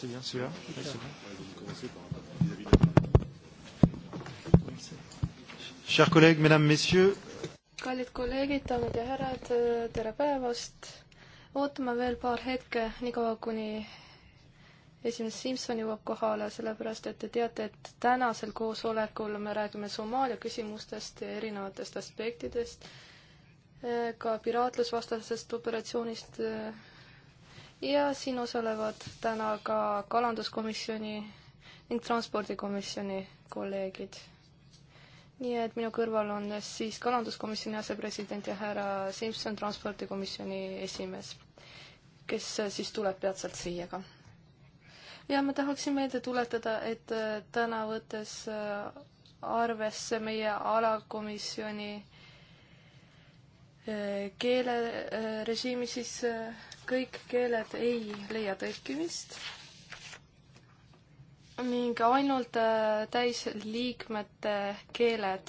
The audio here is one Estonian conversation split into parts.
C'est bien celui-là Chers collègues, mesdames, messieurs. kallid kolleegid, daamid ja härrad, tere päevast! ootame veel paar hetke, niikaua kuni esimees Simson jõuab kohale, sellepärast et te teate, et tänasel koosolekul me räägime Somaalia küsimustest ja erinevatest aspektidest, ka piraatlusvastasest operatsioonist ja siin osalevad täna ka kalanduskomisjoni ning transpordikomisjoni kolleegid. nii et minu kõrval on siis kalanduskomisjoni asepresident ja härra Simson, transpordikomisjoni esimees, kes siis tuleb peatselt siia ka ja ma tahaksin meelde tuletada, et äh, täna võttes äh, arvesse meie alakomisjoni äh, keelerežiimi, siis kõik keeled ei leia tõlkimist ning ainult täisliikmete keeled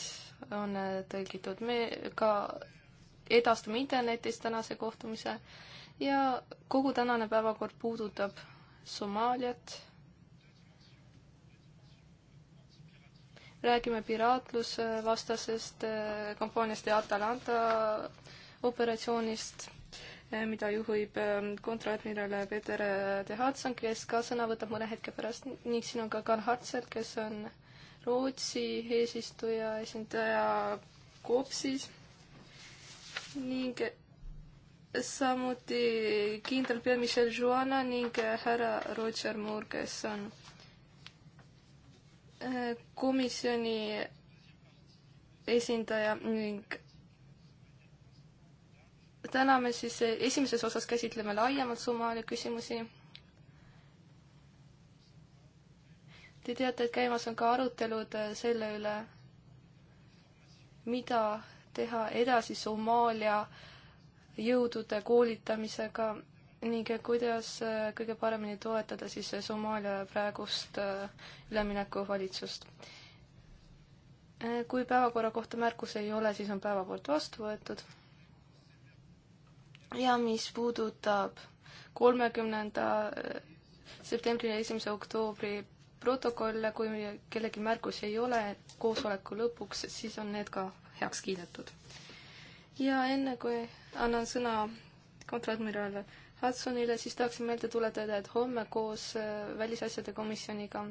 on tõlgitud. me ka edastame internetis tänase kohtumise ja kogu tänane päevakord puudutab Somaaliat. räägime piraatlusvastasest eh, kampaaniast ja Atalanta operatsioonist, eh, mida juhib eh, kontradmiral Peeter de Hudson, kes ka sõna võtab mõne hetke pärast ning siin on ka Karl Hartsel, kes on Rootsi eesistuja esindaja Koopsis ning samuti kindral pea Michel Joana ning härra Roger Moore, kes on komisjoni esindaja ning täna me siis esimeses osas käsitleme laiemalt Somaalia küsimusi. Te teate, et käimas on ka arutelud selle üle, mida teha edasi Somaalia äh, jõudude koolitamisega ning kuidas äh, kõige paremini toetada siis äh, Somaalia praegust äh, üleminekuvalitsust. kui päevakorra kohta märkusi ei ole, siis on päevakord vastu võetud. ja mis puudutab kolmekümnenda septembri ja esimese oktoobri protokolle, kui kellelgi märkusi ei ole koosoleku lõpuks, siis on need ka heaks kiidetud. ja enne kui annan sõna kontradmiral Hudsonile, siis tahaksin meelde tuletada, et homme koos äh, Välisasjade komisjoniga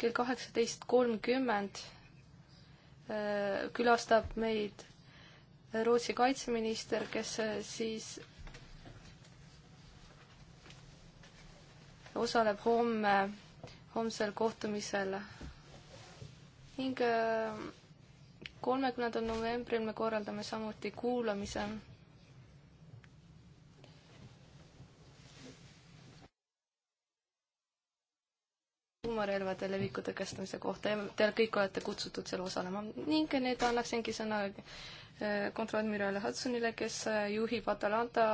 kell kaheksateist kolmkümmend äh, külastab meid Rootsi kaitseminister, kes äh, siis osaleb homme, homsel kohtumisel ning kolmekümnendal novembril me korraldame samuti kuulamise tuumarelvade leviku tõkestamise kohta ja te kõik olete kutsutud seal osalema ning nüüd annaksingi sõna äh, kontrollmüral Hudsonile, kes äh, juhib Atalanta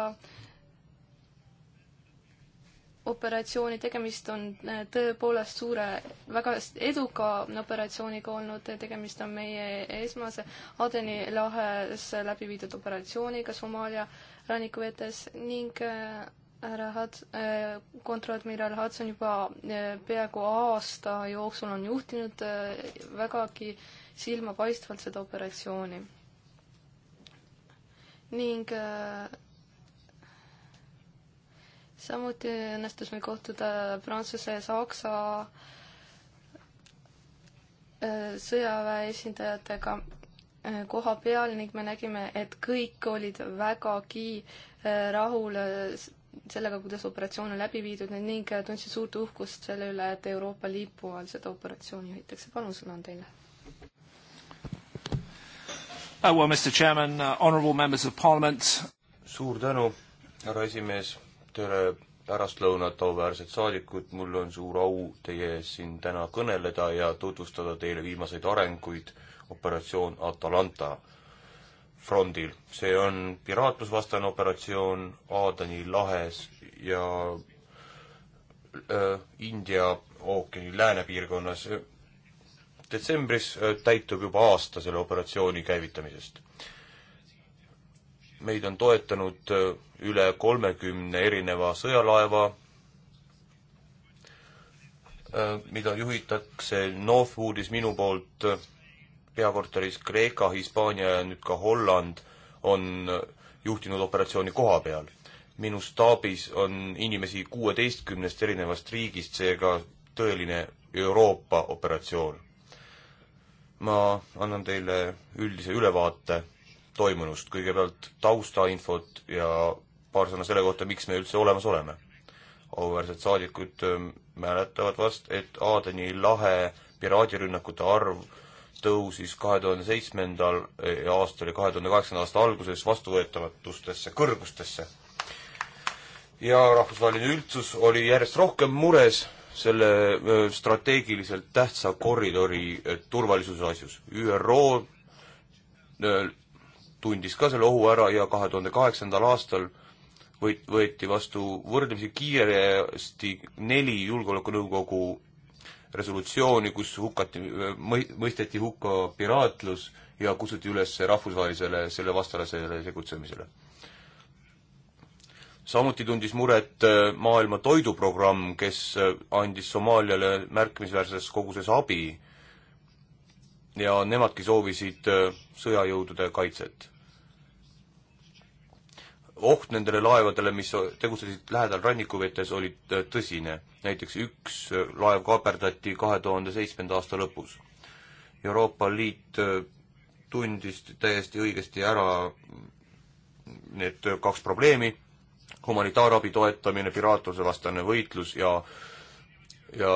operatsiooni, tegemist on äh, tõepoolest suure, väga eduka operatsiooniga olnud, tegemist on meie esmase Adeni lahes läbi viidud operatsiooniga Somaalia rannikuvetes ning äh, härra Hats- äh,, kontradmiral Hudson juba äh, peaaegu aasta jooksul on juhtinud äh, vägagi silmapaistvalt seda operatsiooni. ning äh, samuti õnnestus meil kohtuda Prantsuse ja Saksa äh, sõjaväe esindajatega äh, koha peal ning me nägime, et kõik olid vägagi äh, rahul sellega, kuidas operatsioon on läbi viidud ning tundsid suurt uhkust selle üle, et Euroopa lipu all seda operatsiooni juhitakse. palun, sõna on teile. Uh, well, Mr Chairman, uh, honourable members of parliament. suur tänu, härra esimees tere pärastlõunat, auväärsed saadikud, mul on suur au teie ees siin täna kõneleda ja tutvustada teile viimaseid arenguid operatsioon Atalanta frondil. see on piraatlusvastane operatsioon Aadani lahes ja äh, India ookeani läänepiirkonnas. detsembris äh, täitub juba aasta selle operatsiooni käivitamisest meid on toetanud äh, üle kolmekümne erineva sõjalaeva, äh, mida juhitakse Northwoodis minu poolt äh, peakorteris Kreeka, Hispaania ja nüüd ka Holland on juhtinud operatsiooni koha peal. minu staabis on inimesi kuueteistkümnest erinevast riigist, seega tõeline Euroopa operatsioon. ma annan teile üldise ülevaate toimunust, kõigepealt taustainfot ja paar sõna selle kohta, miks me üldse olemas oleme. auväärsed saadikud ähm, mäletavad vast, et Aadeni lahe piraadirünnakute arv tõusis kahe tuhande seitsmendal e, aastal ja kahe tuhande kaheksanda aasta alguses vastuvõetamatustesse kõrgustesse. ja rahvusvaheline üldsus oli järjest rohkem mures selle e, strateegiliselt tähtsa koridori e, turvalisuse asjus. ÜRO tundis ka selle ohu ära ja kahe tuhande kaheksandal aastal võit-, võeti vastu võrdlemisi kiiresti neli Julgeolekunõukogu resolutsiooni, kus hukati, mõi-, mõisteti hukka piraatlus ja kutsuti üles rahvusvahelisele selle vastasele tegutsemisele. samuti tundis muret äh, Maailma Toiduprogramm, kes äh, andis Somaaliale märkimisväärses koguses abi ja nemadki soovisid äh, sõjajõudude kaitset oht nendele laevadele, mis tegutsesid lähedal rannikuvetes, oli tõsine. näiteks üks äh, laev kaaperdati kahe tuhande seitsmenda aasta lõpus. Euroopa Liit äh, tundis täiesti õigesti ära need kaks probleemi, humanitaarabi toetamine, piraatluse vastane võitlus ja, ja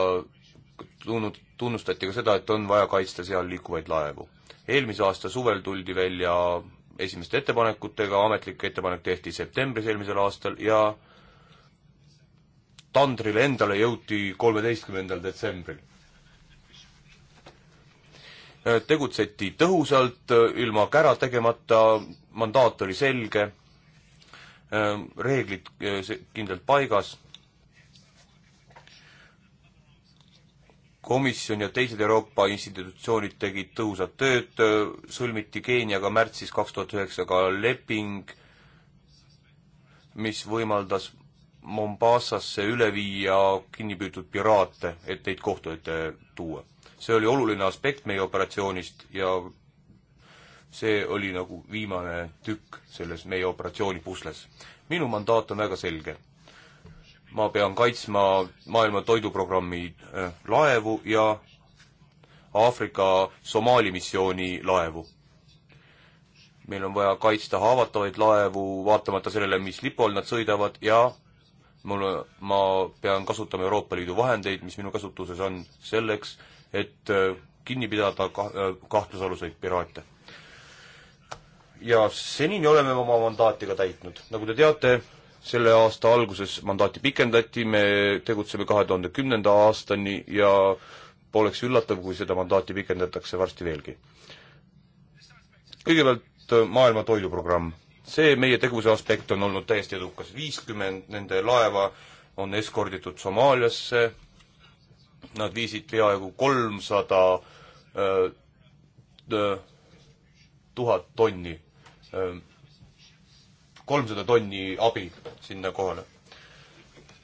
tunnud, tunnustati ka seda, et on vaja kaitsta seal liikuvaid laevu. eelmise aasta suvel tuldi välja esimeste ettepanekutega, ametlik ettepanek tehti septembris eelmisel aastal ja tandrile endale jõuti kolmeteistkümnendal detsembril. tegutseti tõhusalt, ilma kära tegemata, mandaat oli selge, reeglid eh, kindlalt paigas komisjon ja teised Euroopa institutsioonid tegid tõhusat tööd, sõlmiti Keeniaga märtsis kaks tuhat üheksa ka leping, mis võimaldas Mombassasse üle viia kinnipüütud piraate, et neid kohtu ette tuua. see oli oluline aspekt meie operatsioonist ja see oli nagu viimane tükk selles meie operatsiooni pusles. minu mandaat on väga selge ma pean kaitsma Maailma Toiduprogrammi äh, laevu ja Aafrika Somaali missiooni laevu. meil on vaja kaitsta haavatavaid laevu, vaatamata sellele, mis lipu all nad sõidavad ja mul, ma pean kasutama Euroopa Liidu vahendeid, mis minu kasutuses on, selleks, et äh, kinni pidada ka-, äh, kahtlusaluseid piraate. ja senini oleme oma mandaati ka täitnud, nagu te teate, selle aasta alguses mandaati pikendati, me tegutseme kahe tuhande kümnenda aastani ja poleks üllatav, kui seda mandaati pikendatakse varsti veelgi. kõigepealt äh, Maailma Toiduprogramm. see meie tegevuse aspekt on olnud täiesti edukas, viiskümmend nende laeva on eskorditud Somaaliasse, nad viisid peaaegu kolmsada äh, äh, tuhat tonni öö, kolmsada tonni abi sinna kohale.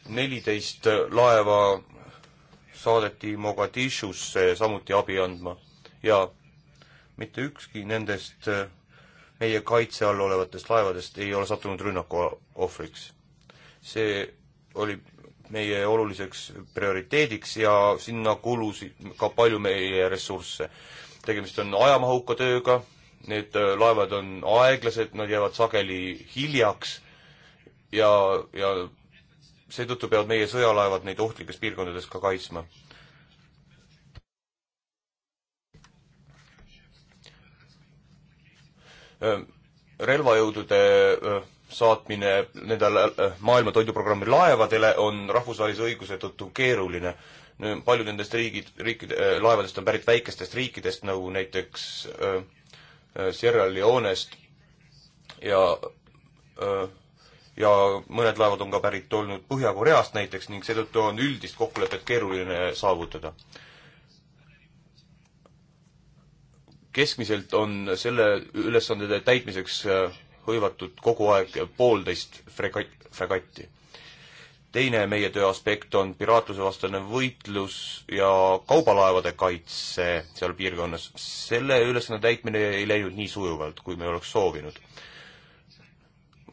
neliteist laeva saadeti Mogadishusse samuti abi andma ja mitte ükski nendest äh, meie kaitse all olevatest laevadest ei ole sattunud rünnaku ohvriks. see oli meie oluliseks prioriteediks ja sinna kulus ka palju meie ressursse. tegemist on ajamahuka tööga, Need äh, laevad on aeglased, nad jäävad sageli hiljaks ja, ja seetõttu peavad meie sõjalaevad neid ohtlikes piirkondades ka kaitsma. Äh, relvajõudude äh, saatmine nende maailma toiduprogrammi laevadele on rahvusvahelise õiguse tõttu keeruline. paljud nendest riigid, riikide, laevadest on pärit väikestest riikidest, nagu näiteks äh, Äh, Sierra Leonest ja äh, ja mõned laevad on ka pärit olnud Põhja-Koreast näiteks ning seetõttu on üldist kokkulepet keeruline saavutada. keskmiselt on selle ülesande täitmiseks äh, hõivatud kogu aeg poolteist fregat-, fregatti teine meie töö aspekt on piraatlusevastane võitlus ja kaubalaevade kaitse seal piirkonnas. selle ülesanne täitmine ei läinud nii sujuvalt, kui me oleks soovinud.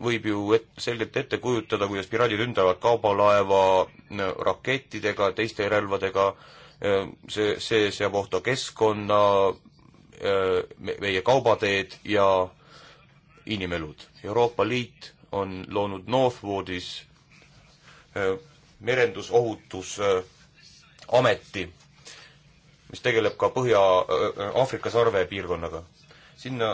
võib ju et, selgelt ette kujutada, kuidas piraadid ründavad kaubalaeva äh, rakettidega, teiste relvadega, äh, see, see seab ohtu keskkonna, äh, meie kaubateed ja inimelud. Euroopa Liit on loonud Northwoodis Äh, merendusohutusameti, mis tegeleb ka Põhja-Aafrika äh, sarvepiirkonnaga. sinna,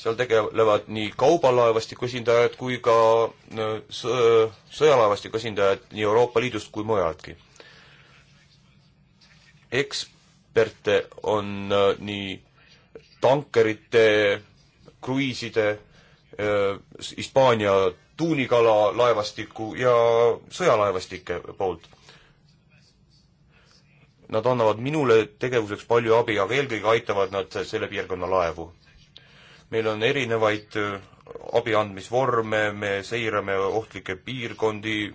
seal tegelevad nii kaubalaevastiku esindajad kui ka äh, sõjalaevastiku esindajad nii Euroopa Liidust kui mujaltki. eksperte on nii tankerite, kruiiside, Hispaania tuunikala laevastiku ja sõjalaevastike poolt. Nad annavad minule tegevuseks palju abi, aga eelkõige aitavad nad selle piirkonna laevu. meil on erinevaid äh, abi andmisvorme, me seirame ohtlikke piirkondi,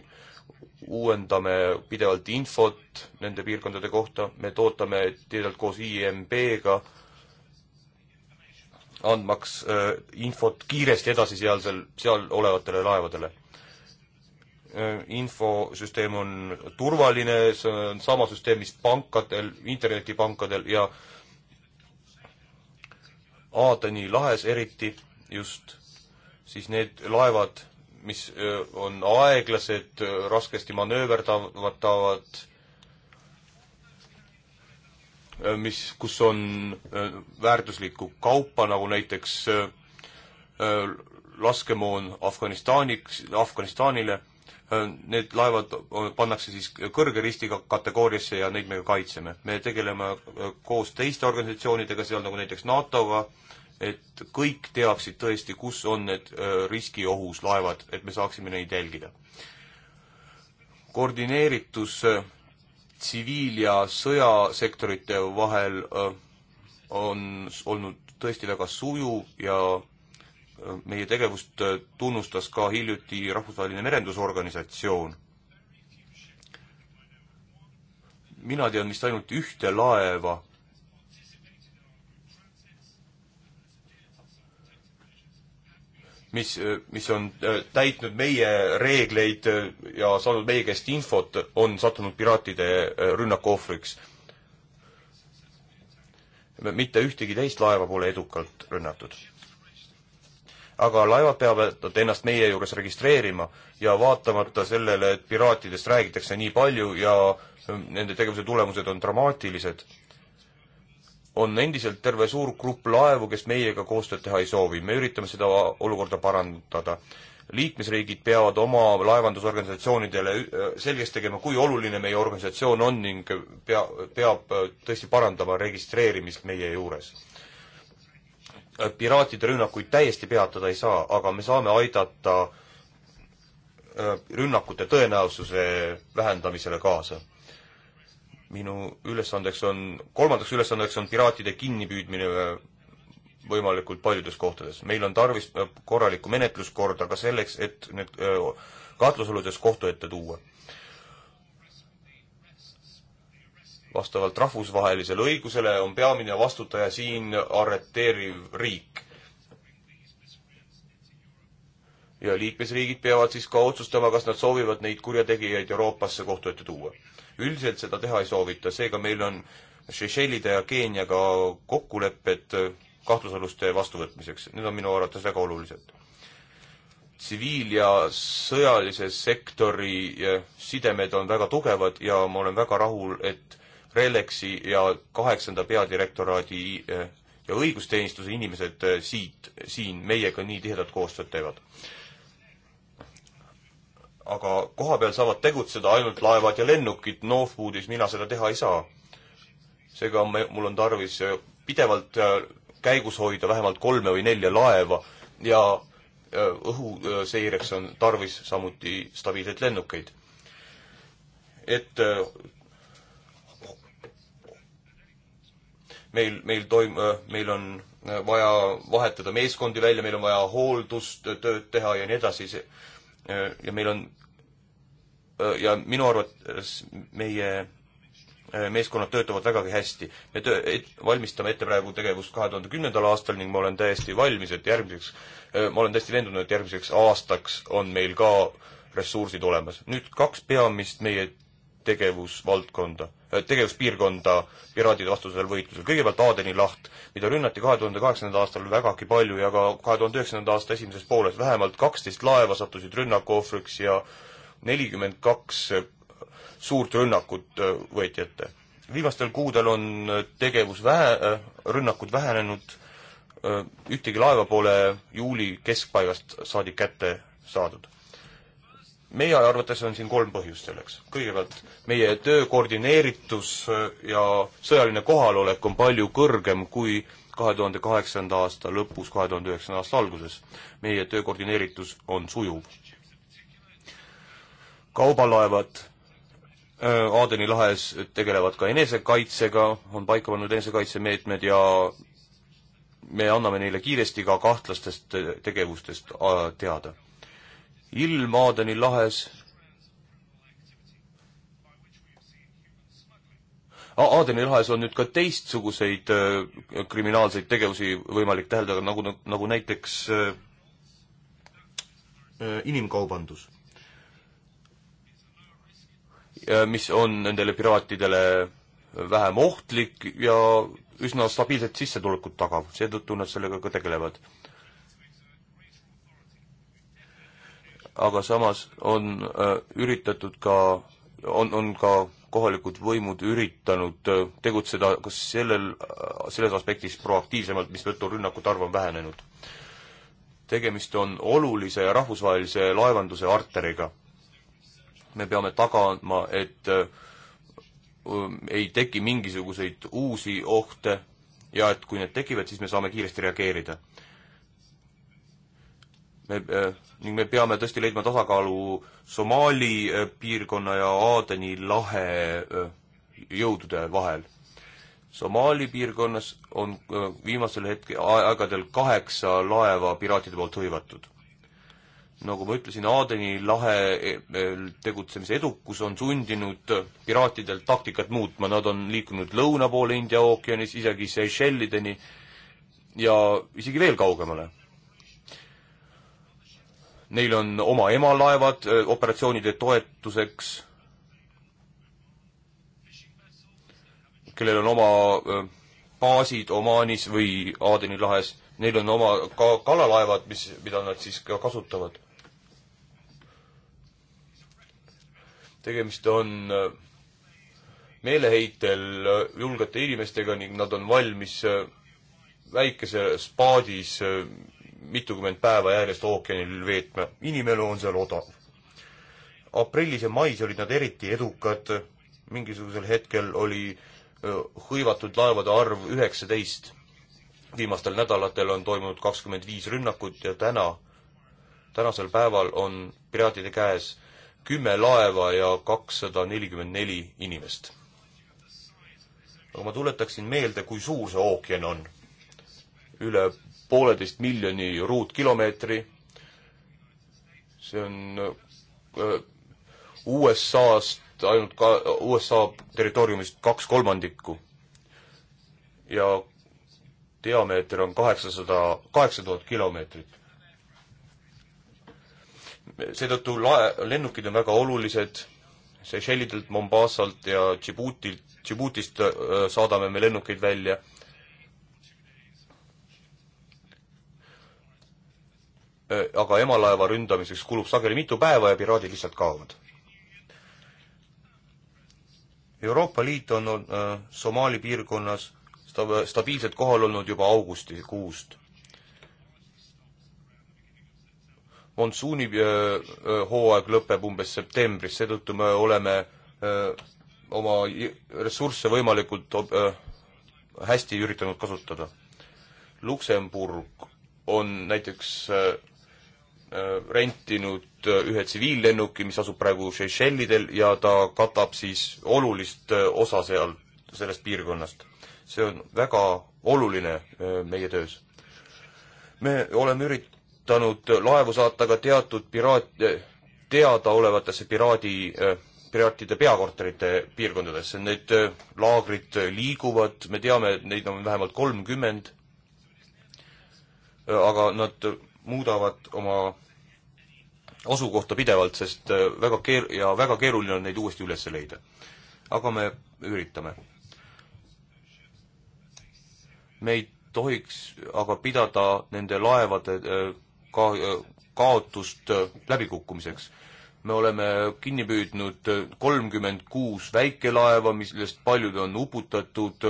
uuendame pidevalt infot nende piirkondade kohta, me tootame tihedalt koos IMB-ga äh, andmaks äh, infot kiiresti edasi sealsel, seal olevatele laevadele. Äh, infosüsteem on turvaline, see on sama süsteem, mis pankadel, internetipankadel ja Aadeni lahes eriti just, siis need laevad, mis äh, on aeglased, raskesti manööverdavad, Äh, mis, kus on äh, väärtuslikku kaupa, nagu näiteks äh, laskemoon Afganistaniks, Afganistanile, need laevad pannakse siis kõrge ristiga kategooriasse ja neid me ka kaitseme. me tegeleme koos teiste organisatsioonidega seal, nagu näiteks NATO-ga, et kõik teaksid tõesti, kus on need riskiohus laevad, et me saaksime neid jälgida. koordineeritus tsiviil- ja sõjasektorite vahel äh, on olnud tõesti väga sujuv ja äh, meie tegevust äh, tunnustas ka hiljuti Rahvusvaheline Merendusorganisatsioon. mina tean vist ainult ühte laeva, mis, mis on äh, täitnud meie reegleid äh, ja saanud meie käest infot, on sattunud piraatide äh, rünnaku ohvriks. mitte ühtegi teist laeva pole edukalt rünnatud. aga laevad peavad ennast meie juures registreerima ja vaatamata sellele, et piraatidest räägitakse nii palju ja nende tegevuse tulemused on dramaatilised on endiselt terve suur grupp laevu, kes meiega koostööd teha ei soovi. me üritame seda olukorda parandada. liikmesriigid peavad oma laevandusorganisatsioonidele äh, selgeks tegema, kui oluline meie organisatsioon on ning pea, peab äh, tõesti parandama registreerimist meie juures. Äh, piraatide rünnakuid täiesti peatada ei saa, aga me saame aidata rünnakute tõenäosuse vähendamisele kaasa minu ülesandeks on, kolmandaks ülesandeks on piraatide kinnipüüdmine äh, võimalikult paljudes kohtades. meil on tarvis äh, korralikku menetluskorda ka selleks, et need äh, kahtlusoludes kohtu ette tuua. vastavalt rahvusvahelisele õigusele on peamine vastutaja siin arreteeriv riik. ja liikmesriigid peavad siis ka otsustama, kas nad soovivad neid kurjategijaid Euroopasse kohtu ette tuua üldiselt seda teha ei soovita, seega meil on Seychellide ja Keeniaga kokkulepped kahtlusaluste vastuvõtmiseks, need on minu arvates väga olulised. tsiviil- ja sõjalise sektori eh, sidemed on väga tugevad ja ma olen väga rahul, et Relexi ja kaheksanda peadirektoraadi eh, ja õigusteenistuse inimesed eh, siit, siin meiega nii tihedat koostööd teevad aga kohapeal saavad tegutseda ainult laevad ja lennukid, Northwoodis mina seda teha ei saa. seega me, mul on tarvis äh, pidevalt äh, käigus hoida vähemalt kolme või nelja laeva ja äh, õhuseireks on tarvis samuti stabiilseid lennukeid. et meil, meil toim-, meil on vaja vahetada meeskondi välja, meil on vaja hooldust, tööd teha ja nii edasi, see Äh, ja meil on äh, ja minu arvates meie äh, meeskonnad töötavad vägagi hästi. me töö, et, valmistame ette praegu tegevust kahe tuhande kümnendal aastal ning ma olen täiesti valmis, et järgmiseks, ma olen täiesti veendunud, et järgmiseks aastaks on meil ka ressursid olemas. nüüd kaks peamist meie tegevusvaldkonda Äh, tegevuspiirkonda piraatide vastusel võitlusel. kõigepealt Aadeni laht, mida rünnati kahe tuhande kaheksandal aastal vägagi palju ja ka kahe tuhande üheksanda aasta esimeses pooles vähemalt kaksteist laeva sattusid rünnaku ohvriks ja nelikümmend kaks äh, suurt rünnakut äh, võeti ette. viimastel kuudel on tegevus vähe, rünnakud vähenenud, ühtegi laeva pole juuli keskpaigast saadik kätte saadud meie arvates on siin kolm põhjust selleks. kõigepealt, meie töö koordineeritus äh, ja sõjaline kohalolek on palju kõrgem kui kahe tuhande kaheksanda aasta lõpus, kahe tuhande üheksanda aasta alguses. meie töö koordineeritus on sujuv. kaubalaevad äh, Aadeni lahes tegelevad ka enesekaitsega, on paika pannud enesekaitsemeetmed ja me anname neile kiiresti ka kahtlastest äh, tegevustest teada ilm Aadeni lahes Aadeni lahes on nüüd ka teistsuguseid äh, kriminaalseid tegevusi võimalik täheldada, nagu, nagu, nagu näiteks äh, äh inimkaubandus, mis on nendele piraatidele vähem ohtlik ja üsna stabiilset sissetulekut tagav, seetõttu nad sellega ka tegelevad aga samas on äh, üritatud ka, on, on ka kohalikud võimud üritanud äh, tegutseda kas sellel, äh, selles aspektis proaktiivsemalt, mistõttu rünnakute arv on vähenenud. tegemist on olulise rahvusvahelise laevanduse arteriga. me peame tagama, et um, ei teki mingisuguseid uusi ohte ja et kui need tekivad, siis me saame kiiresti reageerida me eh, ning me peame tõesti leidma tasakaalu Somaali eh, piirkonna ja Aadeni lahe eh, jõudude vahel. Somaali piirkonnas on viimasel hetkel, aegadel kaheksa laeva piraatide poolt hõivatud. nagu ma ütlesin, Aadeni lahe tegutsemise edukus on sundinud piraatidel taktikat muutma, nad on liikunud lõuna poole India ookeanis, isegi Seychellideni ja isegi veel kaugemale neil on oma emalaevad operatsioonide toetuseks, kellel on oma baasid Omaanis või Aadeni lahes, neil on oma ka kalalaevad, mis, mida nad siis ka kasutavad. tegemist on meeleheitel julgete inimestega ning nad on valmis väikeses paadis mitukümmend päeva järjest ookeanil veetma. inimelu on seal odav. aprillis ja mais olid nad eriti edukad, mingisugusel hetkel oli hõivatud laevade arv üheksateist. viimastel nädalatel on toimunud kakskümmend viis rünnakut ja täna, tänasel päeval on piraatide käes kümme laeva ja kakssada nelikümmend neli inimest. aga ma tuletaksin meelde, kui suur see ookean on. üle pooleteist miljoni ruutkilomeetri. see on äh, USA-st ainult ka, USA territooriumist kaks kolmandikku. ja diameeter on kaheksasada, kaheksa tuhat kilomeetrit. seetõttu lae, lennukid on väga olulised, Seychellidelt, Mombassalt ja Djiboutilt, Djiboutist äh, saadame me lennukeid välja Äh, aga emalaeva ründamiseks kulub sageli mitu päeva ja piraadid lihtsalt kaovad. Euroopa Liit on, on äh, Somaali piirkonnas sta-, stabiilselt kohal olnud juba augustikuust. monsuuni äh, hooaeg lõpeb umbes septembris, seetõttu me oleme öö, oma ressursse võimalikult öö, hästi üritanud kasutada. Luksemburg on näiteks öö, Äh, rentinud äh, ühe tsiviillennuki, mis asub praegu Seychellidel ja ta katab siis olulist äh, osa seal, sellest piirkonnast. see on väga oluline meie töös. me oleme üritanud laevu saata ka teatud piraat, teadaolevatesse piraadi, piraatide peakorterite piirkondadesse, need laagrid liiguvad, me teame, et neid on vähemalt kolmkümmend, aga nad muudavad oma asukohta pidevalt, sest äh, väga keer- ja väga keeruline on neid uuesti üles leida. aga me üritame. me ei tohiks aga pidada nende laevade äh, ka-, äh, kaotust läbikukkumiseks. me oleme kinni püüdnud kolmkümmend kuus väikelaeva, millest paljud on uputatud,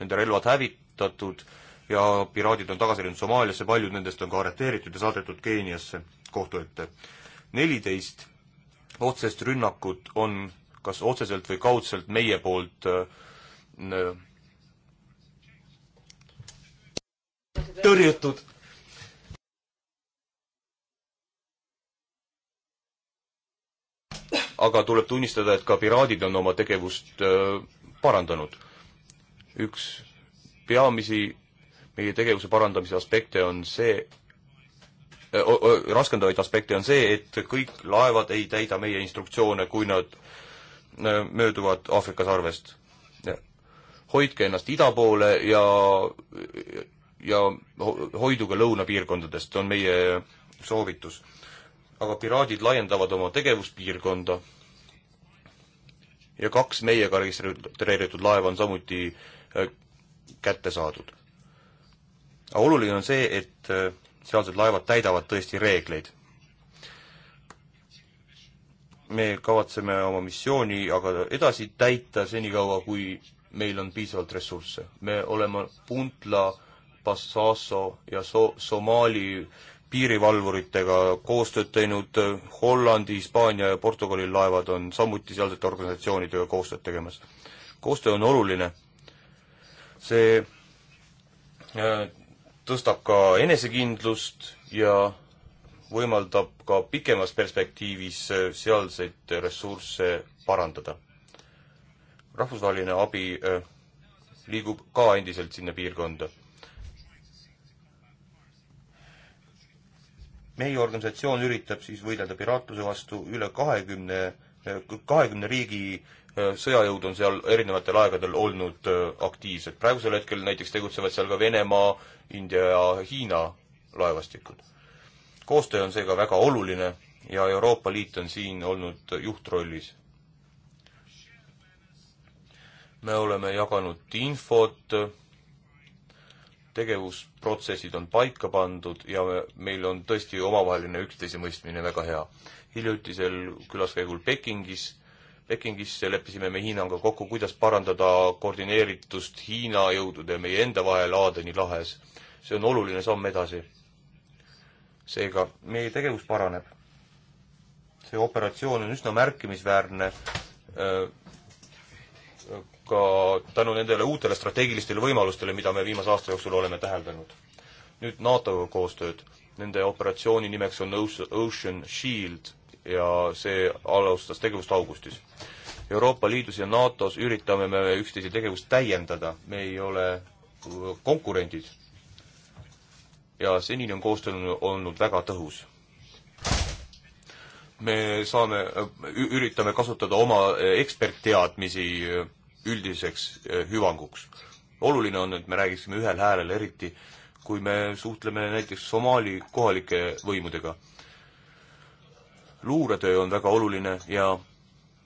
nende relvad hävitatud ja piraadid on tagasi läinud Somaaliasse, paljud nendest on ka arreteeritud ja saadetud Keeniasse kohtu ette. neliteist otsest rünnakut on kas otseselt või kaudselt meie poolt äh, tõrjutud. aga tuleb tunnistada, et ka piraadid on oma tegevust äh, parandanud. üks peamisi meie tegevuse parandamise aspekte on see, raskendavaid aspekte on see, et kõik laevad ei täida meie instruktsioone, kui nad mööduvad Aafrika sarvest. hoidke ennast ida poole ja, ja hoiduge lõunapiirkondadest, on meie soovitus. aga piraadid laiendavad oma tegevuspiirkonda ja kaks meiega registreeritud laeva on samuti kätte saadud aga oluline on see, et äh, sealsed laevad täidavad tõesti reegleid. me kavatseme oma missiooni aga edasi täita senikaua, kui meil on piisavalt ressursse. me oleme Puntla, Passasso ja So-, Somaali piirivalvuritega koostööd teinud, Hollandi, Hispaania ja Portugali laevad on samuti sealsete organisatsioonidega koostööd tegemas. koostöö on oluline, see äh, tõstab ka enesekindlust ja võimaldab ka pikemas perspektiivis äh, sealseid ressursse parandada. rahvusvaheline abi äh, liigub ka endiselt sinna piirkonda. meie organisatsioon üritab siis võidelda piraatluse vastu üle kahekümne, äh, kahekümne riigi Äh, sõjajõud on seal erinevatel aegadel olnud äh, aktiivsed. praegusel hetkel näiteks tegutsevad seal ka Venemaa, India ja Hiina laevastikud. koostöö on seega väga oluline ja Euroopa Liit on siin olnud juhtrollis. me oleme jaganud infot, tegevusprotsessid on paika pandud ja me, meil on tõesti omavaheline üksteisemõistmine väga hea. hiljutisel külaskäigul Pekingis Pekingis leppisime me Hiinaga kokku, kuidas parandada koordineeritust Hiina jõudude ja meie enda vahel Aadeni lahes. see on oluline samm edasi. seega meie tegevus paraneb. see operatsioon on üsna märkimisväärne äh, ka tänu nendele uutele strateegilistele võimalustele, mida me viimase aasta jooksul oleme täheldanud. nüüd NATO koostööd. Nende operatsiooni nimeks on Ocean Shield ja see alustas tegevust augustis. Euroopa Liidus ja NATO-s üritame me üksteise tegevust täiendada, me ei ole äh, konkurendid. ja senini on koostöö olnud väga tõhus. me saame, äh, üritame kasutada oma äh, ekspertteadmisi üldiseks hüvanguks. oluline on, et me räägiksime ühel häälel, eriti kui me suhtleme näiteks Somaali kohalike võimudega luuretöö on väga oluline ja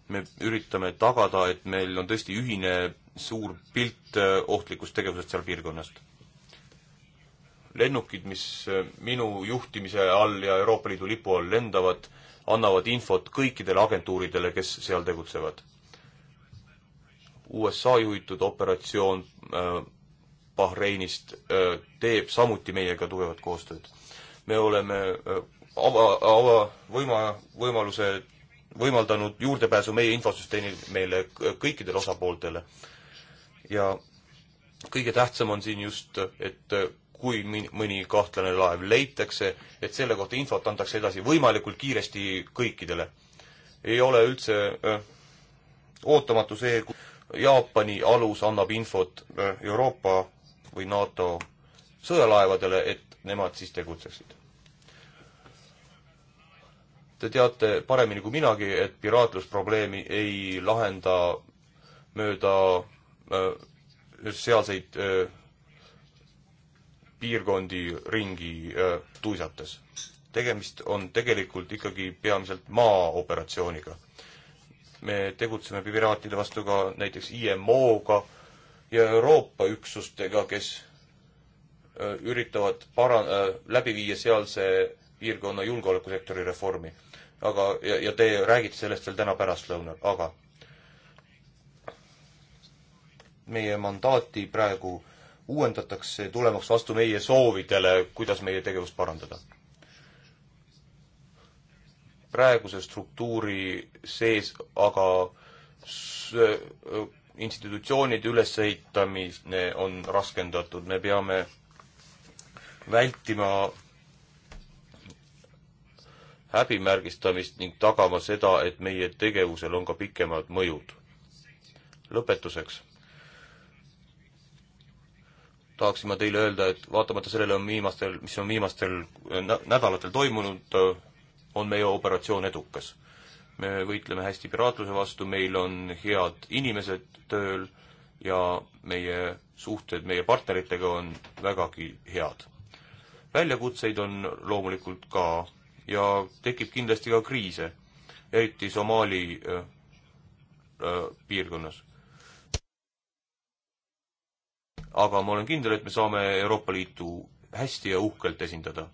me üritame tagada, et meil on tõesti ühine suur pilt äh, ohtlikust tegevusest seal piirkonnas. lennukid, mis äh, minu juhtimise all ja Euroopa Liidu lipu all lendavad, annavad infot kõikidele agentuuridele, kes seal tegutsevad. USA juhitud operatsioon äh, Bahreinist teeb samuti meiega tugevat koostööd. me oleme ava, ava võima-, võimaluse, võimaldanud juurdepääsu meie infosüsteemil meile kõikidele osapooltele. ja kõige tähtsam on siin just, et kui mõni kahtlane laev leitakse, et selle kohta infot antakse edasi võimalikult kiiresti kõikidele. ei ole üldse öö, ootamatu see, kui Jaapani alus annab infot öö, Euroopa või NATO sõjalaevadele, et nemad siis tegutseksid Te teate paremini kui minagi, et piraatlusprobleemi ei lahenda mööda äh, sealseid äh, piirkondi ringi äh, tuisates. tegemist on tegelikult ikkagi peamiselt maaoperatsiooniga. me tegutseme piraatide vastu ka näiteks IMO-ga ja Euroopa üksustega, kes äh, üritavad para-, äh, läbi viia sealse piirkonna julgeolekusektori reformi. aga, ja, ja te räägite sellest veel täna pärastlõunal, aga meie mandaati praegu uuendatakse, tulemaks vastu meie soovidele, kuidas meie tegevust parandada. praeguse struktuuri sees aga institutsioonide ülesehitamine on raskendatud, me peame vältima häbimärgistamist ning tagama seda, et meie tegevusel on ka pikemad mõjud. lõpetuseks tahaksin ma teile öelda, et vaatamata sellele on viimastel, mis on viimastel nädalatel toimunud, on meie operatsioon edukas. me võitleme hästi piraatluse vastu, meil on head inimesed tööl ja meie suhted meie partneritega on vägagi head. väljakutseid on loomulikult ka ja tekib kindlasti ka kriise, eriti Somaali äh, äh, piirkonnas. aga ma olen kindel, et me saame Euroopa Liitu hästi ja uhkelt esindada.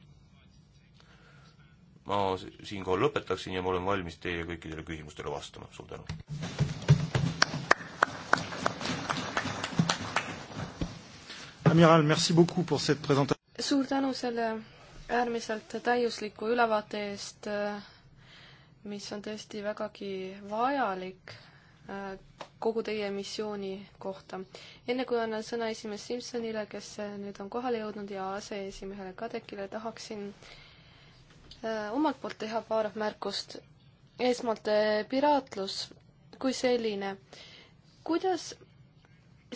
ma siinkohal lõpetaksin ja ma olen valmis teie kõikidele küsimustele vastama, suur tänu. Amiral, merci beaucoup pour cette présentation. suur tänu selle äärmiselt täiusliku ülevaate eest, mis on tõesti vägagi vajalik äh, kogu teie missiooni kohta. enne kui annan sõna esimees Simsonile, kes äh, nüüd on kohale jõudnud, ja aseesimehele Kadekile, tahaksin äh, omalt poolt teha paar märkust. esmalt piraatlus kui selline. kuidas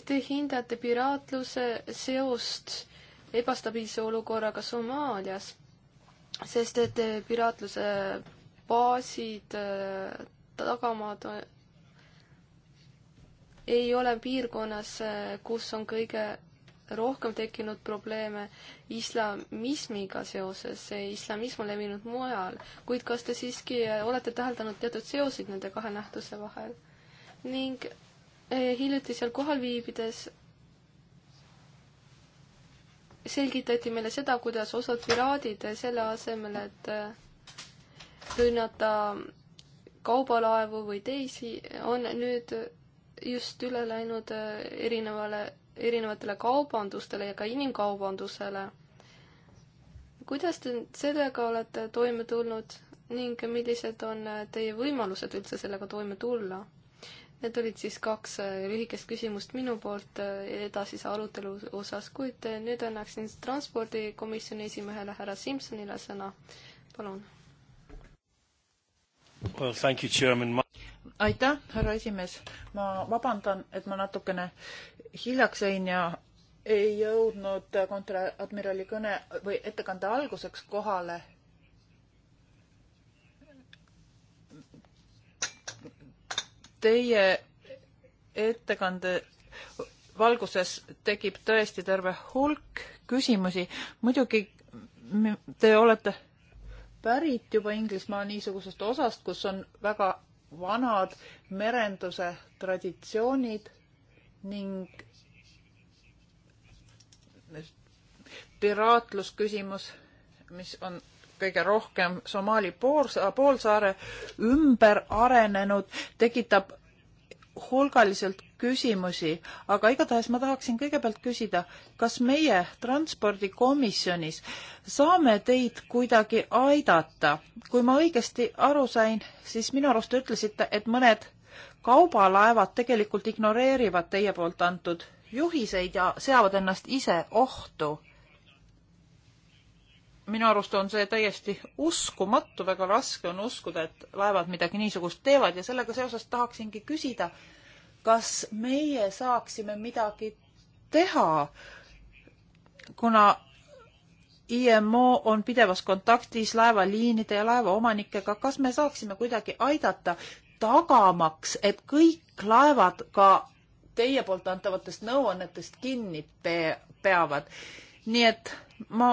te hindate piraatluse seost ebastabiilse olukorraga Somaalias, sest et eh, piraatluse baasid, eh, tagamaad eh, ei ole piirkonnas, kus on kõige rohkem tekkinud probleeme islamismiga seoses, islamism on levinud mujal, kuid kas te siiski olete täheldanud teatud seoseid nende kahe nähtuse vahel? ning hiljuti seal kohal viibides selgitati meile seda, kuidas osad piraadid selle asemel, et äh, rünnata kaubalaevu või teisi, on nüüd just üle läinud äh, erinevale, erinevatele kaubandustele ja ka inimkaubandusele. kuidas te sellega olete toime tulnud ning millised on äh, teie võimalused üldse sellega toime tulla? Need olid siis kaks äh, lühikest küsimust minu poolt äh, edasise arutelu osas, kuid äh, nüüd annaksin transpordikomisjoni esimehele härra Simsonile sõna. palun. Well, thank you, Chairman. aitäh, härra esimees. ma vabandan, et ma natukene hiljaks jäin ja ei jõudnud kontraadmirali kõne või ettekande alguseks kohale teie ettekande valguses tekib tõesti terve hulk küsimusi. muidugi te olete pärit juba Inglismaa niisugusest osast, kus on väga vanad merenduse traditsioonid ning piraatlusküsimus, mis on kõige rohkem Somaali poolsaare ümber arenenud, tekitab hulgaliselt küsimusi, aga igatahes ma tahaksin kõigepealt küsida, kas meie transpordikomisjonis saame teid kuidagi aidata? kui ma õigesti aru sain, siis minu arust te ütlesite, et mõned kaubalaevad tegelikult ignoreerivad teie poolt antud juhiseid ja seavad ennast ise ohtu minu arust on see täiesti uskumatu, väga raske on uskuda, et laevad midagi niisugust teevad ja sellega seoses tahaksingi küsida, kas meie saaksime midagi teha, kuna IMO on pidevas kontaktis laevaliinide ja laevaomanikega, kas me saaksime kuidagi aidata tagamaks, et kõik laevad ka teie poolt antavatest nõuannetest kinni pe peavad. nii et ma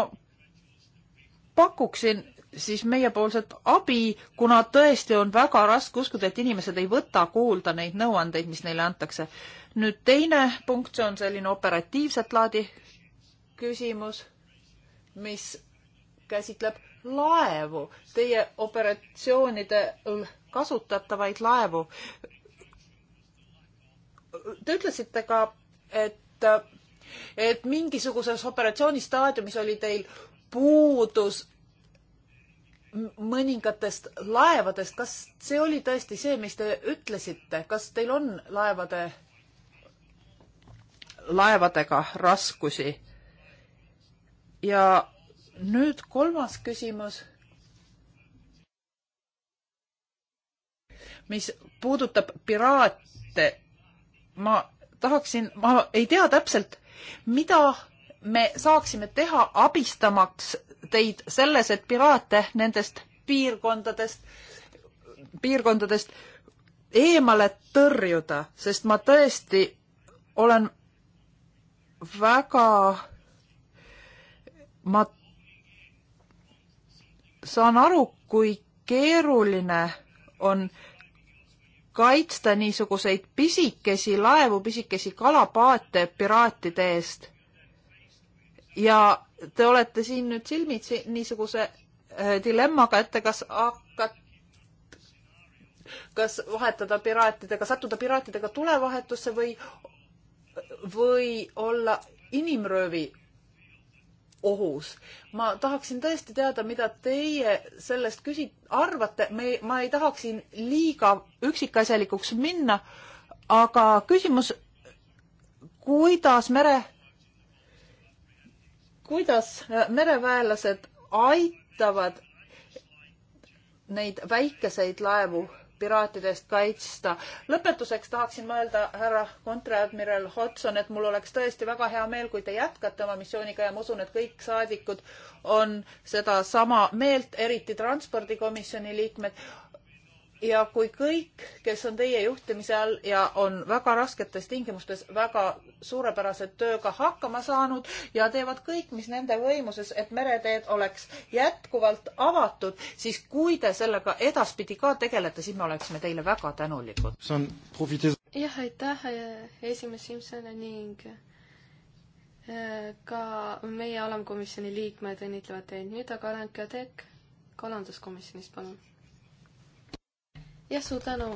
pakuksin siis meiepoolset abi, kuna tõesti on väga raske uskuda, et inimesed ei võta kuulda neid nõuandeid, mis neile antakse. nüüd teine punkt, see on selline operatiivset laadi küsimus, mis käsitleb laevu, teie operatsioonidel kasutatavaid laevu. Te ütlesite ka, et, et mingisuguses operatsiooni staadiumis oli teil puudus mõningatest laevadest, kas see oli tõesti see, mis te ütlesite, kas teil on laevade, laevadega raskusi? ja nüüd kolmas küsimus, mis puudutab piraate. ma tahaksin, ma ei tea täpselt, mida me saaksime teha abistamaks teid selles, et piraate nendest piirkondadest, piirkondadest eemale tõrjuda, sest ma tõesti olen väga, ma saan aru, kui keeruline on kaitsta niisuguseid pisikesi laevu, pisikesi kalapaate piraatide eest ja te olete siin nüüd silmitsi niisuguse äh, dilemmaga ette, kas hakkad, kas vahetada piraatidega, sattuda piraatidega tulevahetusse või, või olla inimröövi ohus. ma tahaksin tõesti teada, mida teie sellest küsi-, arvate, me, ma ei tahaks siin liiga üksikasjalikuks minna, aga küsimus, kuidas mere kuidas äh, mereväelased aitavad neid väikeseid laevu piraatide eest kaitsta. lõpetuseks tahaksin ma öelda, härra kontradmiral Hodson, et mul oleks tõesti väga hea meel, kui te jätkate oma missiooniga ja ma usun, et kõik saadikud on sedasama meelt, eriti transpordikomisjoni liikmed ja kui kõik, kes on teie juhtimise all ja on väga rasketes tingimustes väga suurepärase tööga hakkama saanud ja teevad kõik, mis nende võimuses, et mereteed oleks jätkuvalt avatud, siis kui te sellega edaspidi ka tegelete, siis me oleksime teile väga tänulikud. jah, aitäh, esimees Simson ning äh, ka meie alamkomisjoni liikmed õnnitlevad teid. nüüd aga Alenka Tekk kalanduskomisjonist, palun jah, suur tänu,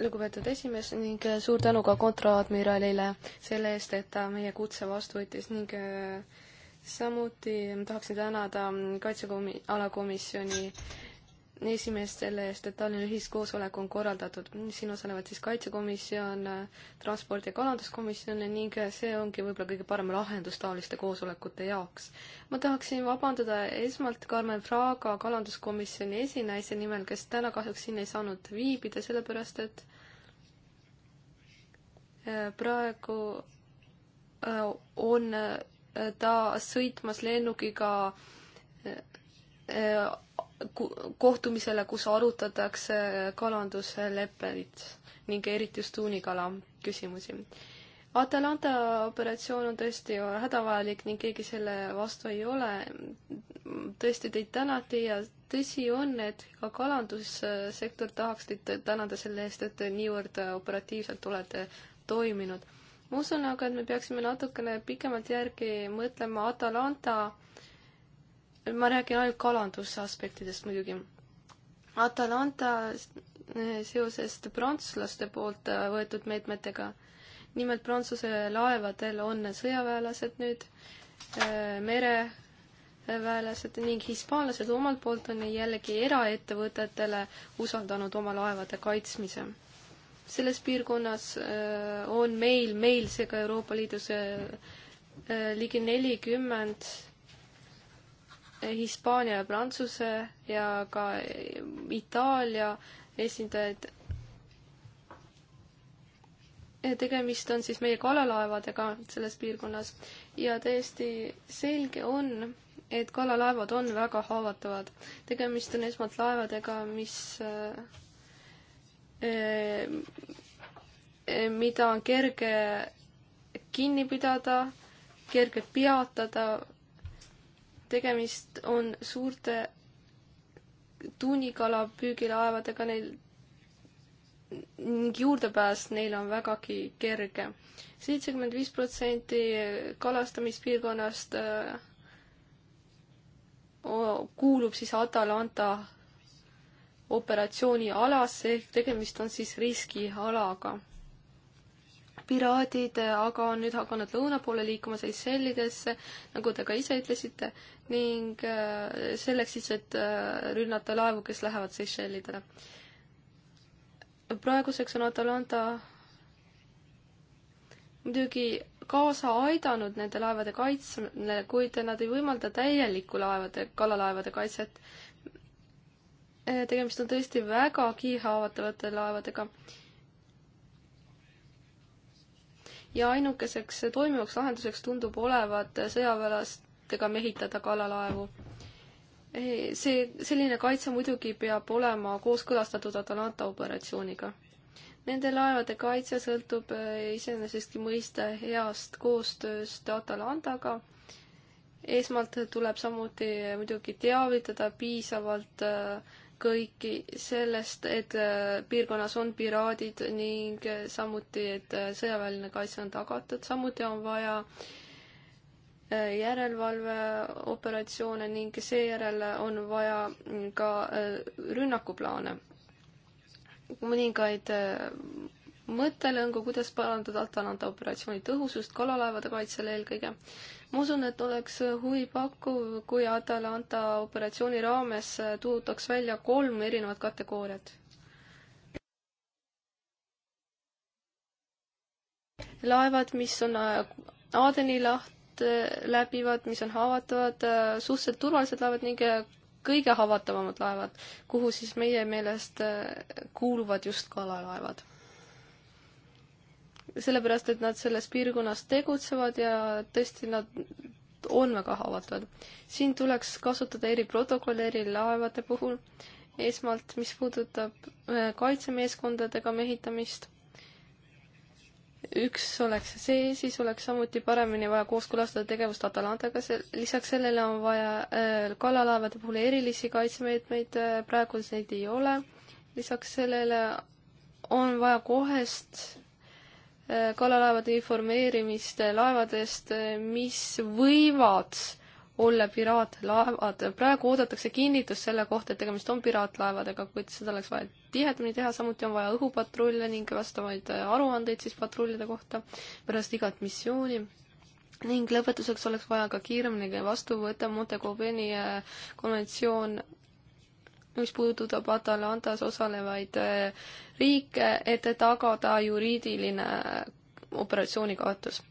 lugupeetud esimees ning äh, suur tänu ka kontraadmiralile selle eest, et ta meie kutse vastu võttis ning äh, samuti tahaksin tänada mm, kaitsekomi-, alakomisjoni esimees selle eest, et Tallinna ühiskoosolek on korraldatud. siin osalevad siis Kaitsekomisjon, Transpordi- ja Kalanduskomisjon ning see ongi võib-olla kõige parem lahendus taoliste koosolekute jaoks. ma tahaksin vabandada esmalt Karmen Fraaga Kalanduskomisjoni esinaise nimel, kes täna kahjuks siin ei saanud viibida, sellepärast et äh, praegu äh, on äh, ta sõitmas lennukiga kohtumisele, kus arutatakse kalandusleppeid ning eriti just tuunikala küsimusi. Atalanta operatsioon on tõesti hädavajalik ning keegi selle vastu ei ole. tõesti teid tänati ja tõsi on, et ka kalandussektor tahaks teid tänada selle eest, et te niivõrd operatiivselt olete toiminud. ma usun aga, et me peaksime natukene pikemalt järgi mõtlema Atalanta ma räägin ainult kalanduse aspektidest muidugi. Atalanta seoses prantslaste poolt võetud meetmetega, nimelt prantsuse laevadel on sõjaväelased nüüd, äh, mereväelased ning hispaanlased omalt poolt on jällegi eraettevõtetele usaldanud oma laevade kaitsmise. selles piirkonnas äh, on meil, meil seega Euroopa Liidus äh, ligi nelikümmend 40 Hispaania ja Prantsuse ja ka Itaalia esindajaid. tegemist on siis meie kalalaevadega selles piirkonnas ja täiesti selge on, et kalalaevad on väga haavatavad. tegemist on esmalt laevadega, mis äh, äh, mida on kerge kinni pidada, kerge peatada tegemist on suurte tuunikalapüügilaevadega, neil ning juurdepääs neile on vägagi kerge. seitsekümmend viis protsenti kalastamispiirkonnast äh, kuulub siis Atalanta operatsioonialasse ehk tegemist on siis riskialaga piraadid aga on nüüd hakanud lõuna poole liikuma Seychellidesse, nagu te ka ise ütlesite, ning äh, selleks siis, et äh, rünnata laevu, kes lähevad Seychellidele. praeguseks on Atalanta muidugi kaasa aidanud nende laevade kaitsele, kuid nad ei võimalda täielikku laevade, kalalaevade kaitset. Äh, tegemist on tõesti väga kiirhaavatavate laevadega ja ainukeseks toimivaks lahenduseks tundub olevat sõjaväelastega mehitada kalalaevu. see, selline kaitse muidugi peab olema kooskõlastatud Atalanta operatsiooniga. Nende laevade kaitse sõltub eh, iseenesestki mõiste heast koostööst Atalantaga. esmalt tuleb samuti eh, muidugi teavitada piisavalt äh, kõiki sellest, et äh, piirkonnas on piraadid ning äh, samuti, et äh, sõjaväeline kaitse on tagatud, samuti on vaja järelevalveoperatsioone ning seejärel on vaja mm, ka rünnakuplaane. mõningaid mõttelõngu, kuidas parandada Atalanta operatsiooni tõhusust kalalaevade kaitsel eelkõige ma usun, et oleks huvipakkuv, kui Atalanta operatsiooni raames tuutaks välja kolm erinevat kategooriat. laevad, mis on äh, Aadeni laht äh, läbivad, mis on haavatavad, äh, suhteliselt turvalised laevad ning kõige haavatavamad laevad, kuhu siis meie meelest kuuluvad just kalalaevad sellepärast, et nad selles piirkonnas tegutsevad ja tõesti nad on väga haavatavad. siin tuleks kasutada eriprotokolle erilaevade puhul, esmalt mis puudutab äh, kaitsemeeskondadega mehitamist, üks oleks see, siis oleks samuti paremini vaja kooskõlastada tegevust Atalantaga, lisaks sellele on vaja äh, kalalaevade puhul erilisi kaitsemeetmeid, äh, praegu neid ei ole, lisaks sellele on vaja kohest kalalaevade informeerimist laevadest, mis võivad olla piraatlaevad. praegu oodatakse kinnitust selle kohta, et tegemist on piraatlaevadega, kuid seda oleks vaja tihedamini teha, samuti on vaja õhupatrulle ning vastavaid aruandeid siis patrullide kohta pärast igat missiooni ning lõpetuseks oleks vaja ka kiiremini vastu võtta Monte Cubeni äh, konventsioon mis puudutab Atalantas osalevaid eh, riike, et tagada juriidiline eh, operatsiooni kaotus.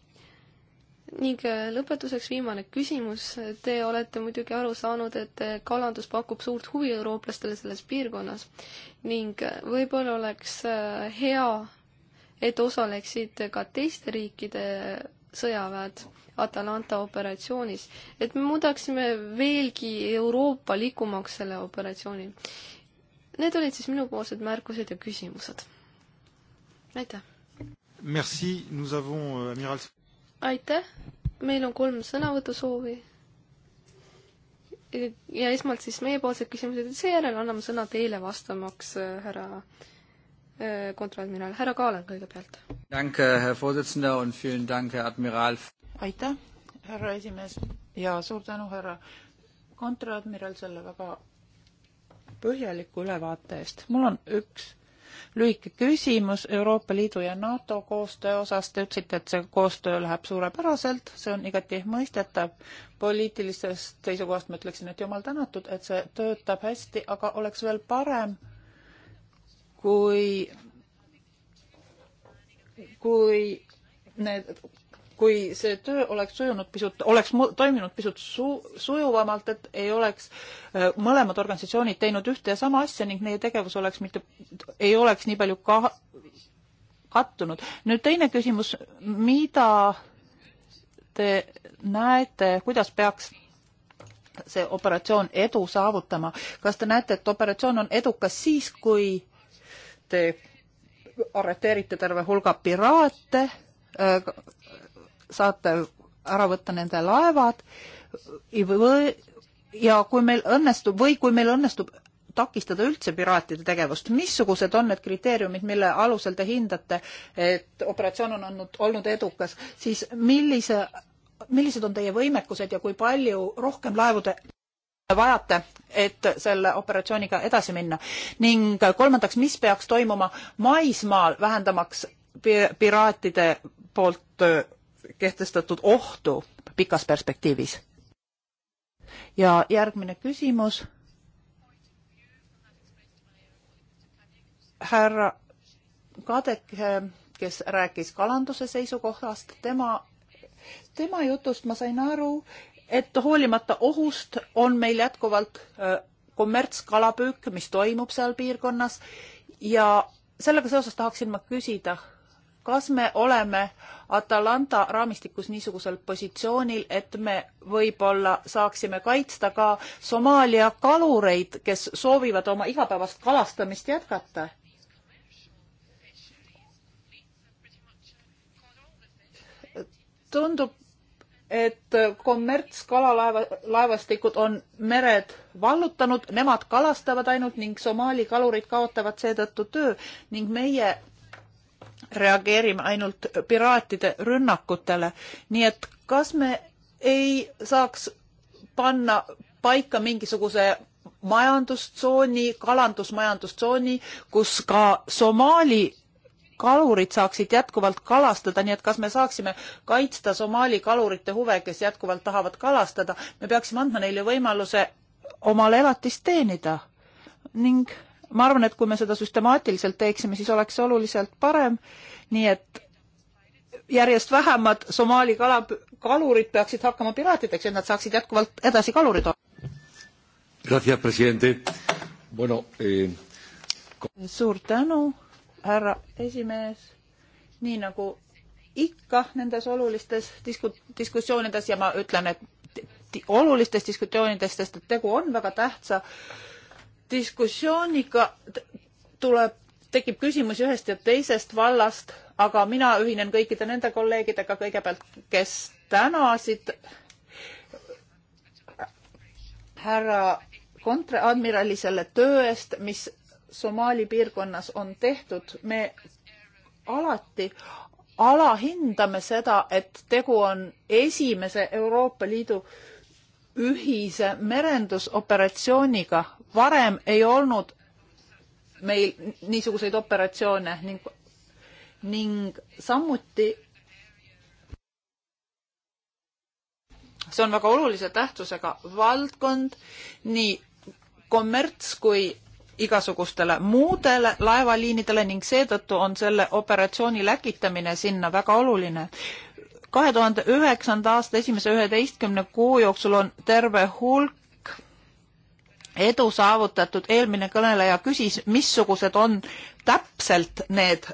ning eh, lõpetuseks viimane küsimus. Te olete muidugi aru saanud, et kalandus pakub suurt huvi eurooplastele selles piirkonnas ning võib-olla oleks hea, et osaleksid ka teiste riikide sõjaväed Atalanta operatsioonis, et me muudaksime veelgi euroopalikumaks selle operatsiooni. Need olid siis minupoolsed märkused ja küsimused. aitäh! Merci, nous avons euh, amiral aitäh, meil on kolm sõnavõtusoovi. ja esmalt siis meiepoolsed küsimused ja seejärel anname sõna teile vastamaks, äh, härra äh, Äh, kontraadmiral, härra Kaalen kõigepealt. aitäh, härra esimees ja suur tänu, härra kontraadmiral, selle väga põhjaliku ülevaate eest. mul on üks lühike küsimus Euroopa Liidu ja NATO koostöö osas. Te ütlesite, et see koostöö läheb suurepäraselt, see on igati mõistetav. poliitilisest seisukohast ma ütleksin, et jumal tänatud, et see töötab hästi, aga oleks veel parem, kui, kui need, kui see töö oleks sujunud pisut, oleks toiminud pisut su, sujuvamalt, et ei oleks äh, mõlemad organisatsioonid teinud ühte ja sama asja ning meie tegevus oleks mitte, ei oleks nii palju ka, kattunud. nüüd teine küsimus, mida te näete, kuidas peaks see operatsioon edu saavutama, kas te näete, et operatsioon on edukas siis, kui te arreteerite terve hulga piraate, saate ära võtta nende laevad või, ja kui meil õnnestub või kui meil õnnestub takistada üldse piraatide tegevust, missugused on need kriteeriumid, mille alusel te hindate, et operatsioon on olnud, olnud edukas, siis millise, millised on teie võimekused ja kui palju rohkem laevude vajate, et selle operatsiooniga edasi minna? ning kolmandaks, mis peaks toimuma maismaal, vähendamaks piraatide poolt kehtestatud ohtu pikas perspektiivis? ja järgmine küsimus. härra Kadek, kes rääkis kalanduse seisukohast, tema, tema jutust ma sain aru, et hoolimata ohust on meil jätkuvalt äh, kommertskalapüük, mis toimub seal piirkonnas ja sellega seoses tahaksin ma küsida, kas me oleme Atalanta raamistikus niisugusel positsioonil, et me võib-olla saaksime kaitsta ka Somaalia kalureid, kes soovivad oma igapäevast kalastamist jätkata? tundub et kommertskalalaevastikud on mered vallutanud, nemad kalastavad ainult ning Somaali kalurid kaotavad seetõttu töö ning meie reageerime ainult piraatide rünnakutele. nii et kas me ei saaks panna paika mingisuguse majandustsooni, kalandusmajandustsooni, kus ka Somaali kalurid saaksid jätkuvalt kalastada, nii et kas me saaksime kaitsta Somaali kalurite huve, kes jätkuvalt tahavad kalastada, me peaksime andma neile võimaluse omale elatist teenida ning ma arvan, et kui me seda süstemaatiliselt teeksime, siis oleks see oluliselt parem, nii et järjest vähemad Somaali kala, kalurid peaksid hakkama piraatideks, et nad saaksid jätkuvalt edasi kalurid olla. Gracias, presidente. Bueno, eh... suur tänu härra esimees, nii nagu ikka nendes olulistes disku-, diskussioonides ja ma ütlen, et olulistes diskussioonides, sest et tegu on väga tähtsa diskussiooniga, tuleb, tekib küsimusi ühest ja teisest vallast, aga mina ühinen kõikide nende kolleegidega kõigepealt, kes tänasid härra kontradmirali selle töö eest, mis Somaali piirkonnas on tehtud, me alati alahindame seda, et tegu on esimese Euroopa Liidu ühise merendusoperatsiooniga. varem ei olnud meil niisuguseid operatsioone ning, ning samuti see on väga olulise tähtsusega valdkond nii kommerts kui igasugustele muudele laevaliinidele ning seetõttu on selle operatsiooni läkitamine sinna väga oluline. kahe tuhande üheksanda aasta esimese üheteistkümne kuu jooksul on terve hulk edu saavutatud, eelmine kõneleja küsis, missugused on täpselt need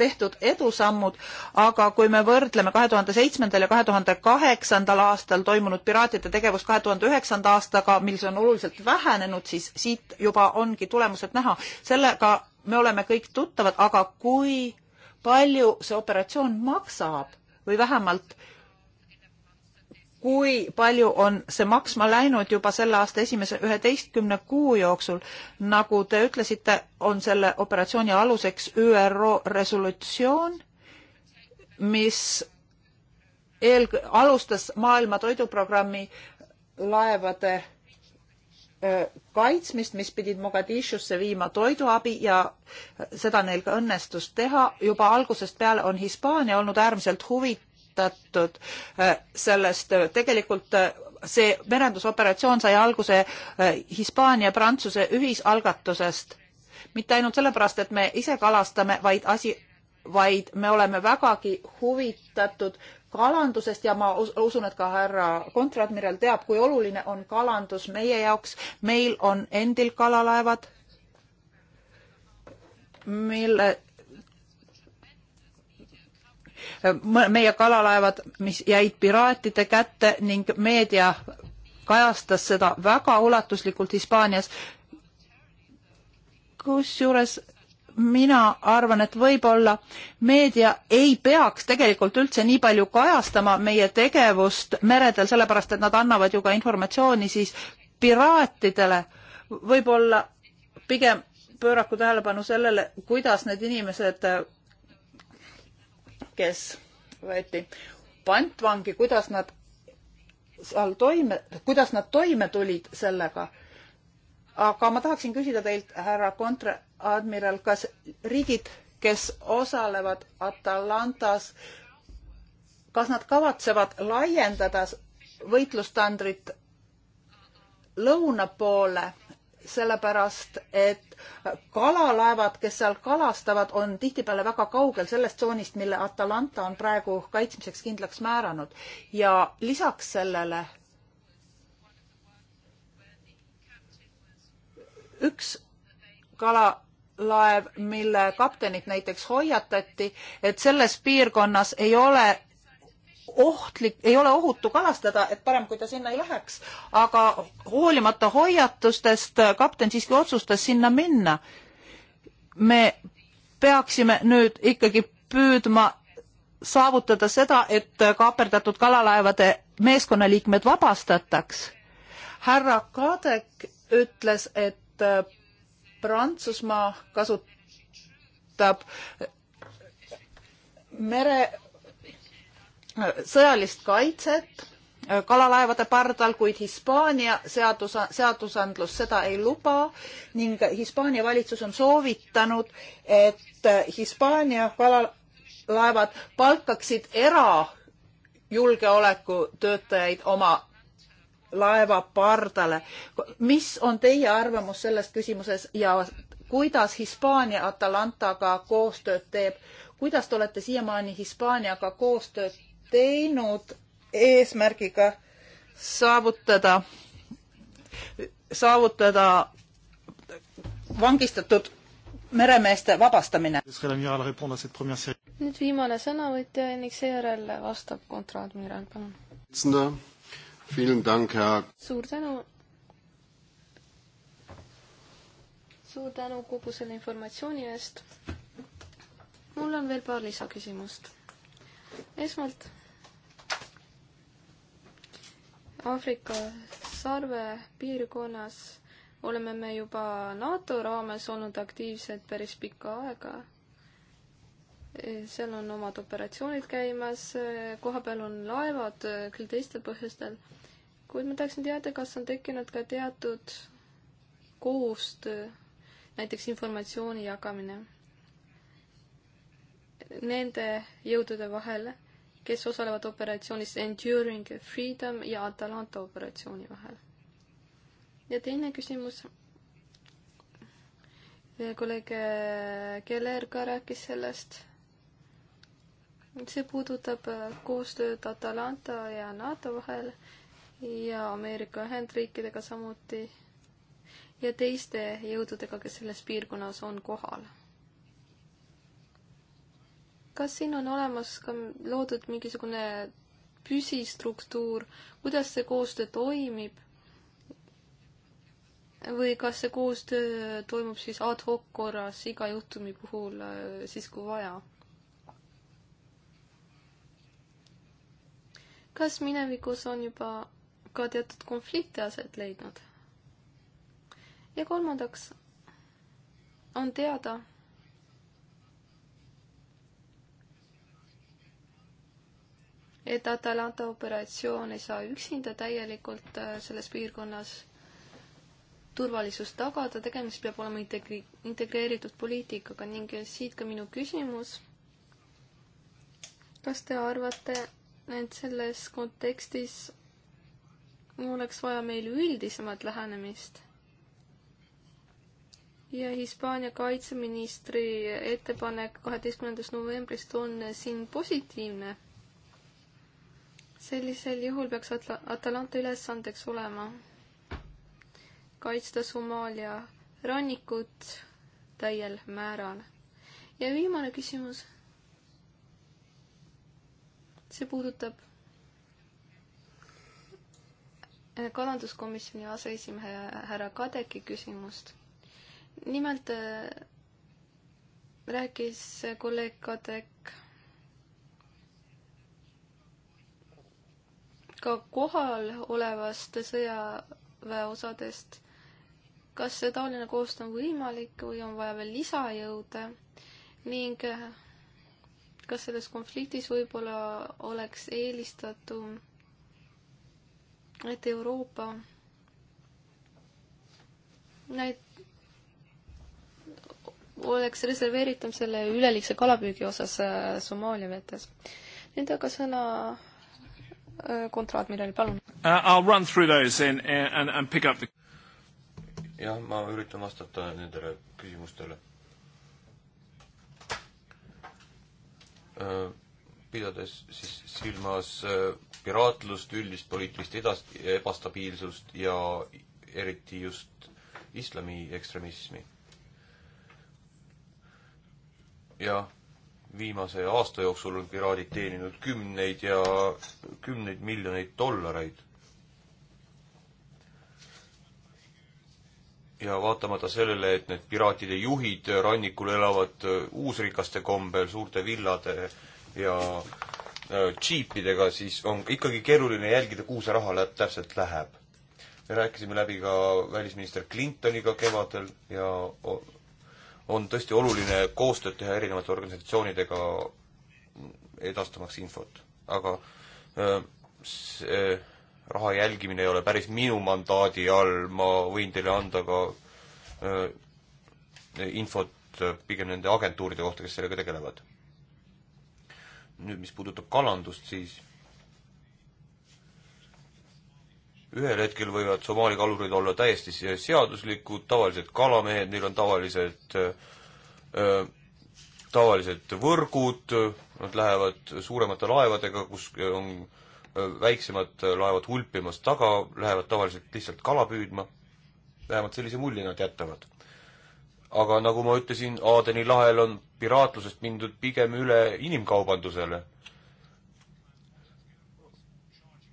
tehtud edusammud, aga kui me võrdleme kahe tuhande seitsmendal ja kahe tuhande kaheksandal aastal toimunud piraatide tegevust kahe tuhande üheksanda aastaga, mil see on oluliselt vähenenud, siis siit juba ongi tulemused näha. sellega me oleme kõik tuttavad, aga kui palju see operatsioon maksab või vähemalt kui palju on see maksma läinud juba selle aasta esimese üheteistkümne kuu jooksul. nagu te ütlesite, on selle operatsiooni aluseks ÜRO resolutsioon, mis eel-, alustas Maailma Toiduprogrammi laevade kaitsmist, mis pidid Mogadishusse viima toiduabi ja seda neil ka õnnestus teha. juba algusest peale on Hispaania olnud äärmiselt huvitatud huvitatud äh, sellest, tegelikult äh, see merendusoperatsioon sai alguse äh, Hispaania-Prantsuse ühisalgatusest, mitte ainult sellepärast, et me ise kalastame, vaid asi, vaid me oleme vägagi huvitatud kalandusest ja ma usun, et ka härra kontradmiral teab, kui oluline on kalandus meie jaoks. meil on endil kalalaevad, mille meie kalalaevad, mis jäid piraatide kätte ning meedia kajastas seda väga ulatuslikult Hispaanias. kusjuures mina arvan, et võib-olla meedia ei peaks tegelikult üldse nii palju kajastama meie tegevust meredel, sellepärast et nad annavad ju ka informatsiooni siis piraatidele. võib-olla pigem pööraku tähelepanu sellele, kuidas need inimesed kes võeti pantvangi, kuidas nad seal toime, kuidas nad toime tulid sellega. aga ma tahaksin küsida teilt, härra kontradmiral, kas riigid, kes osalevad Atalantas, kas nad kavatsevad laiendada võitlustandrit lõuna poole, sellepärast et kalalaevad, kes seal kalastavad, on tihtipeale väga kaugel sellest tsoonist, mille Atalanta on praegu kaitsmiseks kindlaks määranud. ja lisaks sellele üks kalalaev, mille kaptenit näiteks hoiatati, et selles piirkonnas ei ole ohtlik, ei ole ohutu kalastada, et parem, kui ta sinna ei läheks. aga hoolimata hoiatustest kapten siiski otsustas sinna minna. me peaksime nüüd ikkagi püüdma saavutada seda, et kaaperdatud kalalaevade meeskonnaliikmed vabastataks. härra Kadek ütles, et Prantsusmaa kasutab mere sõjalist kaitset äh, kalalaevade pardal, kuid Hispaania seadus, seadusandlus seda ei luba ning Hispaania valitsus on soovitanud, et äh, Hispaania kalalaevad palkaksid erajulgeolekutöötajaid oma laeva pardale. mis on teie arvamus selles küsimuses ja kuidas Hispaania Atalantaga koostööd teeb? kuidas te olete siiamaani Hispaaniaga koostööd teinud eesmärgiga saavutada, saavutada vangistatud meremeeste vabastamine. nüüd viimane sõnavõtja ning seejärel vastab kontradmiral, palun. suur tänu. suur tänu kogu selle informatsiooni eest. mul on veel paar lisaküsimust esmalt Aafrika sarve piirkonnas oleme me juba NATO raames olnud aktiivsed päris pikka aega. seal on omad operatsioonid käimas, kohapeal on laevad küll teistel põhjustel, kuid ma tahaksin teada, kas on tekkinud ka teatud koostöö, näiteks informatsiooni jagamine nende jõudude vahel, kes osalevad operatsioonis Enduring Freedom ja Atalanta operatsiooni vahel. ja teine küsimus. kolleeg Keller ka rääkis sellest. see puudutab koostööd Atalanta ja NATO vahel ja Ameerika Ühendriikidega samuti ja teiste jõududega, kes selles piirkonnas on kohal kas siin on olemas ka loodud mingisugune püsistruktuur, kuidas see koostöö toimib? või kas see koostöö toimub siis ad hoc korras iga juhtumi puhul äh, siis, kui vaja? kas minevikus on juba ka teatud konflikte aset leidnud? ja kolmandaks on teada et Atalanta operatsioon ei saa üksinda täielikult äh, selles piirkonnas turvalisust tagada, tegemist peab olema integri-, integreeritud poliitikaga ning siit ka minu küsimus. kas te arvate, et selles kontekstis oleks vaja meil üldisemat lähenemist? ja Hispaania kaitseministri ettepanek kaheteistkümnendast novembrist on äh, siin positiivne sellisel juhul peaks Atla-, Atalanta ülesandeks olema kaitsta Somaalia rannikut täiel määral. ja viimane küsimus. see puudutab äh, kalanduskomisjoni aseesimehe härra Kadeki küsimust. nimelt äh, rääkis kolleeg Kadek ka kohal olevast sõjaväeosadest. kas see taoline koostöö on võimalik või on vaja veel lisajõude ning eh, kas selles konfliktis võib-olla oleks eelistatum, et Euroopa näit-, oleks reserveeritum selle üleliigse kalapüügi osas eh, Somaalia vetes. Nüüd aga sõna Äh, kontraadmiral, palun uh,. I'll run through those and, and, and pick up the jah, ma üritan vastata nendele küsimustele. Äh, pidades siis silmas äh, piraatlust, üldist poliitilist edas-, ebastabiilsust ja eriti just islami ekstremismi. jah viimase aasta jooksul on piraadid teeninud kümneid ja kümneid miljoneid dollareid. ja vaatamata sellele, et need piraatide juhid rannikul elavad äh, uusrikaste kombel suurte villade ja džiipidega, äh, siis on ikkagi keeruline jälgida, kuhu see raha läheb, täpselt läheb. me rääkisime läbi ka välisminister Clintoniga kevadel ja on tõesti oluline koostööd teha erinevate organisatsioonidega, edastamaks infot. aga see raha jälgimine ei ole päris minu mandaadi all, ma võin teile anda ka infot pigem nende agentuuride kohta, kes sellega tegelevad. nüüd, mis puudutab kalandust, siis ühel hetkel võivad Somaali kalurid olla täiesti seaduslikud, tavalised kalamehed, neil on tavalised äh, äh,, tavalised võrgud, nad lähevad suuremate laevadega, kus on äh, väiksemad laevad hulpimas taga, lähevad tavaliselt lihtsalt kala püüdma, vähemalt sellise mulje nad jätavad. aga nagu ma ütlesin, Aadeni lahel on piraatlusest mindud pigem üle inimkaubandusele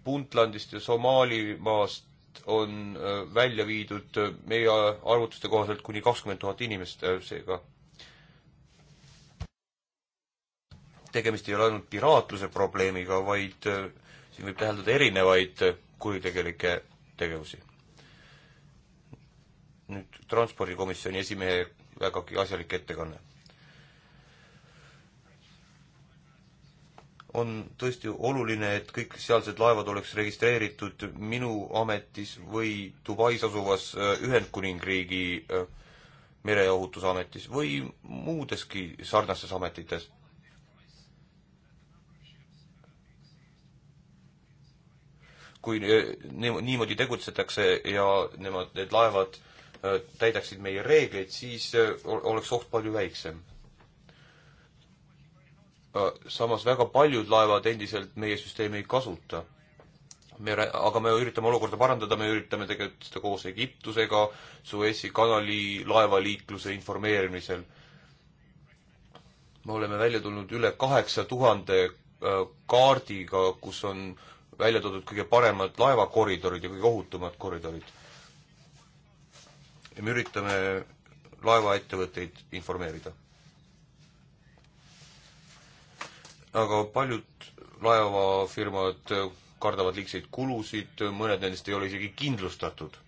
Puntlandist ja Somaalimaast on äh, välja viidud äh, meie arvutuste kohaselt kuni kakskümmend tuhat inimest, äh, seega tegemist ei ole ainult piraatluse probleemiga, vaid siin võib täheldada erinevaid kuritegelikke tegevusi. nüüd transpordikomisjoni esimehe vägagi asjalik ettekanne on tõesti oluline, et kõik sealsed laevad oleks registreeritud minu ametis või Dubais asuvas äh, Ühendkuningriigi äh, mereohutusametis või muudeski sarnastes ametites. kui äh, niimoodi tegutsetakse ja nemad, need laevad täidaksid meie reegleid, siis oleks oht palju väiksem samas väga paljud laevad endiselt meie süsteemi ei kasuta. me, aga me üritame olukorda parandada, me üritame tegelikult seda koos Egiptusega, Suessi kanali laevaliikluse informeerimisel. me oleme välja tulnud üle kaheksa tuhande äh, kaardiga, kus on välja toodud kõige paremad laevakoridorid ja kõige ohutumad koridorid. ja me üritame laevaettevõtteid informeerida aga paljud laevafirmad kardavad liigseid kulusid, mõned nendest ei ole isegi kindlustatud.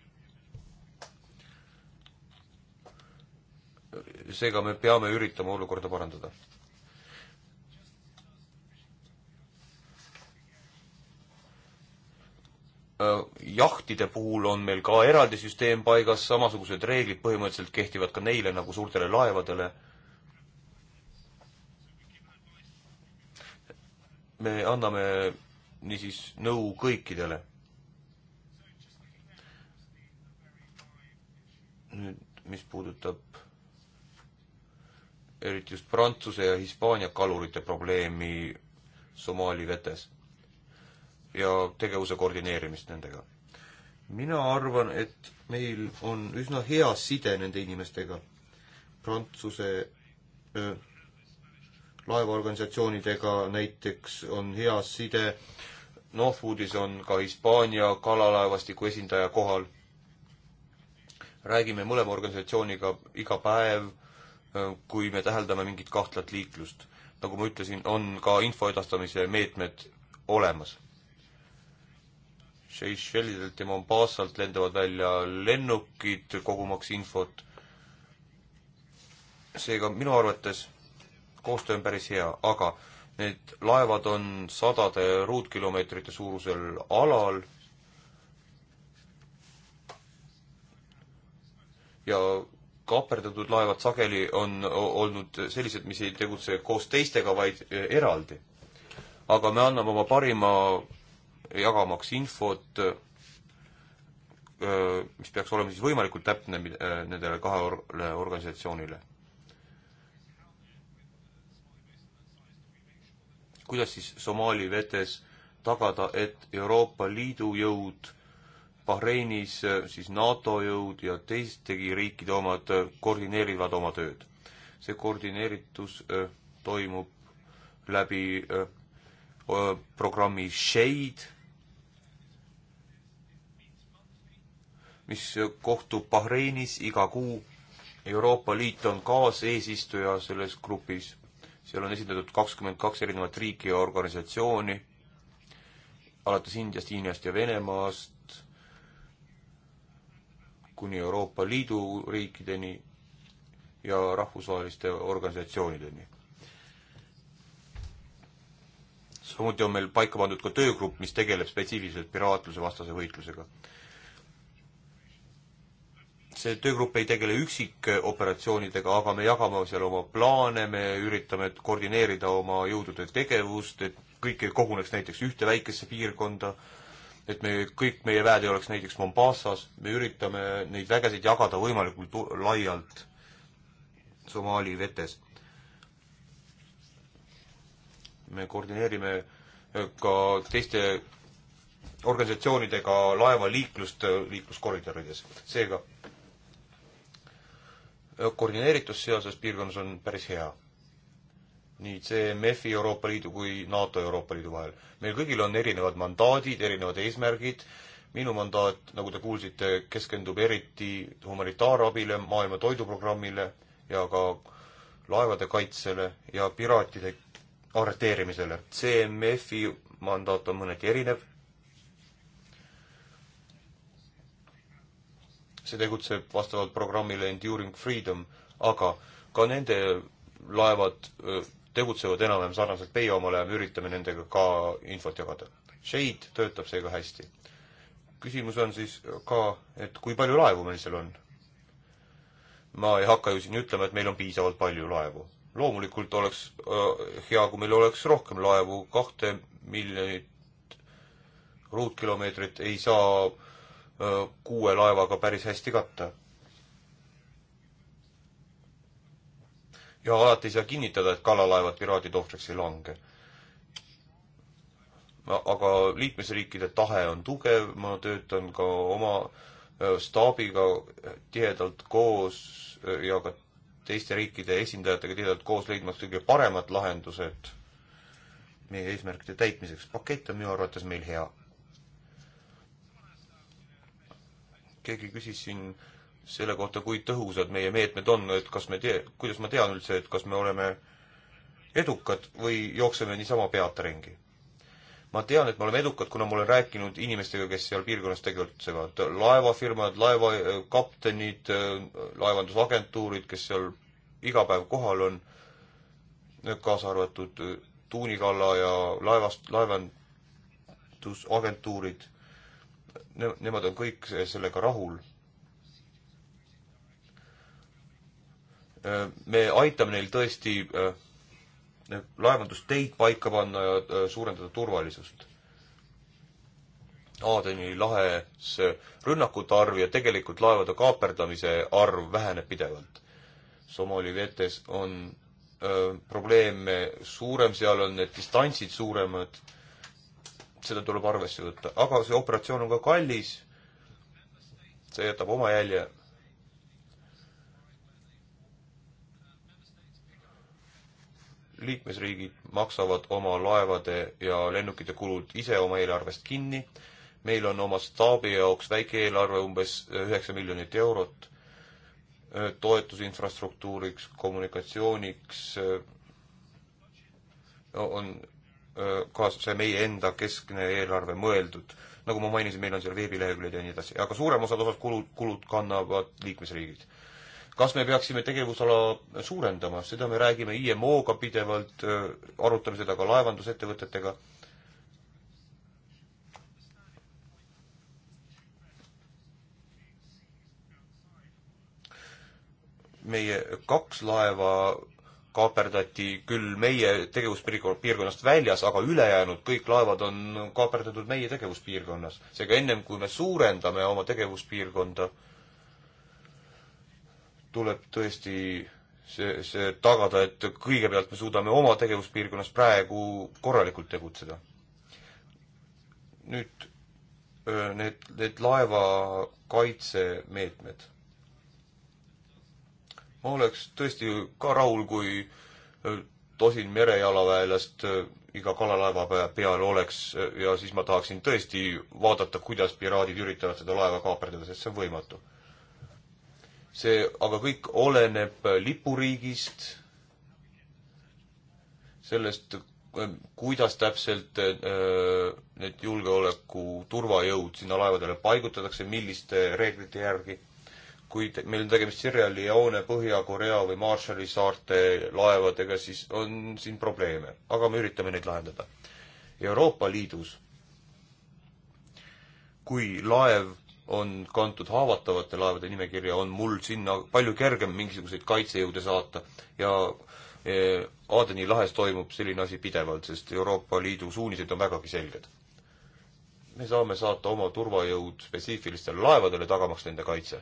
seega me peame üritama olukorda parandada. Äh, jahtide puhul on meil ka eraldi süsteem paigas, samasugused reeglid põhimõtteliselt kehtivad ka neile nagu suurtele laevadele me anname niisiis nõu kõikidele. nüüd, mis puudutab eriti just Prantsuse ja Hispaania kalurite probleemi Somaali vetes ja tegevuse koordineerimist nendega. mina arvan, et meil on üsna hea side nende inimestega. Prantsuse öö, laevaorganisatsioonidega, näiteks on hea side, Northwoodis on ka Hispaania kalalaevastiku esindaja kohal. räägime mõlema organisatsiooniga iga päev, kui me täheldame mingit kahtlat liiklust. nagu ma ütlesin, on ka info edastamise meetmed olemas. Seychellidelt ja Mombassalt lendavad välja lennukid, kogumaks infot. seega minu arvates koostöö on päris hea, aga need laevad on sadade ruutkilomeetrite suurusel alal ja kaaperdatud laevad sageli on olnud sellised, mis ei tegutse koos teistega, vaid e, eraldi. aga me anname oma parima, jagamaks infot, e, mis peaks olema siis võimalikult täpne e, nendele kahele organisatsioonile kuidas siis Somaali vetes tagada, et Euroopa Liidu jõud Bahreinis, äh, siis NATO jõud ja teistegi riikide omad äh, koordineerivad oma tööd. see koordineeritus äh, toimub läbi äh, programmi Shade, mis äh, kohtub Bahreinis iga kuu. Euroopa Liit on kaaseesistuja selles grupis seal on esindatud kakskümmend kaks erinevat riiki ja organisatsiooni, alates Indiast, Hiinast ja Venemaast kuni Euroopa Liidu riikideni ja rahvusvaheliste organisatsioonideni. samuti on meil paika pandud ka töögrupp, mis tegeleb spetsiifiliselt piraatluse vastase võitlusega see töögrupp ei tegele üksikoperatsioonidega, aga me jagame seal oma plaane, me üritame koordineerida oma jõudude tegevust, et kõik ei koguneks näiteks ühte väikesse piirkonda, et me, kõik meie väed ei oleks näiteks Mombassas, me üritame neid vägesid jagada võimalikult laialt Somaali vetes. me koordineerime eh, ka teiste organisatsioonidega laevaliiklust eh, liikluskoridorides. seega Äh, koordineeritus sealses piirkonnas on päris hea. nii CMF-i Euroopa Liidu kui NATO Euroopa Liidu vahel. meil kõigil on erinevad mandaadid, erinevad eesmärgid, minu mandaat, nagu te kuulsite, keskendub eriti humanitaarabile, maailma toiduprogrammile ja ka laevade kaitsele ja piraatide arreteerimisele. CMF-i mandaat on mõneti erinev see tegutseb vastavalt programmile Enduring Freedom, aga ka nende laevad tegutsevad enam-vähem sarnaselt meie omale ja me üritame nendega ka infot jagada. Shade töötab seega hästi. küsimus on siis ka, et kui palju laevu meil seal on? ma ei hakka ju siin ütlema, et meil on piisavalt palju laevu. loomulikult oleks äh, hea, kui meil oleks rohkem laevu, kahte miljonit ruutkilomeetrit ei saa kuue laevaga päris hästi katta. ja alati ei saa kinnitada, et kalalaevad piraadide ohvriks ei lange. aga liikmesriikide tahe on tugev, ma töötan ka oma staabiga tihedalt koos ja ka teiste riikide esindajatega tihedalt koos leidmaks kõige paremad lahendused meie eesmärkide täitmiseks. pakett on minu arvates meil hea keegi küsis siin selle kohta, kui tõhusad meie meetmed on, et kas me tee-, kuidas ma tean üldse, et kas me oleme edukad või jookseme niisama peata ringi? ma tean, et me oleme edukad, kuna ma olen rääkinud inimestega, kes seal piirkonnas tegutsevad. laevafirmad, laevakaptenid, laevandusagentuurid, kes seal iga päev kohal on, kaasa arvatud tuunikalla ja laevast, laevandusagentuurid ne-, nemad on kõik sellega rahul. Äh, me aitame neil tõesti äh, laevandusteid paika panna ja äh, suurendada turvalisust. Aadeni lahes rünnakute arv ja tegelikult laevade kaaperdamise arv väheneb pidevalt. Somali vetes on öö, probleeme suurem, seal on need distantsid suuremad seda tuleb arvesse võtta, aga see operatsioon on ka kallis, see jätab oma jälje. liikmesriigid maksavad oma laevade ja lennukite kulud ise oma eelarvest kinni, meil on oma staabi jaoks väike eelarve, umbes üheksa miljonit eurot, toetus infrastruktuuriks, kommunikatsiooniks, on kaasa see meie enda keskne eelarve mõeldud. nagu ma mainisin, meil on seal veebileheküljed ja nii edasi, aga suurem osad osas kulud, kulud kannavad liikmesriigid. kas me peaksime tegevusala suurendama, seda me räägime IMO-ga pidevalt, arutame seda ka laevandusettevõtetega. meie kaks laeva kaaperdati küll meie tegevuspiirkonnast väljas, aga ülejäänud kõik laevad on kaaperdatud meie tegevuspiirkonnas. seega ennem, kui me suurendame oma tegevuspiirkonda, tuleb tõesti see, see tagada, et kõigepealt me suudame oma tegevuspiirkonnas praegu korralikult tegutseda. nüüd need, need laevakaitsemeetmed ma oleks tõesti ka rahul, kui äh, tosin merejalaväelast äh, iga kalalaeva peal oleks äh, ja siis ma tahaksin tõesti vaadata, kuidas piraadid üritavad seda laeva kaaperdada, sest see on võimatu. see aga kõik oleneb lipuriigist, sellest, kuidas täpselt need julgeoleku turvajõud sinna laevadele paigutatakse, milliste reeglite järgi kui te, meil on tegemist Sierra Leone, Põhja-Korea või Marshalli saarte laevadega, siis on siin probleeme, aga me üritame neid lahendada. Euroopa Liidus, kui laev on kantud haavatavate laevade nimekirja, on mul sinna palju kergem mingisuguseid kaitsejõude saata ja e, Aadeni lahes toimub selline asi pidevalt, sest Euroopa Liidu suunised on vägagi selged. me saame saata oma turvajõud spetsiifilistele laevadele, tagamaks nende kaitse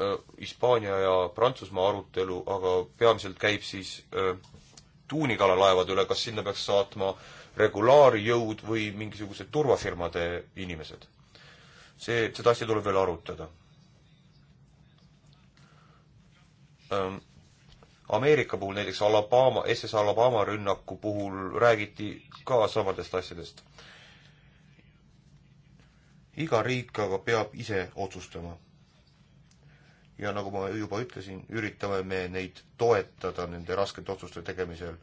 Äh, Hispaania ja Prantsusmaa arutelu, aga peamiselt käib siis äh, tuunikalalaevade üle, kas sinna peaks saatma regulaarjõud või mingisugused turvafirmade inimesed? see, seda asja tuleb veel arutada ähm,. Ameerika puhul näiteks Alabama, SS Alabama rünnaku puhul räägiti ka samadest asjadest. iga riik aga peab ise otsustama ja nagu ma juba ütlesin, üritame me neid toetada nende raskete otsuste tegemisel.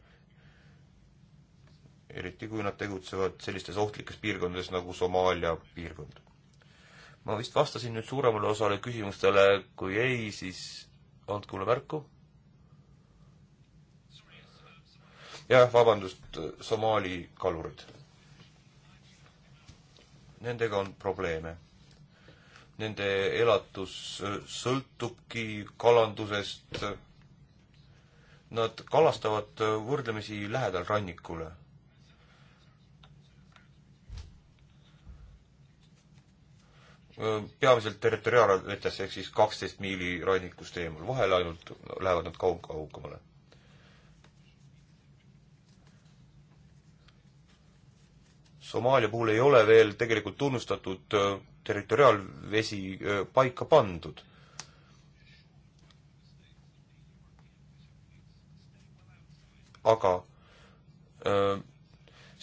eriti kui nad tegutsevad sellistes ohtlikes piirkondades nagu Somaalia piirkond. ma vist vastasin nüüd suuremale osale küsimustele, kui ei, siis andke mulle märku. jah, vabandust, Somaali kalurid. Nendega on probleeme nende elatus äh, sõltubki kalandusest. Nad kalastavad äh, võrdlemisi lähedal rannikule. Äh, peamiselt territoriaalvetes ehk siis kaksteist miili rannikust eemal, vahel ainult lähevad nad kaug-, kaugemale Somaalia puhul ei ole veel tegelikult tunnustatud territoriaalvesi paika pandud. aga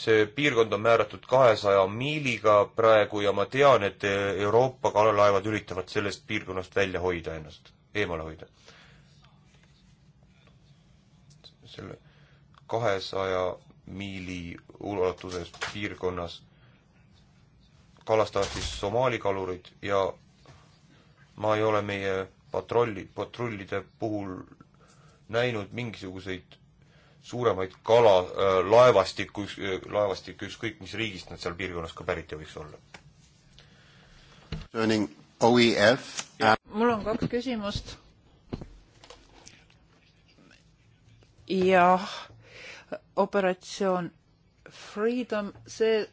see piirkond on määratud kahesaja miiliga praegu ja ma tean, et Euroopa kalalaevad üritavad sellest piirkonnast välja hoida ennast, eemale hoida. selle kahesaja miili ulatuses piirkonnas kalastavad siis Somaali kalurid ja ma ei ole meie patrolli, patrullide puhul näinud mingisuguseid suuremaid kala äh,, laevastikku, äh, laevastikku ükskõik mis riigist nad seal piirkonnas ka pärit ju võiks olla. E mul on kaks küsimust. jah, operatsioon Freedom, see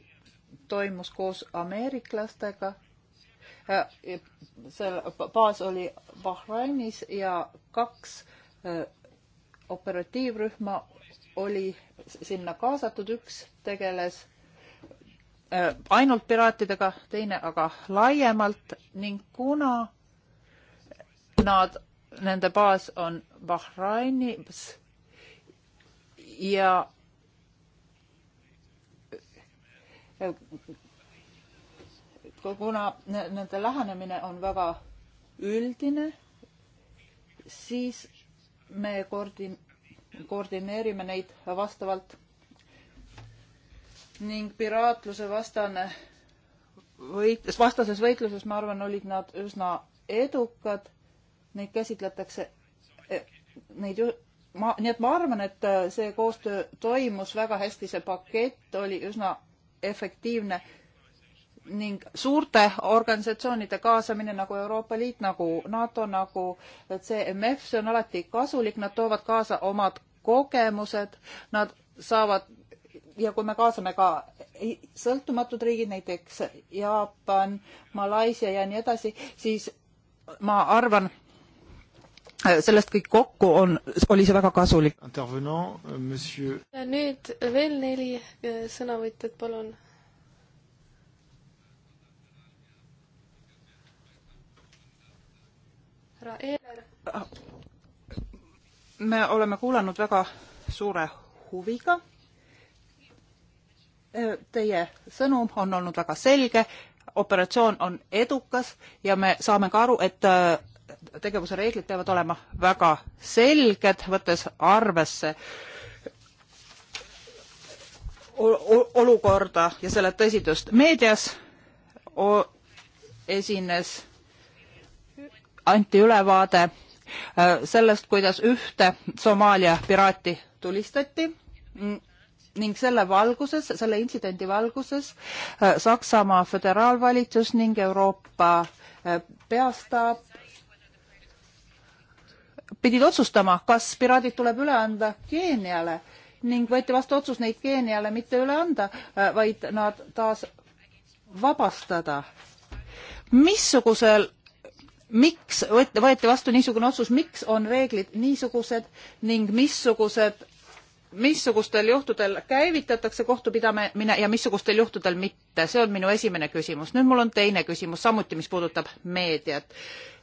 toimus koos ameeriklastega. Äh, seal baas oli Bahrainis ja kaks äh, operatiivrühma oli sinna kaasatud, üks tegeles äh, ainult piraatidega, teine aga laiemalt ning kuna nad, nende baas on Bahrainis ja kuna nende lähenemine on väga üldine, siis me koordi-, koordineerime neid vastavalt ning piraatluse vastane võit-, vastases võitluses, ma arvan, olid nad üsna edukad, neid käsitletakse, e, neid ju-, ma, nii et ma arvan, et see koostöö toimus väga hästi, see pakett oli üsna efektiivne ning suurte organisatsioonide kaasamine nagu Euroopa Liit, nagu NATO, nagu CMF, see on alati kasulik, nad toovad kaasa omad kogemused, nad saavad ja kui me kaasame ka sõltumatud riigid, näiteks Jaapan, Malaisia ja nii edasi, siis ma arvan, Äh, sellest kõik kokku on, oli see väga kasulik. Euh, monsieur... ja nüüd veel neli äh, sõnavõtjat, palun. härra Eeler. Äh, me oleme kuulanud väga suure huviga. Teie sõnum on olnud väga selge, operatsioon on edukas ja me saame ka aru, et tegevuse reeglid peavad olema väga selged, võttes arvesse olukorda ja selle tõsidust. meedias esines, anti ülevaade äh, sellest, kuidas ühte Somaalia piraati tulistati mm, ning selle valguses, selle intsidendi valguses äh, Saksamaa föderaalvalitsus ning Euroopa äh, peastaap pidid otsustama, kas piraadid tuleb üle anda Keeniale ning võeti vastu otsus neid Keeniale mitte üle anda, äh, vaid nad taas vabastada. missugusel, miks võeti, võeti vastu niisugune otsus, miks on reeglid niisugused ning missugused, missugustel juhtudel käivitatakse kohtupidamine ja missugustel juhtudel mitte, see on minu esimene küsimus. nüüd mul on teine küsimus samuti, mis puudutab meediat.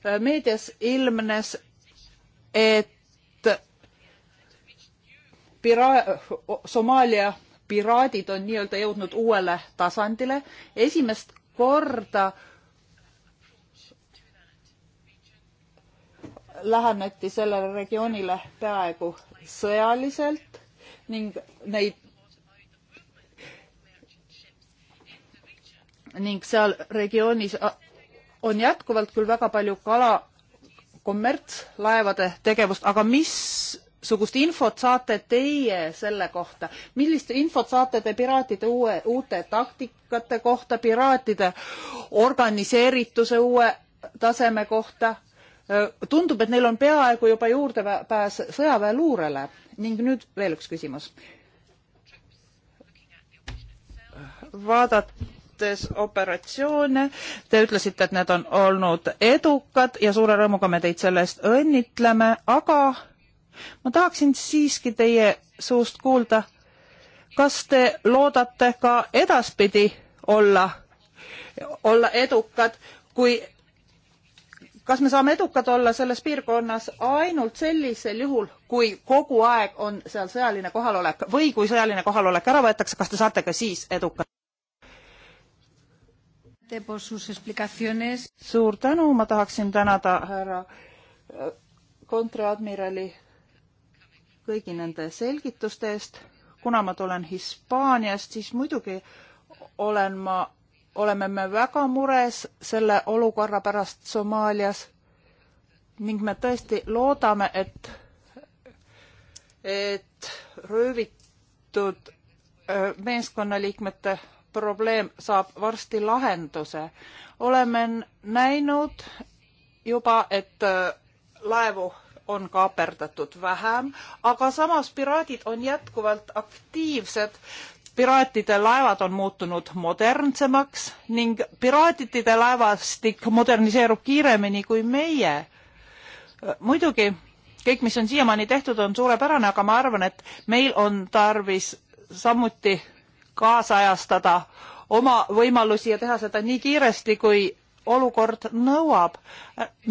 Äh, meedias ilmnes et pira-, Somaalia piraadid on nii-öelda jõudnud uuele tasandile. esimest korda läheneti sellele regioonile peaaegu sõjaliselt ning neid ning seal regioonis on jätkuvalt küll väga palju kala kommertslaevade tegevust, aga missugust infot saate teie selle kohta, millist infot saate te piraatide uue, uute taktikate kohta, piraatide organiseerituse uue taseme kohta? tundub, et neil on peaaegu juba juurdepääs sõjaväeluurele ning nüüd veel üks küsimus. vaadat-, suhtes operatsioone. Te ütlesite, et need on olnud edukad ja suure rõõmuga me teid selle eest õnnitleme, aga ma tahaksin siiski teie suust kuulda, kas te loodate ka edaspidi olla, olla edukad, kui kas me saame edukad olla selles piirkonnas ainult sellisel juhul, kui kogu aeg on seal sõjaline kohalolek või kui sõjaline kohalolek ära võetakse, kas te saate ka siis edukad? suur tänu, ma tahaksin tänada härra äh, kontradmirali kõigi nende selgituste eest. kuna ma tulen Hispaaniast, siis muidugi olen ma, oleme me väga mures selle olukorra pärast Somaalias ning me tõesti loodame, et, et röövitud äh, meeskonnaliikmete probleem saab varsti lahenduse. oleme näinud juba, et äh, laevu on kaaperdatud vähem, aga samas piraadid on jätkuvalt aktiivsed. piraatide laevad on muutunud modernsemaks ning piraatide laevastik moderniseerub kiiremini kui meie. Äh, muidugi kõik, mis on siiamaani tehtud, on suurepärane, aga ma arvan, et meil on tarvis samuti kaasajastada oma võimalusi ja teha seda nii kiiresti, kui olukord nõuab.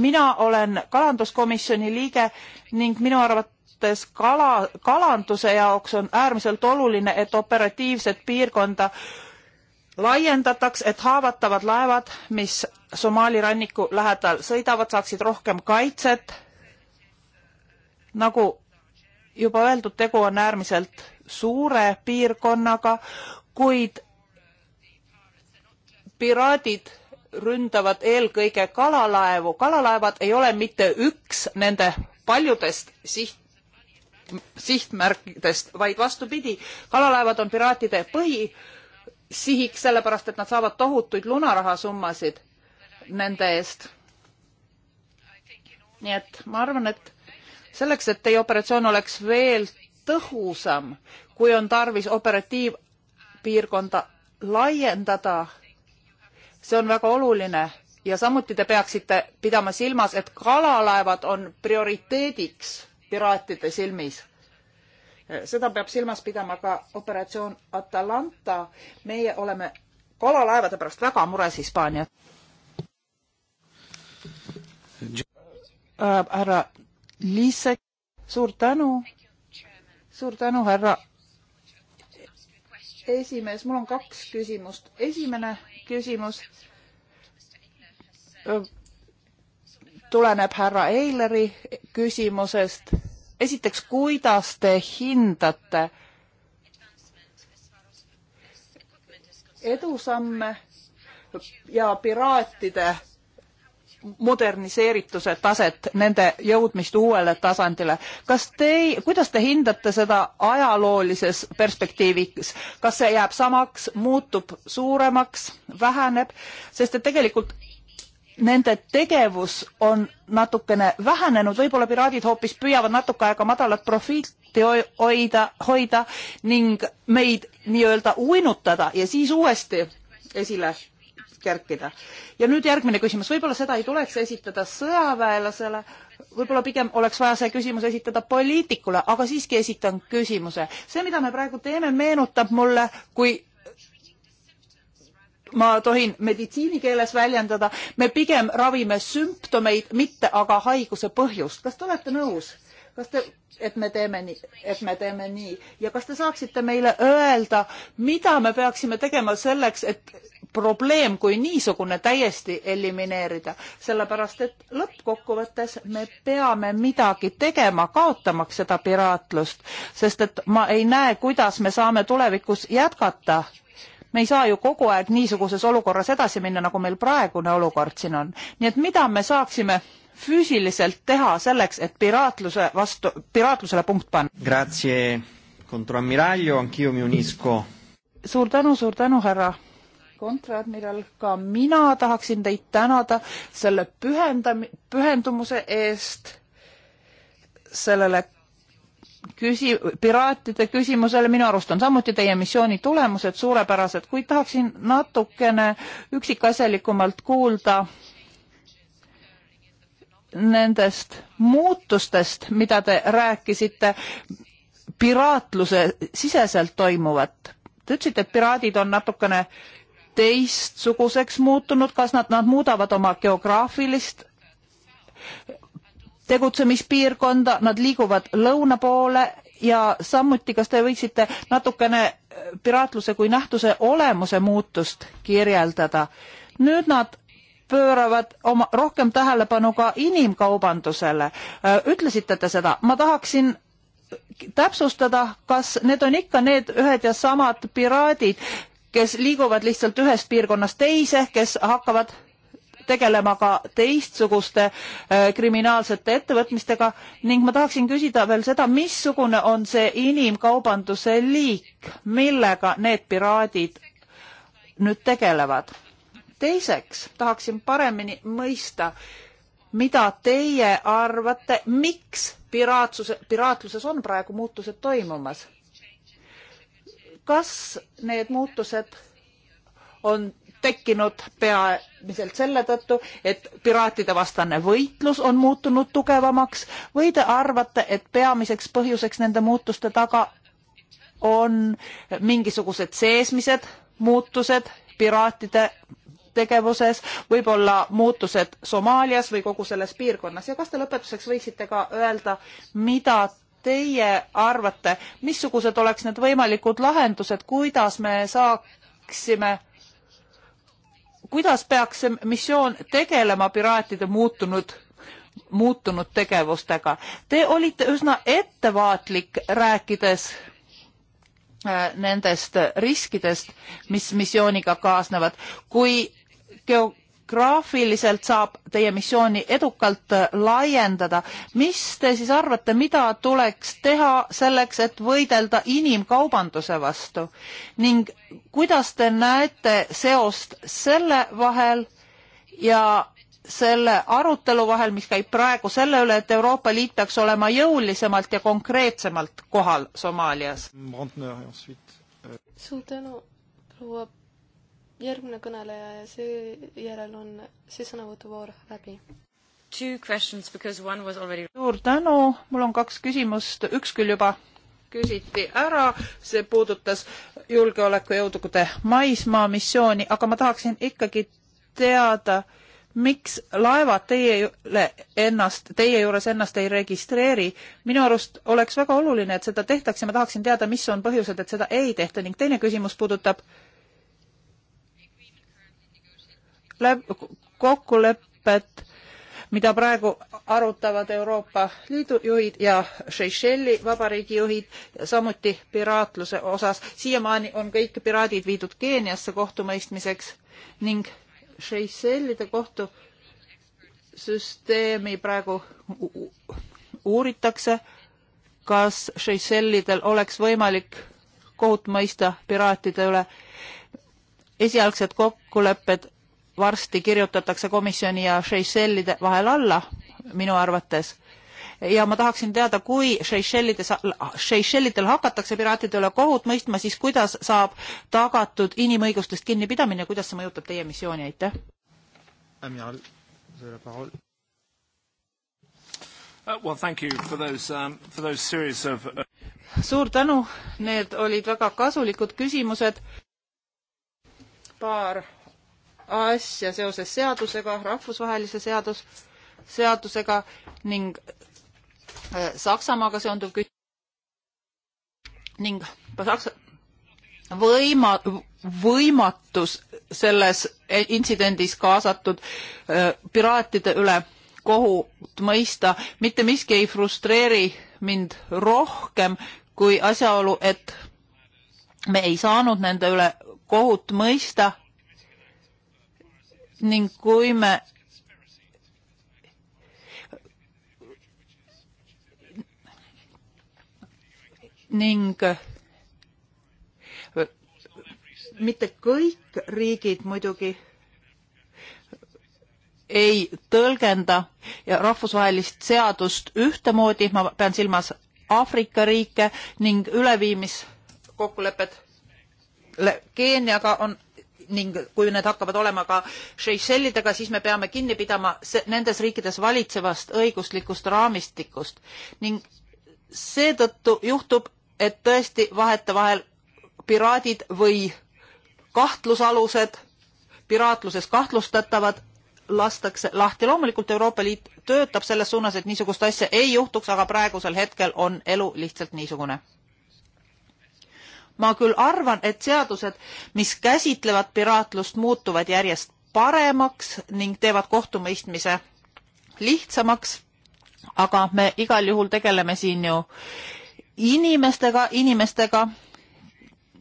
mina olen kalanduskomisjoni liige ning minu arvates kala, kalanduse jaoks on äärmiselt oluline, et operatiivset piirkonda laiendataks, et haavatavad laevad, mis Somaali ranniku lähedal sõidavad, saaksid rohkem kaitset. nagu juba öeldud, tegu on äärmiselt suure piirkonnaga, kuid piraadid ründavad eelkõige kalalaevu. kalalaevad ei ole mitte üks nende paljudest siht, sihtmärkidest, vaid vastupidi, kalalaevad on piraatide põhisihiks, sellepärast et nad saavad tohutuid lunarahasummasid nende eest. nii et ma arvan, et selleks, et teie operatsioon oleks veel tõhusam, kui on tarvis operatiivpiirkonda laiendada, see on väga oluline ja samuti te peaksite pidama silmas, et kalalaevad on prioriteediks piraatide silmis. seda peab silmas pidama ka operatsioon Atalanta. meie oleme kalalaevade pärast väga mures Hispaaniat. Äh, härra Liisek, suur tänu. suur tänu, härra esimees, mul on kaks küsimust. esimene küsimus tuleneb härra Eileri küsimusest. esiteks, kuidas te hindate edusamme ja piraatide moderniseerituse taset, nende jõudmist uuele tasandile. kas te, kuidas te hindate seda ajaloolises perspektiivis, kas see jääb samaks, muutub suuremaks, väheneb, sest et tegelikult nende tegevus on natukene vähenenud, võib-olla piraadid hoopis püüavad natuke aega madalat profiiti hoida, hoida ning meid nii-öelda uinutada ja siis uuesti esile kerkida. ja nüüd järgmine küsimus, võib-olla seda ei tuleks esitada sõjaväelasele, võib-olla pigem oleks vaja see küsimus esitada poliitikule, aga siiski esitan küsimuse. see, mida me praegu teeme, meenutab mulle, kui ma tohin meditsiinikeeles väljendada, me pigem ravime sümptomeid, mitte aga haiguse põhjust. kas te olete nõus? kas te, et me teeme nii, et me teeme nii ja kas te saaksite meile öelda, mida me peaksime tegema selleks, et probleem kui niisugune täiesti elimineerida, sellepärast et lõppkokkuvõttes me peame midagi tegema, kaotamaks seda piraatlust, sest et ma ei näe, kuidas me saame tulevikus jätkata. me ei saa ju kogu aeg niisuguses olukorras edasi minna, nagu meil praegune olukord siin on. nii et mida me saaksime füüsiliselt teha selleks, et piraatluse vastu, piraatlusele punkt panna? Grazie, kontrammiraglio, anch'io mi unisco. suur tänu, suur tänu, härra kontradmiral, ka mina tahaksin teid tänada selle pühendam-, pühendumuse eest sellele küsi-, piraatide küsimusele, minu arust on samuti teie missiooni tulemused suurepärased, kuid tahaksin natukene üksikasjalikumalt kuulda nendest muutustest, mida te rääkisite, piraatluse siseselt toimuvat. Te ütlesite, et piraadid on natukene teistsuguseks muutunud, kas nad, nad muudavad oma geograafilist tegutsemispiirkonda, nad liiguvad lõuna poole ja samuti, kas te võiksite natukene äh, piraatluse kui nähtuse olemuse muutust kirjeldada? nüüd nad pööravad oma rohkem tähelepanu ka inimkaubandusele. Äh, ütlesite te seda, ma tahaksin täpsustada, kas need on ikka need ühed ja samad piraadid, kes liiguvad lihtsalt ühest piirkonnast teise, kes hakkavad tegelema ka teistsuguste äh, kriminaalsete ettevõtmistega ning ma tahaksin küsida veel seda, missugune on see inimkaubanduse liik, millega need piraadid nüüd tegelevad? teiseks tahaksin paremini mõista, mida teie arvate, miks piraatsuse, piraatluses on praegu muutused toimumas? kas need muutused on tekkinud peamiselt selle tõttu, et piraatide vastane võitlus on muutunud tugevamaks või te arvate, et peamiseks põhjuseks nende muutuste taga on mingisugused seesmised muutused piraatide tegevuses, võib-olla muutused Somaalias või kogu selles piirkonnas ja kas te lõpetuseks võiksite ka öelda, mida teie arvate, missugused oleks need võimalikud lahendused, kuidas me saaksime, kuidas peaks see missioon tegelema piraatide muutunud muutunud tegevustega. Te olite üsna ettevaatlik, rääkides äh, nendest riskidest, mis missiooniga kaasnevad. kui geo-, graafiliselt saab teie missiooni edukalt laiendada. mis te siis arvate, mida tuleks teha selleks, et võidelda inimkaubanduse vastu ning kuidas te näete seost selle vahel ja selle arutelu vahel, mis käib praegu selle üle, et Euroopa Liit peaks olema jõulisemalt ja konkreetsemalt kohal Somaalias? Euh, suur tänu, proua järgmine kõneleja ja seejärel on see sõnavõtuvoor läbi. Already... suur tänu, mul on kaks küsimust, üks küll juba küsiti ära, see puudutas julgeolekujõudude maismaa missiooni, aga ma tahaksin ikkagi teada, miks laevad teiele ennast, teie juures ennast ei registreeri. minu arust oleks väga oluline, et seda tehtaks ja ma tahaksin teada, mis on põhjused, et seda ei tehta ning teine küsimus puudutab äh, kokkulepet, mida praegu arutavad Euroopa Liidu juhid ja Seychelli vabariigi juhid, samuti piraatluse osas. siiamaani on kõik piraadid viidud Keeniasse kohtumõistmiseks ning Seychellide kohtusüsteemi praegu uuritakse, kas Seychellidel oleks võimalik kohut mõista piraatide üle. esialgsed kokkulepped varsti kirjutatakse komisjoni ja Seychellide vahel alla minu arvates ja ma tahaksin teada, kui Seychellides, Seychellidel hakatakse piraatide üle kohut mõistma, siis kuidas saab tagatud inimõigustest kinnipidamine, kuidas see mõjutab teie missiooni, aitäh? Uh, um, uh, suur tänu, need olid väga kasulikud küsimused. paar asja seoses seadusega, rahvusvahelise seadus, seadusega ning äh, Saksamaaga seonduv küt- ning Saksa võima-, võimatus selles intsidendis kaasatud äh, piraatide üle kohut mõista, mitte miski ei frustreeri mind rohkem kui asjaolu, et me ei saanud nende üle kohut mõista ning kui me ning mitte kõik riigid muidugi ei tõlgenda ja rahvusvahelist seadust ühtemoodi, ma pean silmas Aafrika riike ning üleviimiskokkulepped Keeniaga on ning kui need hakkavad olema ka Seychellidega, siis me peame kinni pidama nendes riikides valitsevast õiguslikust raamistikust ning seetõttu juhtub, et tõesti vahetevahel piraadid või kahtlusalused, piraatluses kahtlustatavad lastakse lahti. loomulikult Euroopa Liit töötab selles suunas, et niisugust asja ei juhtuks, aga praegusel hetkel on elu lihtsalt niisugune ma küll arvan, et seadused, mis käsitlevad piraatlust, muutuvad järjest paremaks ning teevad kohtumõistmise lihtsamaks. aga me igal juhul tegeleme siin ju inimestega, inimestega,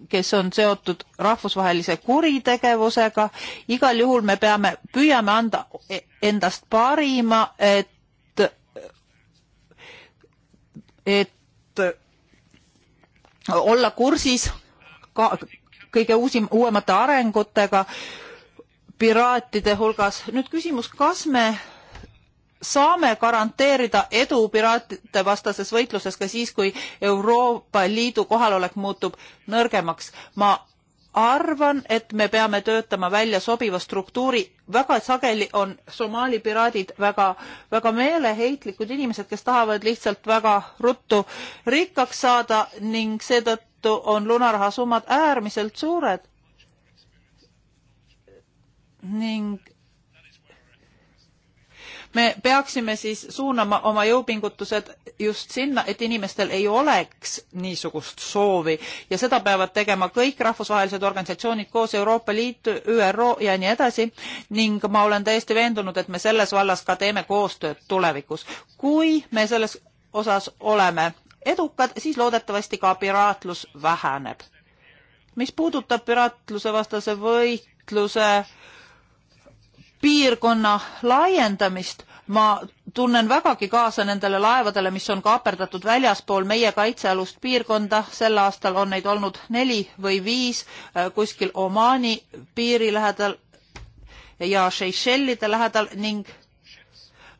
kes on seotud rahvusvahelise kuritegevusega. igal juhul me peame, püüame anda endast parima, et, et olla kursis ka kõige uusim, uuemate arengutega piraatide hulgas. nüüd küsimus, kas me saame garanteerida edu piraatide vastases võitluses ka siis, kui Euroopa Liidu kohalolek muutub nõrgemaks. ma arvan, et me peame töötama välja sobiva struktuuri, väga sageli on Somaali piraadid väga, väga meeleheitlikud inimesed, kes tahavad lihtsalt väga ruttu rikkaks saada ning seetõttu on lunaraha summad äärmiselt suured. ning me peaksime siis suunama oma jõupingutused just sinna, et inimestel ei oleks niisugust soovi ja seda peavad tegema kõik rahvusvahelised organisatsioonid koos Euroopa Liit, ÜRO ja nii edasi ning ma olen täiesti veendunud, et me selles vallas ka teeme koostööd tulevikus. kui me selles osas oleme edukad, siis loodetavasti ka piraatlus väheneb. mis puudutab piraatluse vastase võitluse piirkonna laiendamist, ma tunnen vägagi kaasa nendele laevadele, mis on kaaperdatud väljaspool meie kaitsealust piirkonda, sel aastal on neid olnud neli või viis äh, kuskil Omaani piiri lähedal ja Seychellide lähedal ning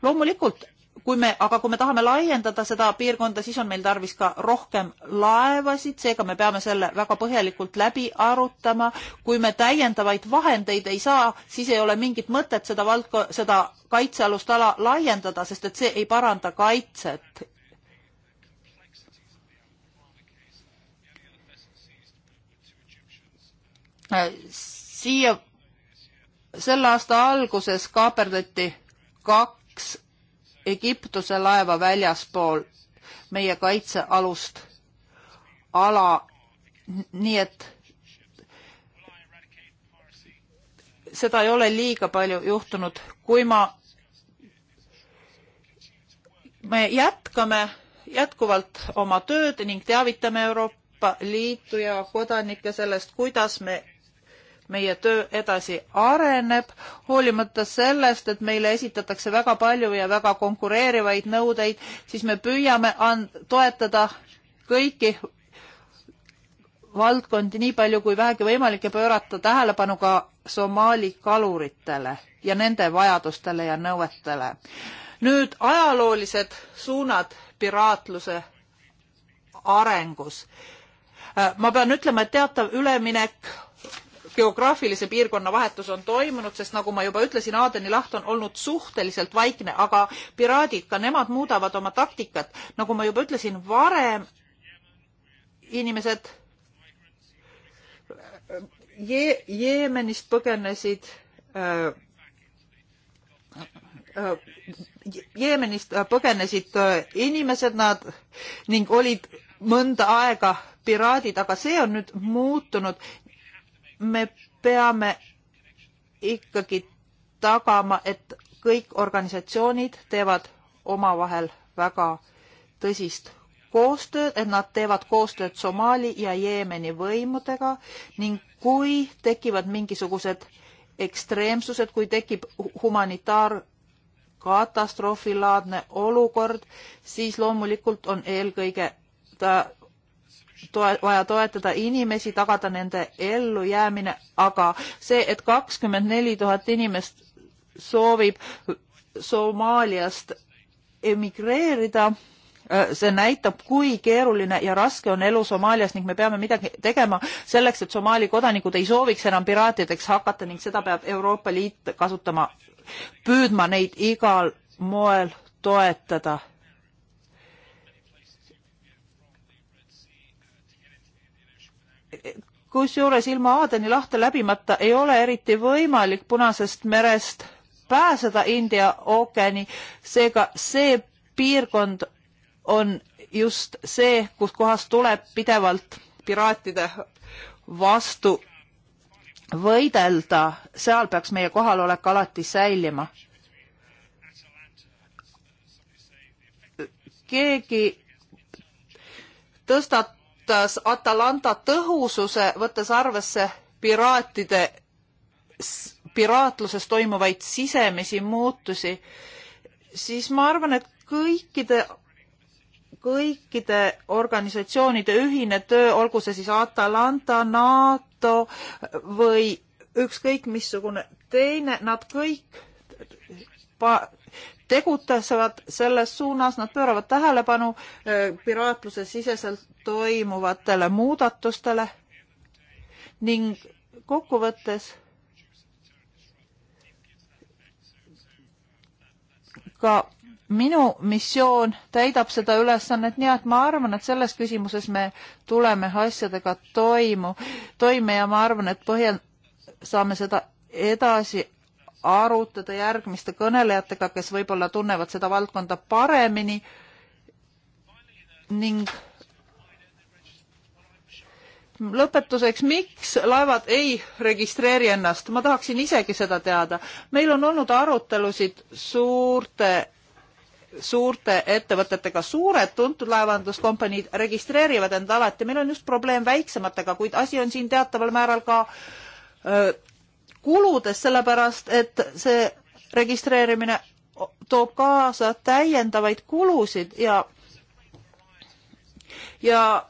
loomulikult kui me, aga kui me tahame laiendada seda piirkonda, siis on meil tarvis ka rohkem laevasid, seega me peame selle väga põhjalikult läbi arutama. kui me täiendavaid vahendeid ei saa, siis ei ole mingit mõtet seda valdko-, seda kaitsealust ala laiendada, sest et see ei paranda kaitset siia selle aasta alguses kaaperdati kaks Egiptuse laeva väljaspool meie kaitsealust ala, nii et seda ei ole liiga palju juhtunud. kui ma, me jätkame jätkuvalt oma tööd ning teavitame Euroopa Liitu ja kodanikke sellest, kuidas me meie töö edasi areneb, hoolimata sellest, et meile esitatakse väga palju ja väga konkureerivaid nõudeid, siis me püüame toetada kõiki valdkondi nii palju kui vähegi võimalik ja pöörata tähelepanu ka Somaali kaluritele ja nende vajadustele ja nõuetele. nüüd ajaloolised suunad piraatluse arengus. Äh, ma pean ütlema, et teatav üleminek geograafilise piirkonna vahetus on toimunud, sest nagu ma juba ütlesin, Aadeni laht on olnud suhteliselt vaikne, aga piraadid, ka nemad muudavad oma taktikat. nagu ma juba ütlesin, varem inimesed Je Jeemenist põgenesid äh, äh, Jeemenist äh, põgenesid äh, inimesed nad ning olid mõnda aega piraadid, aga see on nüüd muutunud me peame ikkagi tagama, et kõik organisatsioonid teevad omavahel väga tõsist koostööd, et nad teevad koostööd Somaali ja Jeemeni võimudega ning kui tekivad mingisugused ekstreemsused, kui tekib humanitaarkatastroofilaadne olukord, siis loomulikult on eelkõige ta toe, vaja toetada inimesi, tagada nende ellujäämine, aga see, et kakskümmend neli tuhat inimest soovib Somaaliast emigreerida, äh, see näitab, kui keeruline ja raske on elu Somaalias ning me peame midagi tegema selleks, et Somaali kodanikud ei sooviks enam piraatideks hakata ning seda peab Euroopa Liit kasutama, püüdma neid igal moel toetada kusjuures ilma Aadeni lahte läbimata ei ole eriti võimalik Punasest merest pääseda India ookeani, seega see piirkond on just see, kus kohas tuleb pidevalt piraatide vastu võidelda, seal peaks meie kohalolek alati säilima. keegi tõstab puudutas Atalanta tõhususe, võttes arvesse piraatide, piraatluses toimuvaid sisemisi muutusi, siis ma arvan, et kõikide, kõikide organisatsioonide ühine töö, olgu see siis Atalanta, NATO või ükskõik missugune teine, nad kõik pa-, tegutsevad selles suunas, nad pööravad tähelepanu eh, piraatluse siseselt toimuvatele muudatustele ning kokkuvõttes ka minu missioon täidab seda ülesannet nii, et ma arvan, et selles küsimuses me tuleme asjadega toimu, toime ja ma arvan, et põhjal saame seda edasi arutada järgmiste kõnelejatega, kes võib-olla tunnevad seda valdkonda paremini ning lõpetuseks, miks laevad ei registreeri ennast, ma tahaksin isegi seda teada. meil on olnud arutelusid suurte, suurte ettevõtetega, suured tuntud laevanduskompaniid registreerivad end alati, meil on just probleem väiksematega, kuid asi on siin teataval määral ka öö, äh, kuludest, sellepärast et see registreerimine toob kaasa täiendavaid kulusid ja ja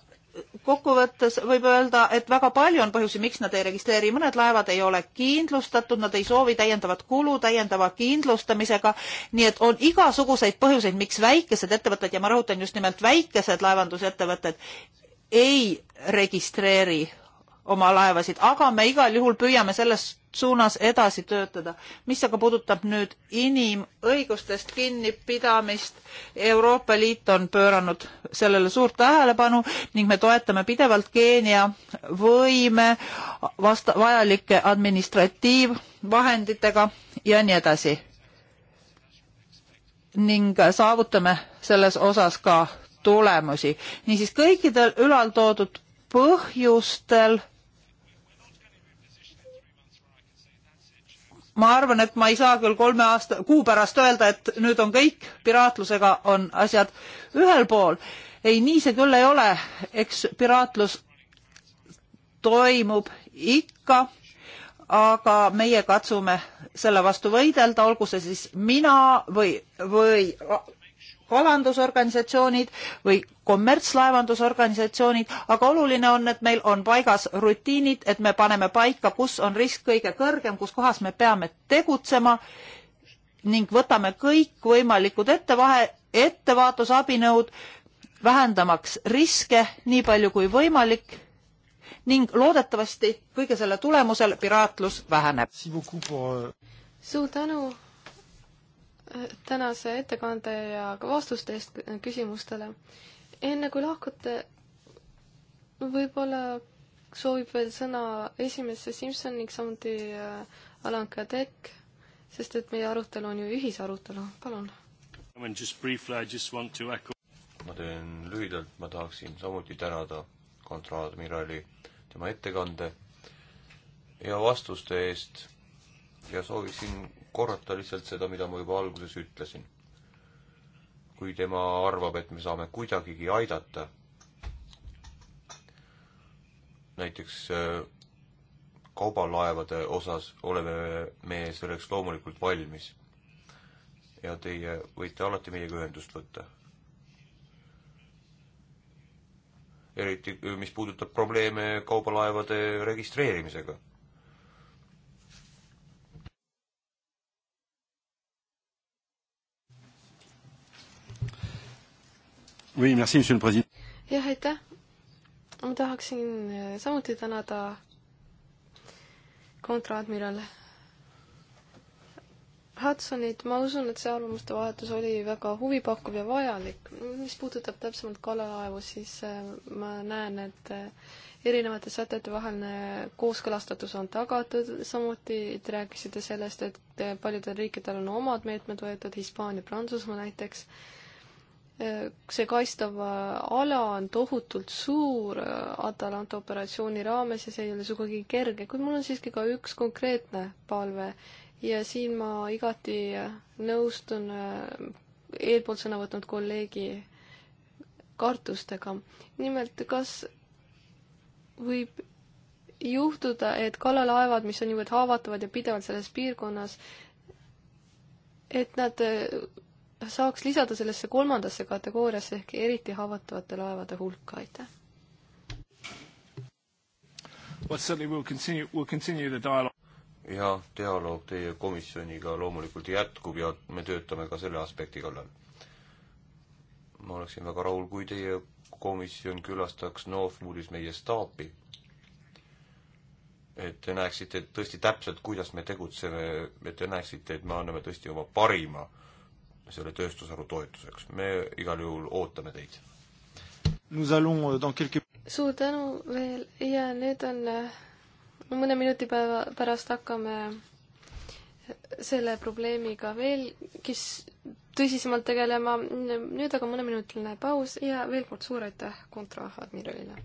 kokkuvõttes võib öelda, et väga palju on põhjusi, miks nad ei registreeri, mõned laevad ei ole kindlustatud, nad ei soovi täiendavat kulu täiendava kindlustamisega, nii et on igasuguseid põhjuseid, miks väikesed ettevõtted ja ma rõhutan just nimelt väikesed laevandusettevõtted ei registreeri oma laevasid, aga me igal juhul püüame selles suunas edasi töötada. mis aga puudutab nüüd inimõigustest kinnipidamist, Euroopa Liit on pööranud sellele suurt tähelepanu ning me toetame pidevalt Keenia võime vasta-, vajalike administratiivvahenditega ja nii edasi. ning saavutame selles osas ka tulemusi. niisiis kõikidel ülaltoodud põhjustel ma arvan, et ma ei saa küll kolme aasta, kuu pärast öelda, et nüüd on kõik, piraatlusega on asjad ühel pool. ei, nii see küll ei ole, eks piraatlus toimub ikka, aga meie katsume selle vastu võidelda, olgu see siis mina või, või kalandusorganisatsioonid või kommertslaevandusorganisatsioonid, aga oluline on, et meil on paigas rutiinid, et me paneme paika, kus on risk kõige kõrgem, kus kohas me peame tegutsema ning võtame kõikvõimalikud ettevahe, ettevaatusabinõud, vähendamaks riske nii palju kui võimalik ning loodetavasti kõige selle tulemusel piraatlus väheneb. Euh, suur tänu tänase ettekande ja ka vastuste eest küsimustele. enne kui lahkute, võib-olla soovib veel sõna esimesse Simson ning samuti äh, Alan Kadek, sest et meie arutelu on ju ühisarutelu, palun. ma teen lühidalt, ma tahaksin samuti tänada kontradmirali tema ettekande ja vastuste eest ja sooviksin korrata lihtsalt seda, mida ma juba alguses ütlesin. kui tema arvab, et me saame kuidagigi aidata, näiteks äh, kaubalaevade osas oleme me selleks loomulikult valmis. ja teie võite alati meiega ühendust võtta. eriti, mis puudutab probleeme kaubalaevade registreerimisega jah, aitäh. ma tahaksin äh, samuti tänada kontraadmiral Hudsonit, ma usun, et see arvamuste vahetus oli väga huvipakkuv ja vajalik. mis puudutab täpsemalt kalalaevu, siis äh, ma näen, et äh, erinevate sätete vaheline kooskõlastatus on tagatud, samuti te rääkisite sellest, et paljudel riikidel on omad meetmed võetud, Hispaania, Prantsusmaa näiteks see kaistav äh, ala on tohutult suur äh, Atalanta operatsiooni raames ja see ei ole sugugi kerge, kuid mul on siiski ka üks konkreetne palve ja siin ma igati äh, nõustun eelpoolt sõna võtnud kolleegi kartustega. nimelt, kas võib juhtuda, et kalalaevad, mis on niivõrd haavatavad ja pidevalt selles piirkonnas, et nad saaks lisada sellesse kolmandasse kategooriasse ehk eriti haavatavate laevade hulka, aitäh. ja dialoog teie komisjoniga loomulikult jätkub ja me töötame ka selle aspekti kallal. ma oleksin väga rahul, kui teie komisjon külastaks Northwoodis meie staapi. et te näeksite tõesti täpselt, kuidas me tegutseme, et te näeksite, et me anname tõesti oma parima selle tööstusharu toetuseks. me igal juhul ootame teid. Euh, quelques... suur tänu veel ja nüüd on äh, mõne minuti päeva pärast hakkame äh, selle probleemiga veelgi tõsisemalt tegelema. nüüd aga mõneminutiline paus ja veel kord suur aitäh kontraadmiralile.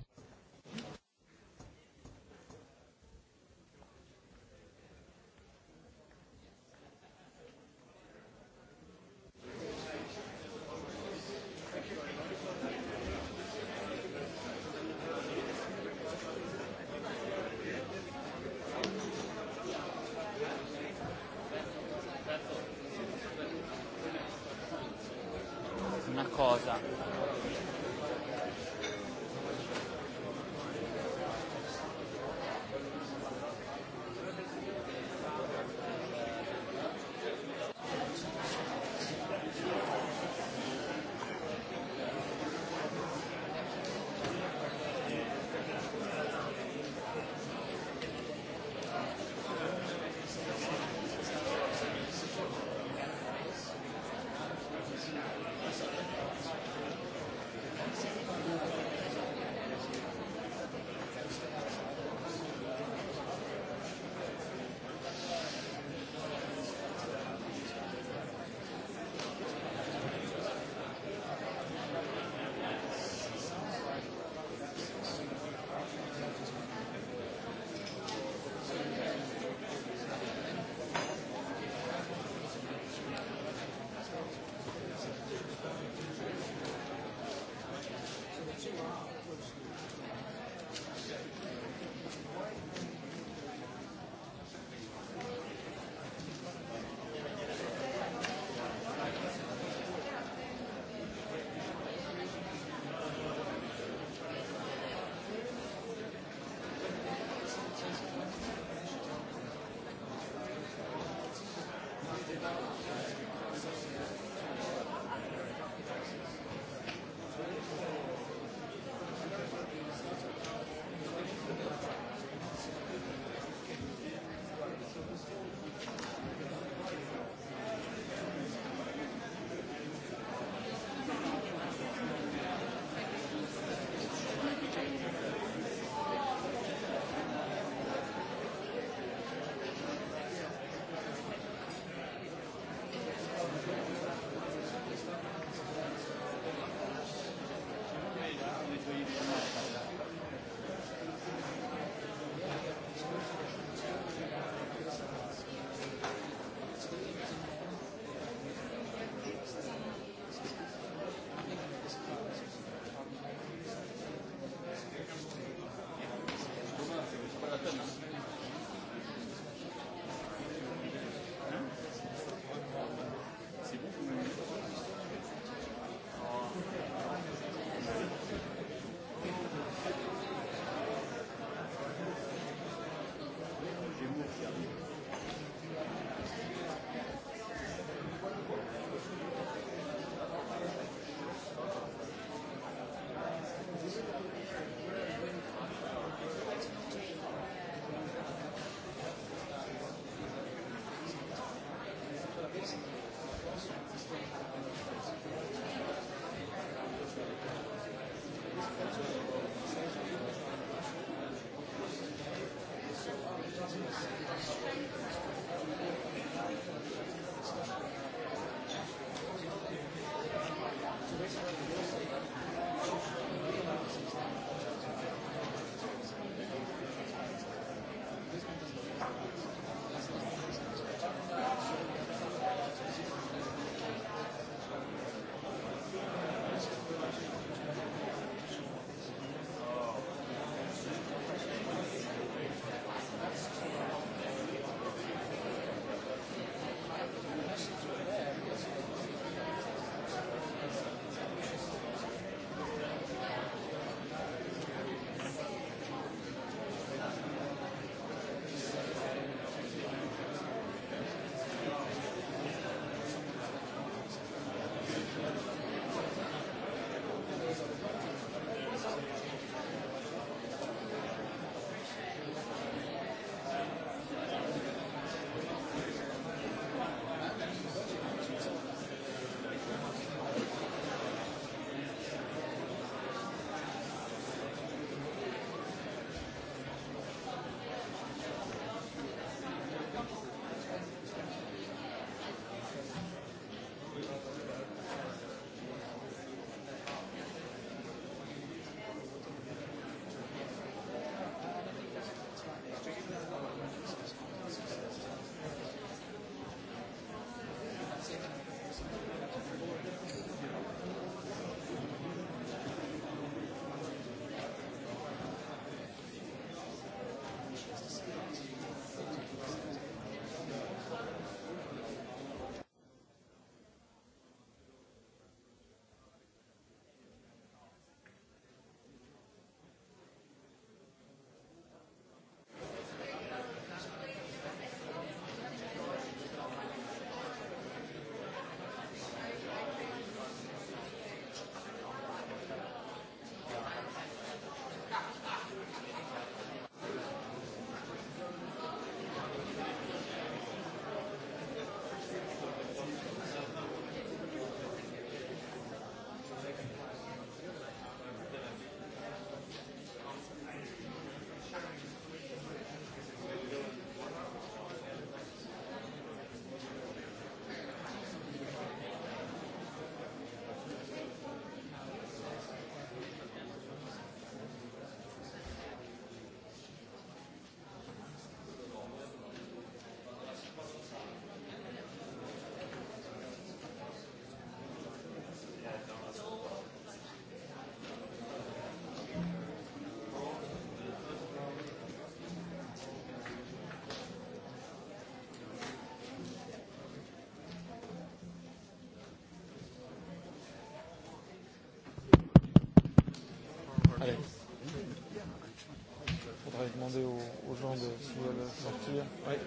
va demander aux, aux gens de s'ils veulent sortir. Ouais.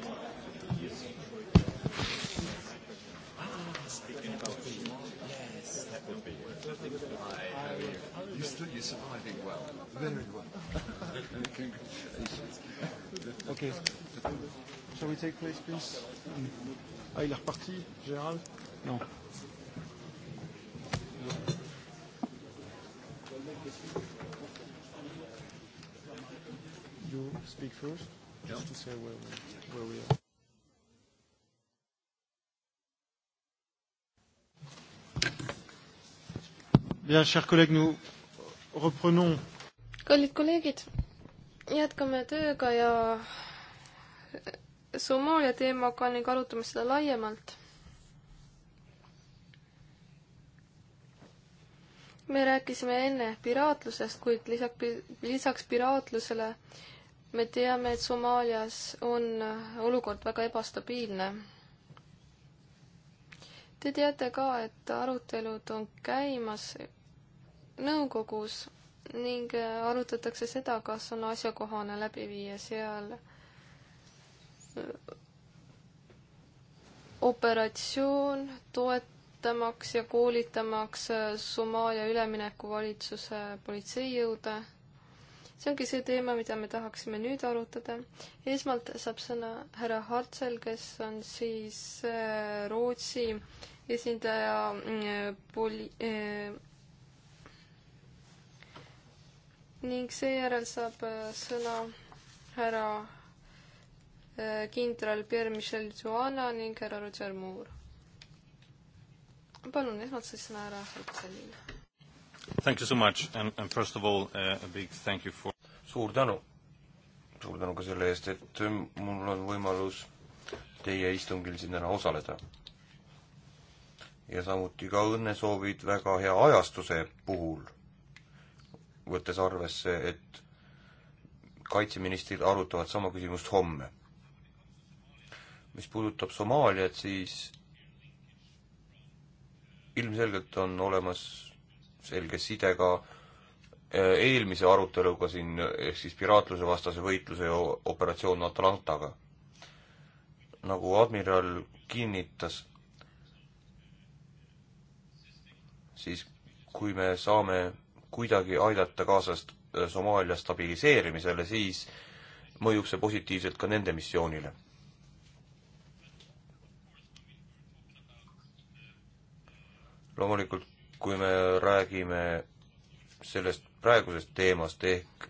Yes, that would be it. Hi, how are you? You still, you're surviving well. Very well. Congratulations. Okay. Shall we take place, please? Ah, il est reparti, Gérald Non. speak first, just yeah. to say where we, where we are. Bien, chers collègues, nous reprenons. kallid kolleegid, jätkame tööga ja Somaalia teemaga ning arutame seda laiemalt. me rääkisime enne piraatlusest, kuid lisaks, lisaks piraatlusele äh, me teame, et Somaalias on olukord väga ebastabiilne. Te teate ka, et arutelud on käimas nõukogus ning arutatakse seda, kas on asjakohane läbi viia seal operatsioon toetamaks ja koolitamaks Somaalia üleminekuvalitsuse politseijõude see ongi see teema, mida me tahaksime nüüd arutada. esmalt saab sõna härra Hartsel, kes on siis äh, Rootsi esindaja mm, poli-, äh, ning seejärel saab äh, sõna härra kindral Pierre-Michel Joana ning härra Roger Moore. palun esmalt siis sõna härra Hartselile Thank you so much and, and first of all uh, a big thank you for suur tänu, suur tänu ka selle eest, et ähm, mul on võimalus teie istungil siin täna osaleda. ja samuti ka õnnesoovid väga hea ajastuse puhul, võttes arvesse, et kaitseministrid arutavad sama küsimust homme. mis puudutab Somaaliat, siis ilmselgelt on olemas selge side ka äh, eelmise aruteluga siin, ehk siis piraatluse vastase võitluse operatsioon Atalantaga. nagu admiral kinnitas, siis kui me saame kuidagi aidata kaasast äh, Somaalia stabiliseerimisele, siis mõjub see positiivselt ka nende missioonile loomulikult, kui me räägime sellest praegusest teemast ehk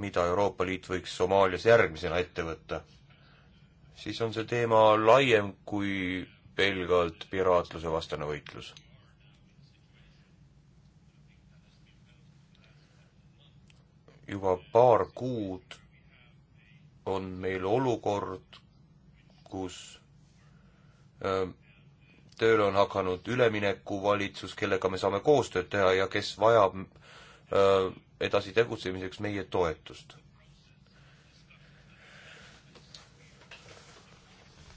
mida Euroopa Liit võiks Somaalias järgmisena ette võtta, siis on see teema laiem kui pelgalt piraatluse vastane võitlus. juba paar kuud on meil olukord, kus öö, äh, tööle on hakanud üleminekuvalitsus, kellega me saame koostööd teha ja kes vajab öö, edasi tegutsemiseks meie toetust.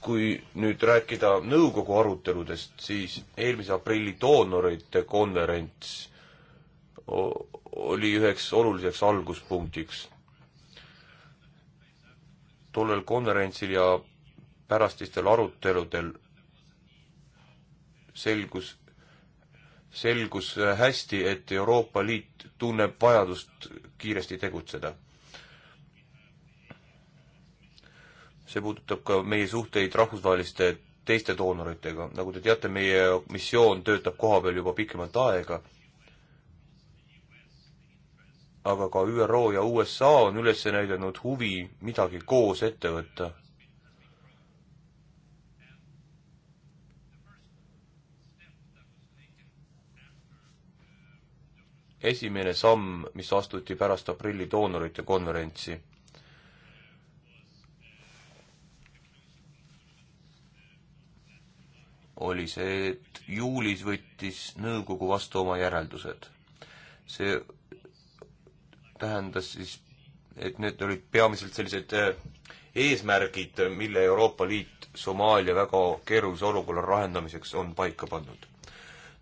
kui nüüd rääkida nõukogu aruteludest, siis eelmise aprilli doonorite konverents oli üheks oluliseks alguspunktiks. tollel konverentsil ja pärastistel aruteludel selgus, selgus äh, hästi, et Euroopa Liit tunneb vajadust kiiresti tegutseda. see puudutab ka meie suhteid rahvusvaheliste teiste doonoritega, nagu te teate, meie missioon töötab kohapeal juba pikemat aega aga ka ÜRO ja USA on üles näidanud huvi midagi koos ette võtta. esimene samm, mis astuti pärast aprilli doonorite konverentsi. oli see, et juulis võttis nõukogu vastu oma järeldused. see tähendas siis, et need olid peamiselt sellised äh, eesmärgid, mille Euroopa Liit Somaalia väga keerulise olukorra lahendamiseks on paika pannud.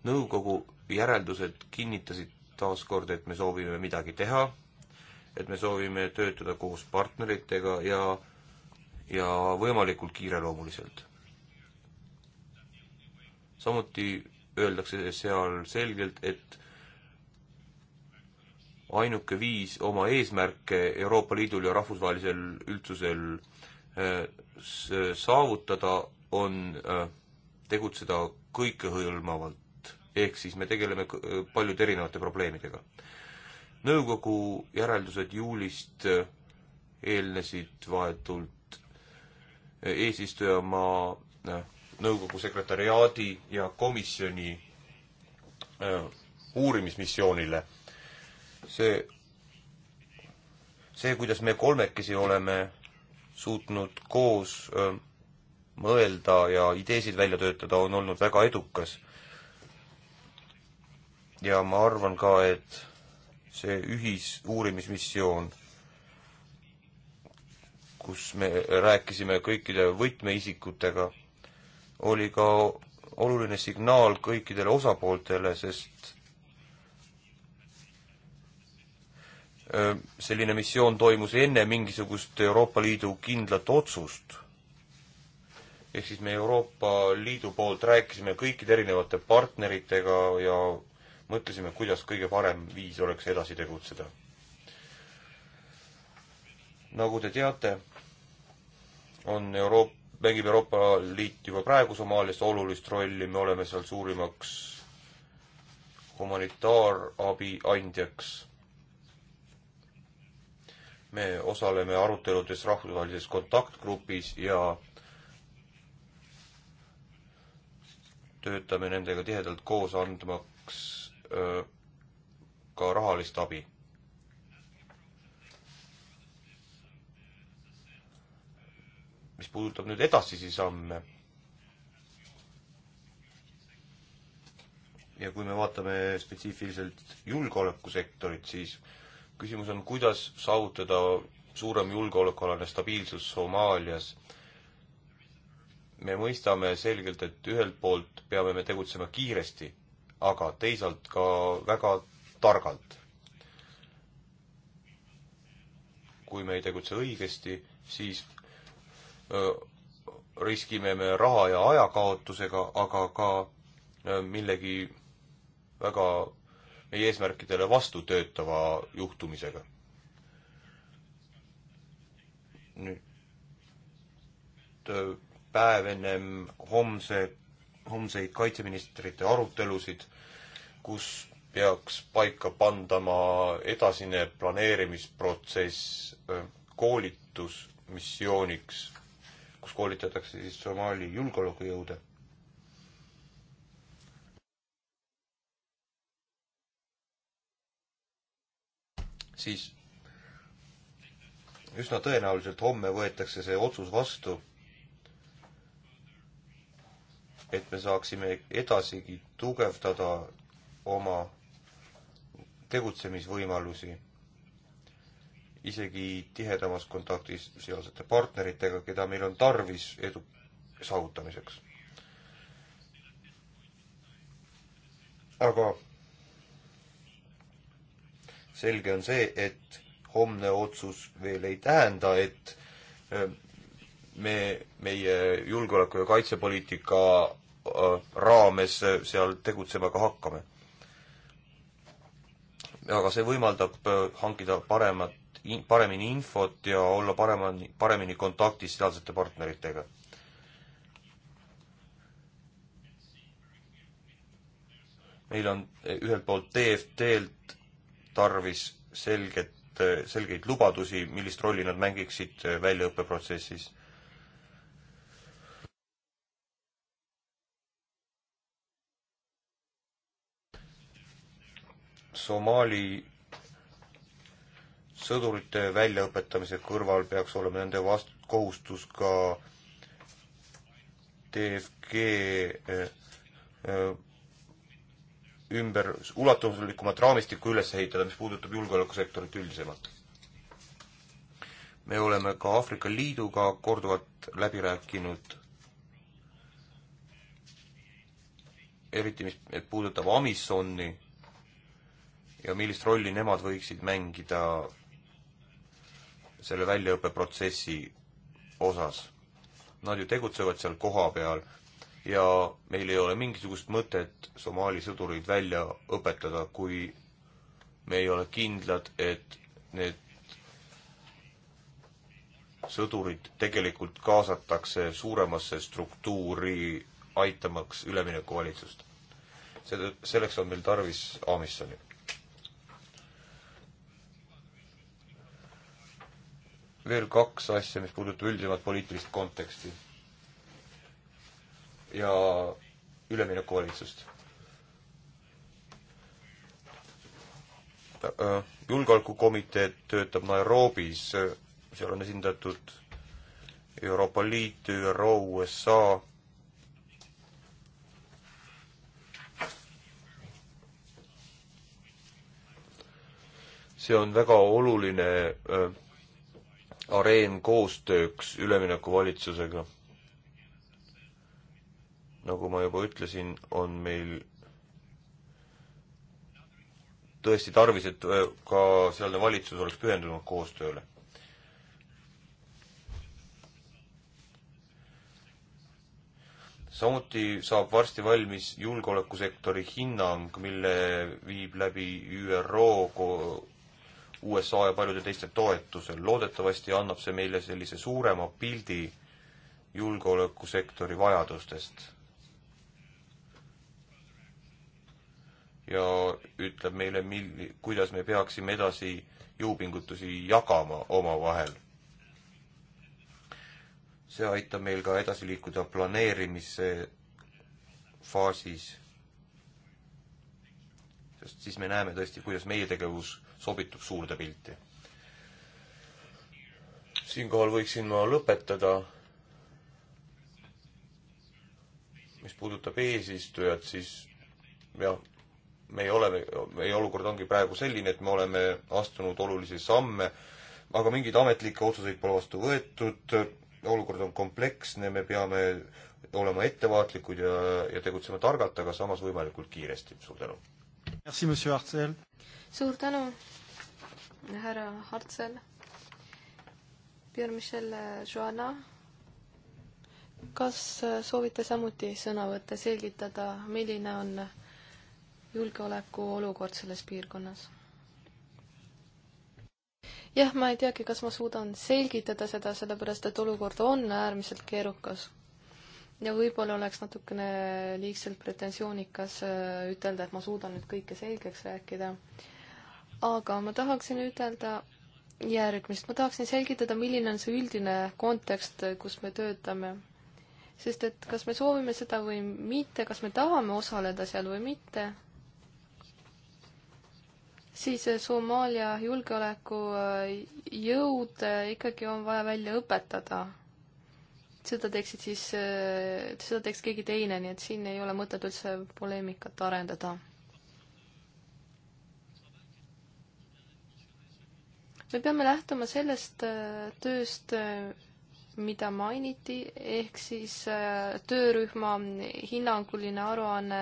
nõukogu järeldused kinnitasid taaskord, et me soovime midagi teha, et me soovime töötada koos partneritega ja, ja võimalikult kiireloomuliselt. samuti öeldakse seal selgelt, et ainuke viis oma eesmärke Euroopa Liidul ja rahvusvahelisel üldsusel äh, saavutada on äh, tegutseda kõikehõlmavalt ehk siis me tegeleme paljude erinevate probleemidega. nõukogu järeldused juulist äh, eelnesid vahetult äh, eesistujamaa äh, nõukogu sekretariaadi ja komisjoni uurimismissioonile. see, see, kuidas me kolmekesi oleme suutnud koos mõelda ja ideesid välja töötada, on olnud väga edukas ja ma arvan ka, et see ühisuurimismissioon, kus me rääkisime kõikide võtmeisikutega, oli ka oluline signaal kõikidele osapooltele, sest selline missioon toimus enne mingisugust Euroopa Liidu kindlat otsust. ehk siis me Euroopa Liidu poolt rääkisime kõikide erinevate partneritega ja mõtlesime, kuidas kõige parem viis oleks edasi tegutseda. nagu te teate, on Euroop-, mängib Euroopa Liit juba praegu Somaalias olulist rolli, me oleme seal suurimaks humanitaarabi andjaks. me osaleme aruteludes rahvusvahelises kontaktgrupis ja töötame nendega tihedalt koos, andmaks ka rahalist abi. mis puudutab nüüd edasisi samme ja kui me vaatame spetsiifiliselt julgeolekusektorit, siis küsimus on, kuidas saavutada suurem julgeolekualane stabiilsus Somaalias. me mõistame selgelt, et ühelt poolt peame me tegutsema kiiresti aga teisalt ka väga targalt. kui me ei tegutse õigesti, siis öö, riskime me raha ja ajakaotusega, aga ka öö, millegi väga meie eesmärkidele vastu töötava juhtumisega. nüüd päev ennem homse homseid kaitseministrite arutelusid, kus peaks paika pandama edasine planeerimisprotsess koolitusmissiooniks, kus koolitatakse siis Somaali julgeolekujõude. siis üsna tõenäoliselt homme võetakse see otsus vastu et me saaksime edasigi tugevdada oma tegutsemisvõimalusi, isegi tihedamas kontaktis sealsete partneritega, keda meil on tarvis edu saavutamiseks. aga selge on see, et homne otsus veel ei tähenda, et me, meie julgeoleku- ja kaitsepoliitika äh, raames äh, seal tegutsema ka hakkame. aga see võimaldab äh, hankida paremat, paremini infot ja olla paremini, paremini kontaktis sealsete partneritega. meil on ühelt poolt DFT-lt tarvis selget, selgeid lubadusi, millist rolli nad mängiksid väljaõppeprotsessis Somaali sõdurite väljaõpetamise kõrval peaks olema nende vast-, kohustus ka DFG eh, eh, ümber ulatuslikumat raamistikku üles ehitada, mis puudutab julgeolekusektorit üldisemalt. me oleme ka Aafrika Liiduga korduvalt läbi rääkinud, eriti mis puudutab Amisoni ja millist rolli nemad võiksid mängida selle väljaõppeprotsessi osas. Nad ju tegutsevad seal kohapeal ja meil ei ole mingisugust mõtet Somaali sõdureid välja õpetada, kui me ei ole kindlad, et need sõdurid tegelikult kaasatakse suuremasse struktuuri, aitamaks üleminekuvalitsust. seda, selleks on meil tarvis Amissoni veel kaks asja, mis puudutab üldisemat poliitilist konteksti ja üleminekuvalitsust. julgeolekukomitee töötab Nairobis, seal on esindatud Euroopa Liit, ÜRO, USA, see on väga oluline öö, areen koostööks üleminekuvalitsusega. nagu ma juba ütlesin, on meil tõesti tarvis, et äh, ka sealne valitsus oleks pühendunud koostööle. samuti saab varsti valmis julgeolekusektori hinnang, mille viib läbi ÜRO USA ja paljude teiste toetusel. loodetavasti annab see meile sellise suurema pildi julgeolekusektori vajadustest. ja ütleb meile, mil-, kuidas me peaksime edasi jõupingutusi jagama omavahel. see aitab meil ka edasi liikuda planeerimise faasis sest siis me näeme tõesti, kuidas meie tegevus sobitub suurde pilti. siinkohal võiksin ma lõpetada. mis puudutab eesistujat, siis jah, meie oleme, meie olukord ongi praegu selline, et me oleme astunud olulisi samme, aga mingeid ametlikke otsuseid pole vastu võetud, olukord on kompleksne, me peame olema ettevaatlikud ja, ja tegutsema targalt, aga samas võimalikult kiiresti. suur tänu! suur tänu, härra Hartsel, Pierre Michel Joana. kas soovite samuti sõna võtta, selgitada, milline on julgeolekuolukord selles piirkonnas? jah, ma ei teagi, kas ma suudan selgitada seda, sellepärast et olukord on äärmiselt keerukas. ja võib-olla oleks natukene liigselt pretensioonikas äh, ütelda, et ma suudan nüüd kõike selgeks rääkida aga ma tahaksin ütelda järgmist. ma tahaksin selgitada, milline on see üldine kontekst, kus me töötame. sest et kas me soovime seda või mitte, kas me tahame osaleda seal või mitte, siis Somaalia julgeolekujõud äh, äh, ikkagi on vaja välja õpetada. seda teeksid siis, äh, seda teeks keegi teine, nii et siin ei ole mõtet üldse poleemikat arendada me peame lähtuma sellest äh, tööst, äh, mida mainiti, ehk siis äh, töörühma hinnanguline aruanne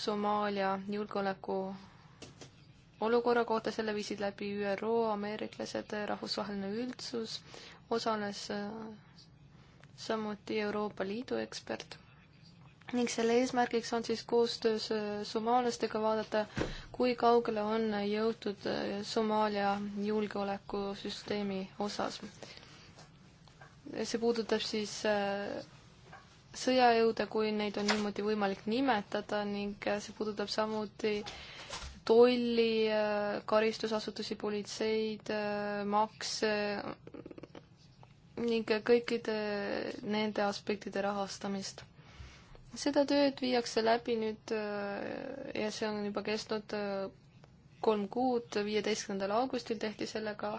Somaalia julgeoleku olukorra kohta, selle viisid läbi ÜRO, ameeriklased, rahvusvaheline üldsus, osales samuti Euroopa Liidu ekspert ning selle eesmärgiks on siis koostöös äh, somaallastega vaadata, kui kaugele on jõutud äh, Somaalia julgeolekusüsteemi osas. see puudutab siis äh, sõjajõude, kui neid on niimoodi võimalik nimetada ning see puudutab samuti tolli, karistusasutusi, politseid, makse ning kõikide nende aspektide rahastamist seda tööd viiakse läbi nüüd äh, ja see on juba kestnud äh, kolm kuud, viieteistkümnendal augustil tehti sellega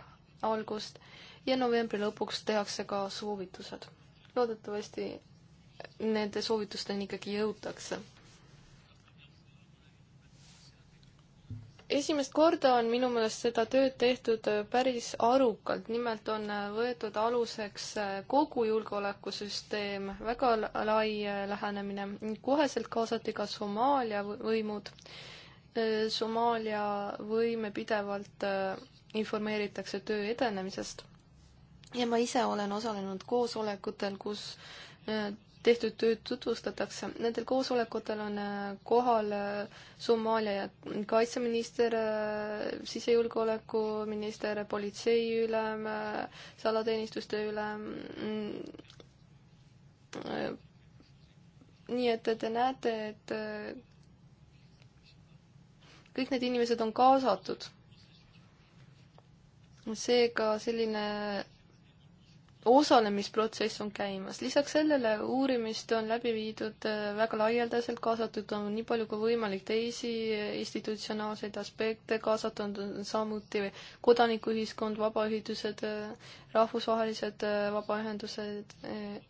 algust ja novembri lõpuks tehakse ka soovitused. loodetavasti nende soovitusteni ikkagi jõutakse. esimest korda on minu meelest seda tööd tehtud äh, päris arukalt, nimelt on äh, võetud aluseks äh, kogu julgeolekusüsteem, väga lai lähenemine. koheselt kaasati ka Somaalia võimud. Somaalia võime pidevalt informeeritakse töö edenemisest. ja ma ise olen osalenud koosolekutel, kus tehtud tööd tutvustatakse. Nendel koosolekutel on äh, kohal äh, Somaalia ja kaitseminister, äh, sisejulgeolekuminister, politseiülem, salateenistuste ülem. Mm, nii et te näete, et kõik need inimesed on kaasatud. seega selline osalemisprotsess on käimas. lisaks sellele uurimist on läbi viidud äh, väga laialdaselt, kaasatud on nii palju kui võimalik teisi äh, institutsionaalseid aspekte, kaasatud on samuti kodanikuühiskond, vabaühitused, äh, rahvusvahelised vabaühendused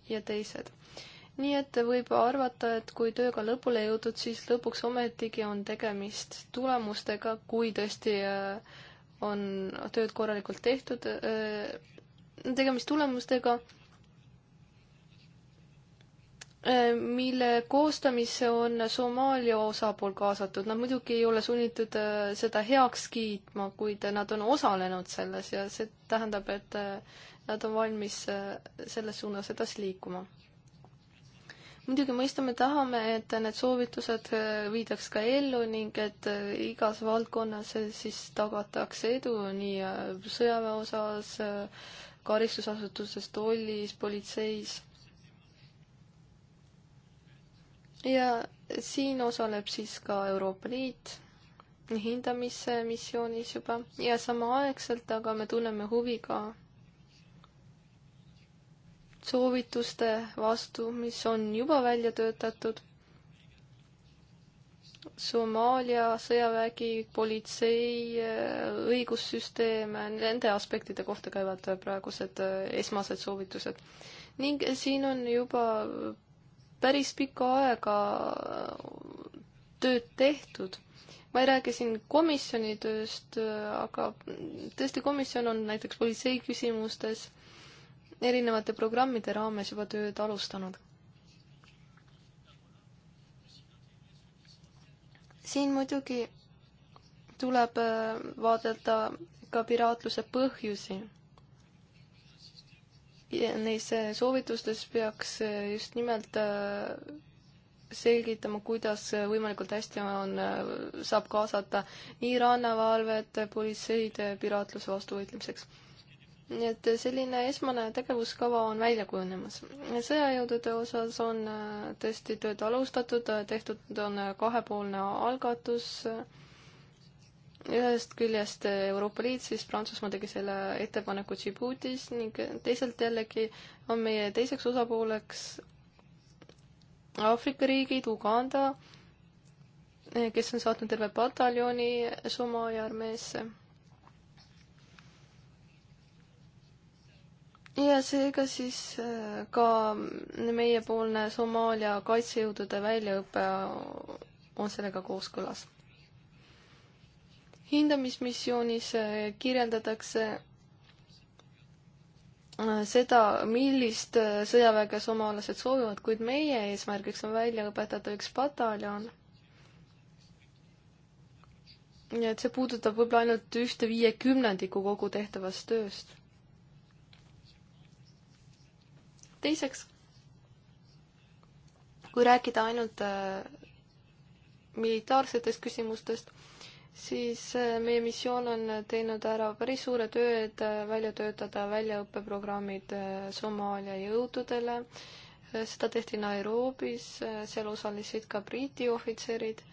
ja teised. nii et võib arvata, et kui tööga lõpule jõudnud, siis lõpuks ometigi on tegemist tulemustega, kui tõesti on tööd korralikult tehtud tegemist tulemustega, äh, mille koostamisse on Somaalia osapool kaasatud. Nad muidugi ei ole sunnitud äh, seda heaks kiitma, kuid nad on osalenud selles ja see tähendab, et äh, nad on valmis selles suunas edasi liikuma. muidugi mõistame, tahame, et need soovitused viidaks ka ellu ning et igas valdkonnas siis tagatakse edu nii sõjaväe osas, karistusasutustes, tollis, politseis. ja siin osaleb siis ka Euroopa Liit hindamismissioonis juba ja samaaegselt aga me tunneme huvi ka soovituste vastu, mis on juba välja töötatud Somaalia sõjavägi, politsei, õigussüsteem, nende aspektide kohta käivad praegused äh, esmased soovitused. ning siin on juba päris pikka aega äh, tööd tehtud. ma ei räägi siin komisjoni tööst, äh, aga tõesti, komisjon on näiteks politsei küsimustes erinevate programmide raames juba tööd alustanud siin muidugi tuleb äh, vaadelda ka piraatluse põhjusi. Neis soovitustes peaks äh, just nimelt äh, selgitama, kuidas võimalikult hästi on, saab kaasata nii rannavalvet, politseid piraatluse vastu võitlemiseks nii et selline esmane tegevuskava on välja kujunemas. sõjajõudude osas on äh, tõesti tööd alustatud, äh, tehtud on äh, kahepoolne algatus, ühest küljest Euroopa Liit, siis Prantsusmaa tegi selle ettepaneku Djiboutis ning teisalt jällegi on meie teiseks osapooleks Aafrika riigid, Uganda, kes on saatnud terve pataljoni Somaalia armeesse ja seega siis äh, ka meiepoolne Somaalia kaitsejõudude väljaõpe on sellega kooskõlas. hindamismissioonis äh, kirjeldatakse äh, seda, millist sõjaväge somaalased soovivad, kuid meie eesmärgiks on välja õpetada üks pataljon. nii et see puudutab võib-olla ainult ühte viiekümnendikku kogu tehtavast tööst teiseks, kui rääkida ainult äh, militaarsetest küsimustest, siis äh, meie missioon on teinud ära päris suure töö, et äh, välja töötada väljaõppeprogrammid Somaalia jõududele. seda tehti Nairobis, seal osalesid ka Briti ohvitserid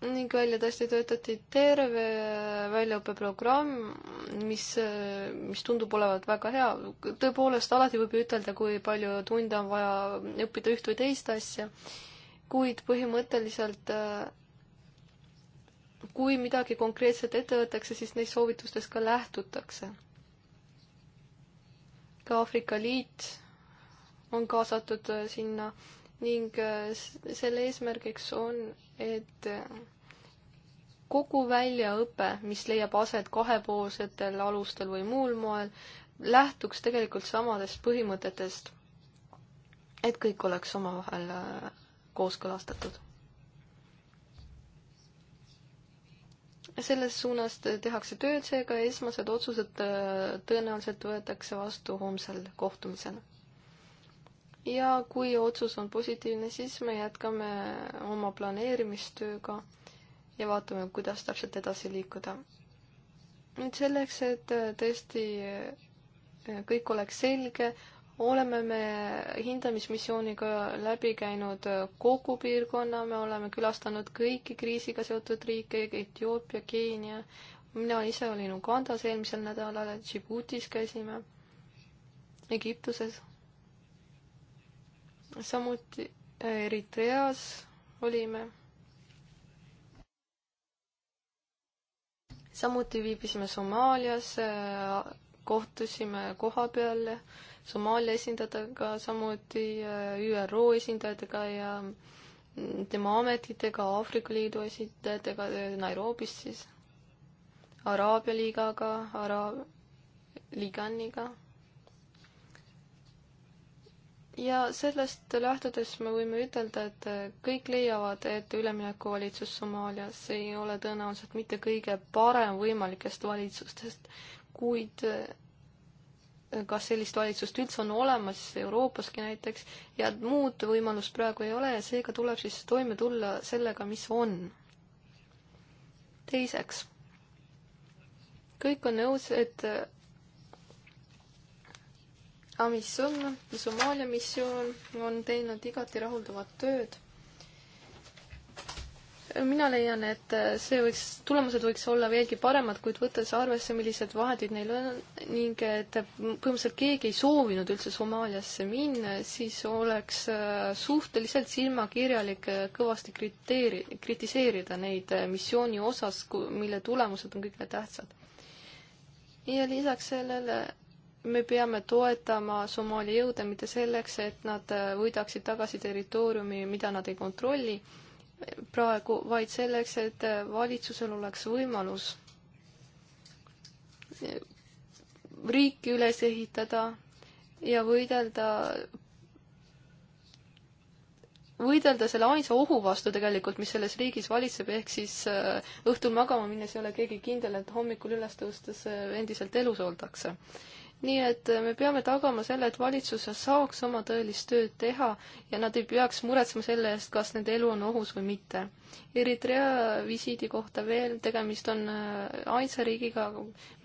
ning välja tõesti töötati terve väljaõppeprogramm, mis, mis tundub olevat väga hea. tõepoolest, alati võib ju ütelda, kui palju tunde on vaja õppida üht või teist asja, kuid põhimõtteliselt kui midagi konkreetset ette võetakse, siis neist soovitustest ka lähtutakse. ka Aafrika Liit on kaasatud äh, sinna ning äh, selle eesmärgiks on et kogu väljaõpe, mis leiab aset kahepoolsetel alustel või muul moel, lähtuks tegelikult samadest põhimõtetest. et kõik oleks omavahel äh, kooskõlastatud. selles suunas tehakse tööd, seega esmased otsused äh, tõenäoliselt võetakse vastu homsel kohtumisel ja kui otsus on positiivne, siis me jätkame oma planeerimistööga ja vaatame, kuidas täpselt edasi liikuda. nüüd selleks, et äh, tõesti äh, kõik oleks selge, oleme me hindamismissiooniga läbi käinud äh, kogu piirkonna, me oleme külastanud kõiki kriisiga seotud riike, Etioopia, Keenia, mina ise olin Ugandas eelmisel nädalal, Djiboutis käisime, Egiptuses samuti äh, Eritreas olime. samuti viibisime Somaalias, äh, kohtusime kohapeal Somaalia esindajatega, samuti äh, ÜRO esindajatega ja mm, tema ametitega, Aafrika Liidu esindajatega Nairobis siis, Araabia liigaga, Araabia liiganiga ja sellest lähtudes me võime ütelda, et kõik leiavad, et üleminekuvalitsus Somaalias ei ole tõenäoliselt mitte kõige parem võimalikest valitsustest, kuid eh, kas sellist valitsust üldse on olemas Euroopaski näiteks ja muud võimalust praegu ei ole ja seega tuleb siis toime tulla sellega, mis on. teiseks, kõik on nõus, et Amisson, Somaalia missioon on teinud igati rahuldavat tööd. mina leian, et see võiks, tulemused võiks olla veelgi paremad, kuid võttes arvesse, millised vahendid neil on ning et põhimõtteliselt keegi ei soovinud üldse Somaaliasse minna, siis oleks äh, suhteliselt silmakirjalik äh, kõvasti kriteeri-, kritiseerida neid äh, missiooni osas, mille tulemused on kõige tähtsad ja lisaks sellele me peame toetama Somaalia jõude mitte selleks, et nad äh, võidaksid tagasi territooriumi, mida nad ei kontrolli praegu, vaid selleks, et äh, valitsusel oleks võimalus äh, riiki üles ehitada ja võidelda, võidelda selle ainsa ohu vastu tegelikult, mis selles riigis valitseb, ehk siis õhtul magama minnes ei ole keegi kindel, et hommikul üles tõustes endiselt elus oldakse nii et äh, me peame tagama selle, et valitsus saaks oma tõelist tööd teha ja nad ei peaks muretsema selle eest, kas nende elu on ohus või mitte. Eritrea visiidi kohta veel, tegemist on äh, ainsa riigiga,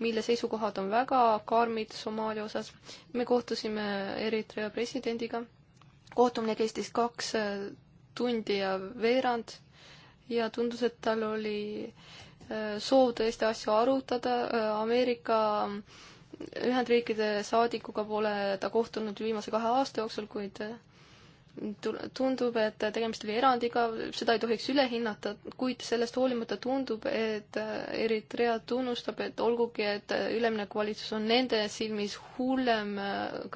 mille seisukohad on väga karmid Somaalia osas. me kohtusime Eritrea presidendiga, kohtumine kestis kaks äh, tundi ja veerand ja tundus, et tal oli soov tõesti asju arutada, Ameerika äh, Ühendriikide saadikuga pole ta kohtunud viimase kahe aasta jooksul, kuid äh, tundub, et tegemist oli erandiga, seda ei tohiks üle hinnata, kuid sellest hoolimata tundub, et äh, Eritrea tunnustab, et olgugi, et äh, üleminekuvalitsus on nende silmis hullem,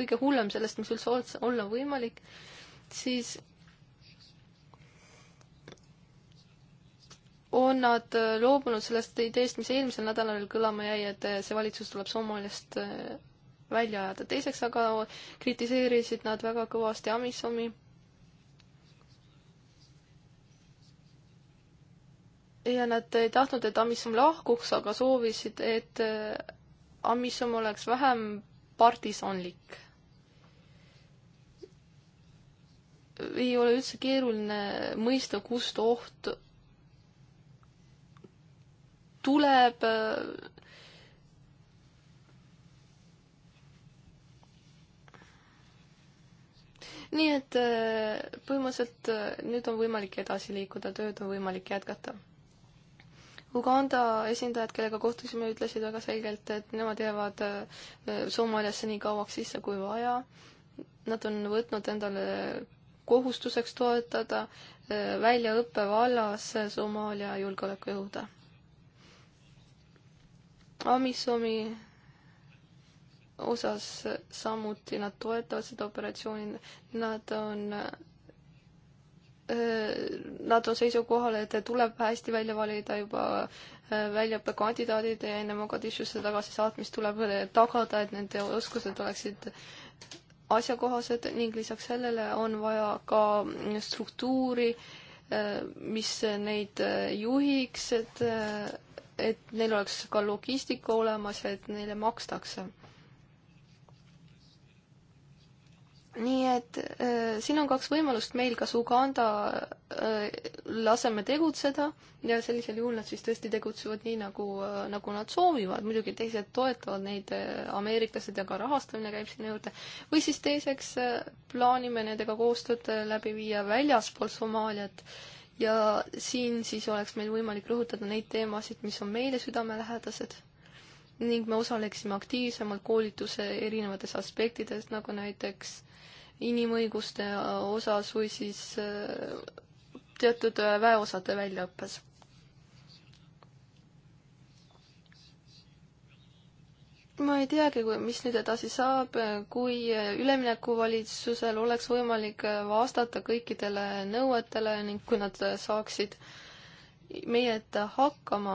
kõige hullem sellest, mis üldse olla võimalik, siis on nad äh, loobunud sellest ideest, mis eelmisel nädalal veel kõlama jäi, et äh, see valitsus tuleb Somaaliast äh, välja ajada. teiseks aga kritiseerisid nad väga kõvasti Amisomi. ja nad ei tahtnud, et Amisom lahkuks, aga soovisid, et Amisom oleks vähem partisanlik. ei ole üldse keeruline mõista, kust oht tuleb äh, nii et äh, põhimõtteliselt äh, nüüd on võimalik edasi liikuda, tööd on võimalik jätkata. Uganda esindajad, kellega kohtusime, ütlesid väga selgelt, et nemad jäävad Somaaliasse nii kauaks sisse kui vaja. Nad on võtnud endale kohustuseks toetada väljaõppe vallas Somaalia julgeolekujõude Amisomi osas samuti nad toetavad seda operatsiooni, nad on äh, Nad on seisukohal, et tuleb hästi välja valida juba äh, väljaõppekandidaadid ja enne Mogadishusse tagasisaatmist tuleb äh, tagada, et nende oskused oleksid asjakohased ning lisaks sellele on vaja ka struktuuri, mis neid juhiks, et et neil oleks ka logistika olemas ja et neile makstakse. nii et äh, siin on kaks võimalust, meil kas Uganda äh, laseme tegutseda ja sellisel juhul nad siis tõesti tegutsevad nii, nagu äh,, nagu nad soovivad, muidugi teised toetavad neid äh,, ameeriklased ja ka rahastamine käib sinna juurde, või siis teiseks äh, plaanime nendega koostööd äh, läbi viia väljaspool Somaaliat äh, ja siin siis oleks meil võimalik rõhutada neid teemasid, mis on meile südamelähedased ning me osaleksime aktiivsemalt koolituse erinevates aspektides, nagu näiteks inimõiguste osas või siis äh, teatud äh, väeosade väljaõppes ma ei teagi, mis nüüd edasi saab, kui üleminekuvalitsusel oleks võimalik vastata kõikidele nõuetele ning kui nad saaksid meie ette hakkama,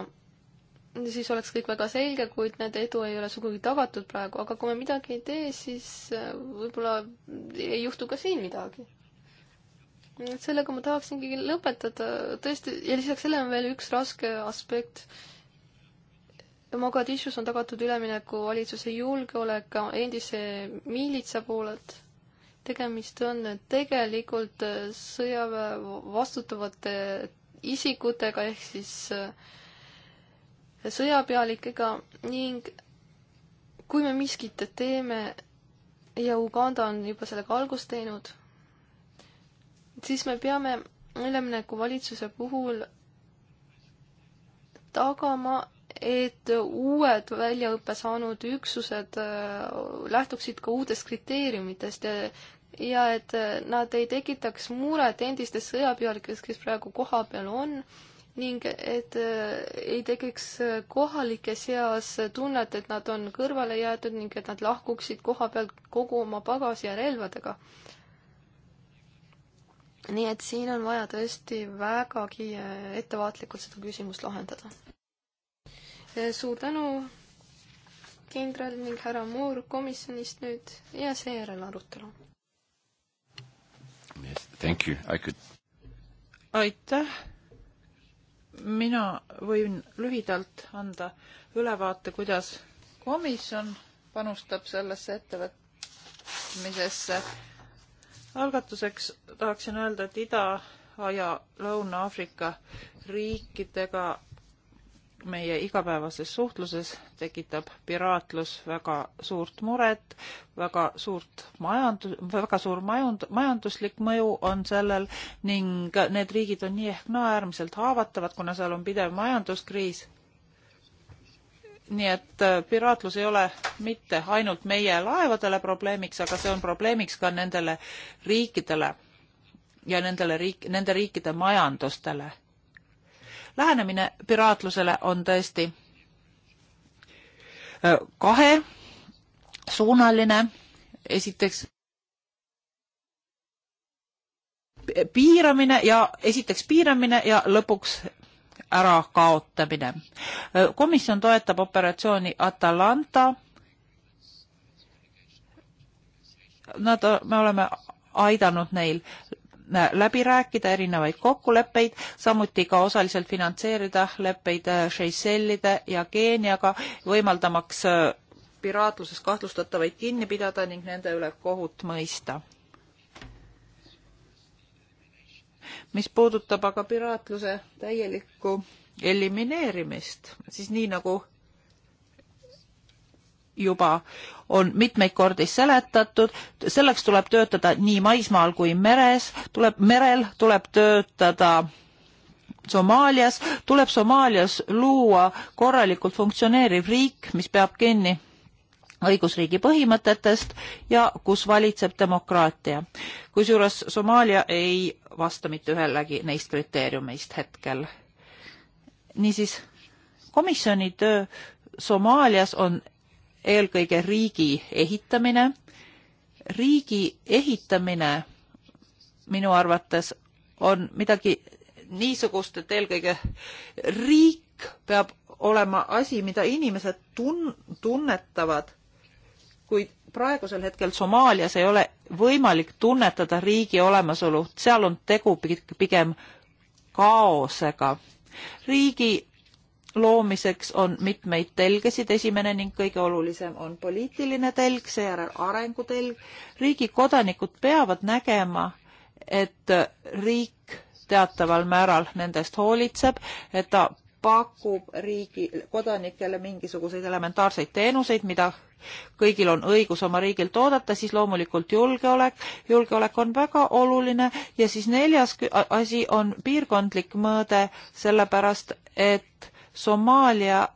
siis oleks kõik väga selge, kuid nende edu ei ole sugugi tagatud praegu, aga kui me midagi ei tee, siis äh, võib-olla ei juhtu ka siin midagi. sellega ma tahaksingi lõpetada, tõesti, ja lisaks sellele on veel üks raske aspekt Mogadishus on tagatud üleminekuvalitsuse julgeolek endise miilitsa poolelt. tegemist on tegelikult sõjaväe vastutavate isikutega ehk siis äh, sõjapealikega ning kui me miskit teeme ja Uganda on juba sellega algust teinud, siis me peame üleminekuvalitsuse puhul tagama, et uued väljaõppe saanud üksused äh, lähtuksid ka uutest kriteeriumitest ja ja et äh, nad ei tekitaks muret endistes sõjapealikes, kes praegu kohapeal on ning et äh, ei tekiks kohalike seas tunnet, et nad on kõrvale jäetud ning et nad lahkuksid koha pealt kogu oma pagasi ja relvadega. nii et siin on vaja tõesti vägagi ettevaatlikult seda küsimust lahendada suur tänu, kindral ning härra Moor komisjonist nüüd ja seejärel arutelu. Yes, thank you, I could. aitäh. mina võin lühidalt anda ülevaate, kuidas komisjon panustab sellesse ettevõtmisesse. algatuseks tahaksin öelda, et Ida- ja Lõuna-Aafrika riikidega meie igapäevases suhtluses tekitab piraatlus väga suurt muret, väga suurt majandus, väga suur majand-, majanduslik mõju on sellel ning need riigid on nii ehk naa äärmiselt haavatavad, kuna seal on pidev majanduskriis. nii et äh, piraatlus ei ole mitte ainult meie laevadele probleemiks, aga see on probleemiks ka nendele riikidele ja nendele riik, nende riikide majandustele lähenemine piraatlusele on tõesti äh, kahesuunaline. esiteks piiramine ja esiteks piiramine ja lõpuks ärakaotamine. Äh, komisjon toetab operatsiooni Atalanta. Nad, me oleme aidanud neil läbi rääkida erinevaid kokkuleppeid, samuti ka osaliselt finantseerida leppeid äh, Seychellide ja Keeniaga, võimaldamaks äh, piraatluses kahtlustatavaid kinni pidada ning nende üle kohut mõista. mis puudutab aga piraatluse täielikku elimineerimist, siis nii nagu juba on mitmeid kordi seletatud, selleks tuleb töötada nii maismaal kui meres, tuleb merel, tuleb töötada Somaalias, tuleb Somaalias luua korralikult funktsioneeriv riik, mis peab kinni õigusriigi põhimõtetest ja kus valitseb demokraatia. kusjuures Somaalia ei vasta mitte ühelegi neist kriteeriumeist hetkel. niisiis, komisjoni töö Somaalias on eelkõige riigi ehitamine. riigi ehitamine minu arvates on midagi niisugust, et eelkõige riik peab olema asi, mida inimesed tun-, tunnetavad, kuid praegusel hetkel Somaalias ei ole võimalik tunnetada riigi olemasolu, seal on tegu pigem kaosega. riigi loomiseks on mitmeid telgesid, esimene ning kõige olulisem on poliitiline telg, seejärel arengutelg. riigi kodanikud peavad nägema, et riik teataval määral nendest hoolitseb, et ta pakub riigi kodanikele mingisuguseid elementaarseid teenuseid, mida kõigil on õigus oma riigilt oodata, siis loomulikult julgeolek, julgeolek on väga oluline ja siis neljas asi on piirkondlik mõõde, sellepärast et Somaalia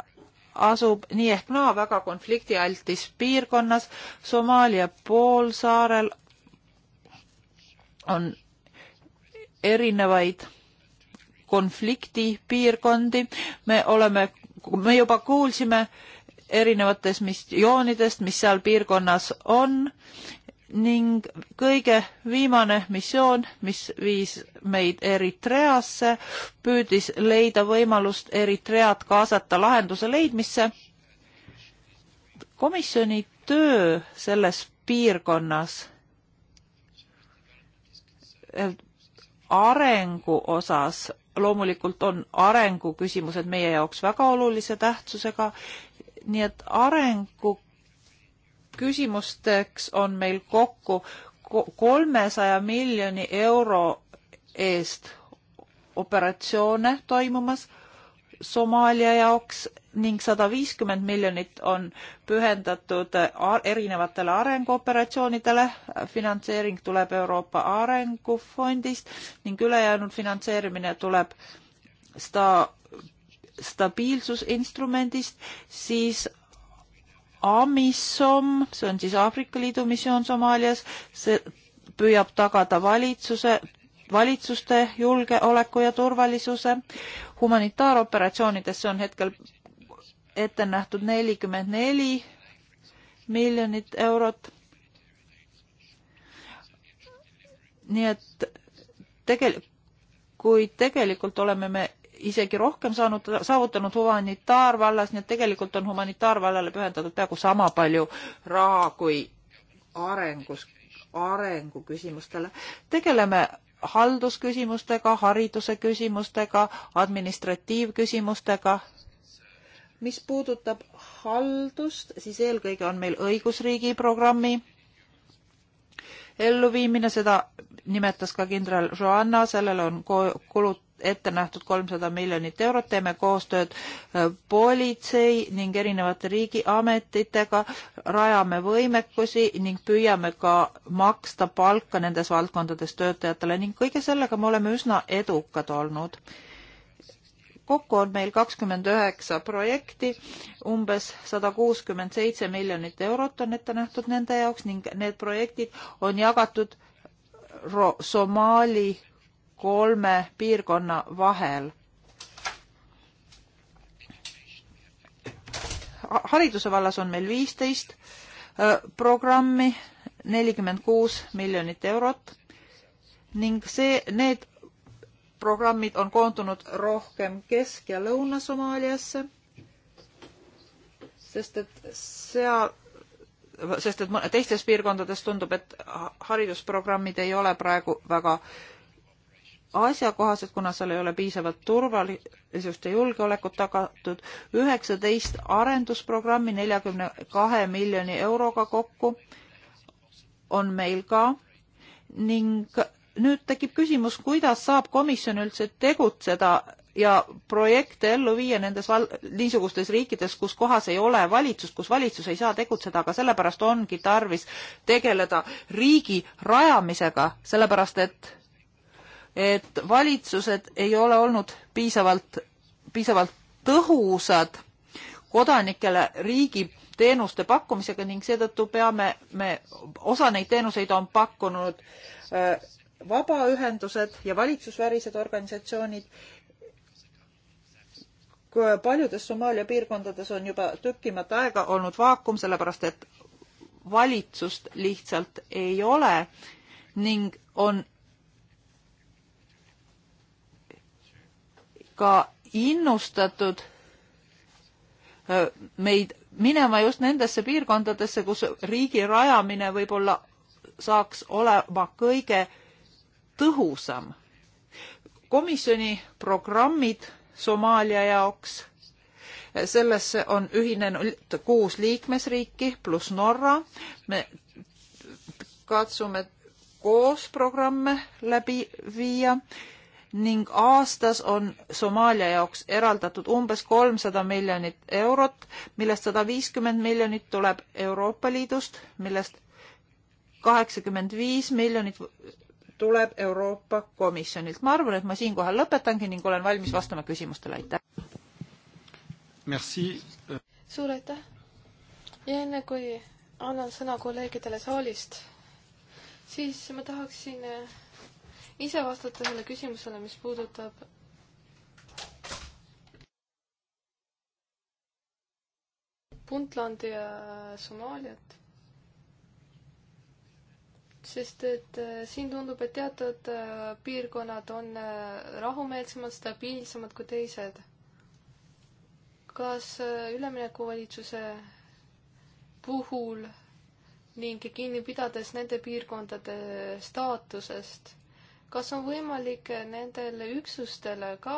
asub nii ehk naa väga konfliktialtis piirkonnas. Somaalia poolsaarel on erinevaid konfliktipiirkondi. Me oleme, me juba kuulsime erinevatest missioonidest, mis seal piirkonnas on ning kõige viimane missioon, mis viis meid Eritreasse, püüdis leida võimalust Eritread kaasata lahenduse leidmisse. komisjoni töö selles piirkonnas e, arengu osas loomulikult on arenguküsimused meie jaoks väga olulise tähtsusega, nii et arengu küsimusteks on meil kokku kolmesaja miljoni euro eest operatsioone toimumas Somaalia jaoks ning sada viiskümmend miljonit on pühendatud erinevatele arenguoperatsioonidele. finantseering tuleb Euroopa Arengufondist ning ülejäänud finantseerimine tuleb sta-, stabiilsusinstrumendist, siis AMISOM, see on siis Aafrika Liidu missioon Somaalias, see püüab tagada valitsuse, valitsuste julgeoleku ja turvalisuse. humanitaaroperatsioonidesse on hetkel ette nähtud nelikümmend neli miljonit eurot. nii et tegelikult, kuid tegelikult oleme me isegi rohkem saanud, saavutanud humanitaarvallas, nii et tegelikult on humanitaarvallale pühendatud peaaegu sama palju raha kui arengus, arenguküsimustele. tegeleme haldusküsimustega, hariduse küsimustega, administratiivküsimustega. mis puudutab haldust, siis eelkõige on meil õigusriigi programmi elluviimine, seda nimetas ka kindral Joanna, sellele on kulutatud ette nähtud kolmsada miljonit eurot, teeme koostööd äh, politsei ning erinevate riigiametitega, rajame võimekusi ning püüame ka maksta palka nendes valdkondades töötajatele ning kõige sellega me oleme üsna edukad olnud. kokku on meil kakskümmend üheksa projekti, umbes sada kuuskümmend seitse miljonit eurot on ette nähtud nende jaoks ning need projektid on jagatud Somaali kolme piirkonna vahel. hariduse vallas on meil viisteist programmi, nelikümmend kuus miljonit eurot ning see, need programmid on koondunud rohkem Kesk- ja Lõuna-Somaaliasse, sest et seal, sest et teistes piirkondades tundub, et haridusprogrammid ei ole praegu väga asjakohased, kuna seal ei ole piisavalt turvalisust ja julgeolekut tagatud. üheksateist arendusprogrammi neljakümne kahe miljoni euroga kokku on meil ka ning nüüd tekib küsimus, kuidas saab komisjon üldse tegutseda ja projekte ellu viia nendes val-, niisugustes riikides, kus kohas ei ole valitsust, kus valitsus ei saa tegutseda, aga sellepärast ongi tarvis tegeleda riigi rajamisega, sellepärast et et valitsused ei ole olnud piisavalt, piisavalt tõhusad kodanikele riigi teenuste pakkumisega ning seetõttu peame me, osa neid teenuseid on pakkunud äh, vabaühendused ja valitsusvälised organisatsioonid. paljudes Somaalia piirkondades on juba tükimat aega olnud vaakum, sellepärast et valitsust lihtsalt ei ole ning on ka innustatud meid minema just nendesse piirkondadesse, kus riigi rajamine võib-olla saaks olema kõige tõhusam. komisjoni programmid Somaalia jaoks, sellesse on ühinenud kuus liikmesriiki pluss Norra. me katsume koos programme läbi viia ning aastas on Somaalia jaoks eraldatud umbes kolmsada miljonit eurot, millest sada viiskümmend miljonit tuleb Euroopa Liidust, millest kaheksakümmend viis miljonit tuleb Euroopa Komisjonilt. ma arvan, et ma siinkohal lõpetangi ning olen valmis vastama küsimustele, aitäh! suur aitäh! ja enne, kui annan sõna kolleegidele saalist, siis ma tahaksin äh, ise vastata sellele küsimusele, mis puudutab Puntlandi ja Somaaliat. sest et äh, siin tundub, et teatud äh, piirkonnad on äh, rahumeelsemad, stabiilsemad kui teised. kas üleminekuvalitsuse puhul ning kinni pidades nende piirkondade staatusest kas on võimalik nendele üksustele ka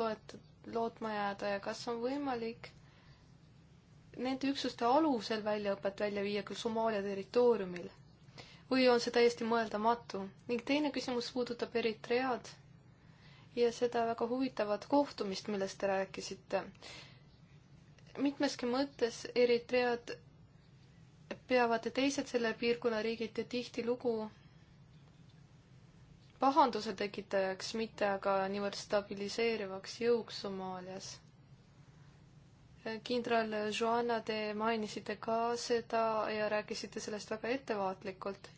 toet-, lootma jääda ja kas on võimalik nende üksuste alusel väljaõpet välja viia küll Somaalia territooriumil? või on see täiesti mõeldamatu? ning teine küsimus puudutab Eritread ja seda väga huvitavat kohtumist, millest te rääkisite. mitmeski mõttes Eritread peavad teised selle piirkonna riigid tihtilugu pahanduse tekitajaks, mitte aga niivõrd stabiliseerivaks jõuks Somaalias. kindral Joanna, te mainisite ka seda ja rääkisite sellest väga ettevaatlikult.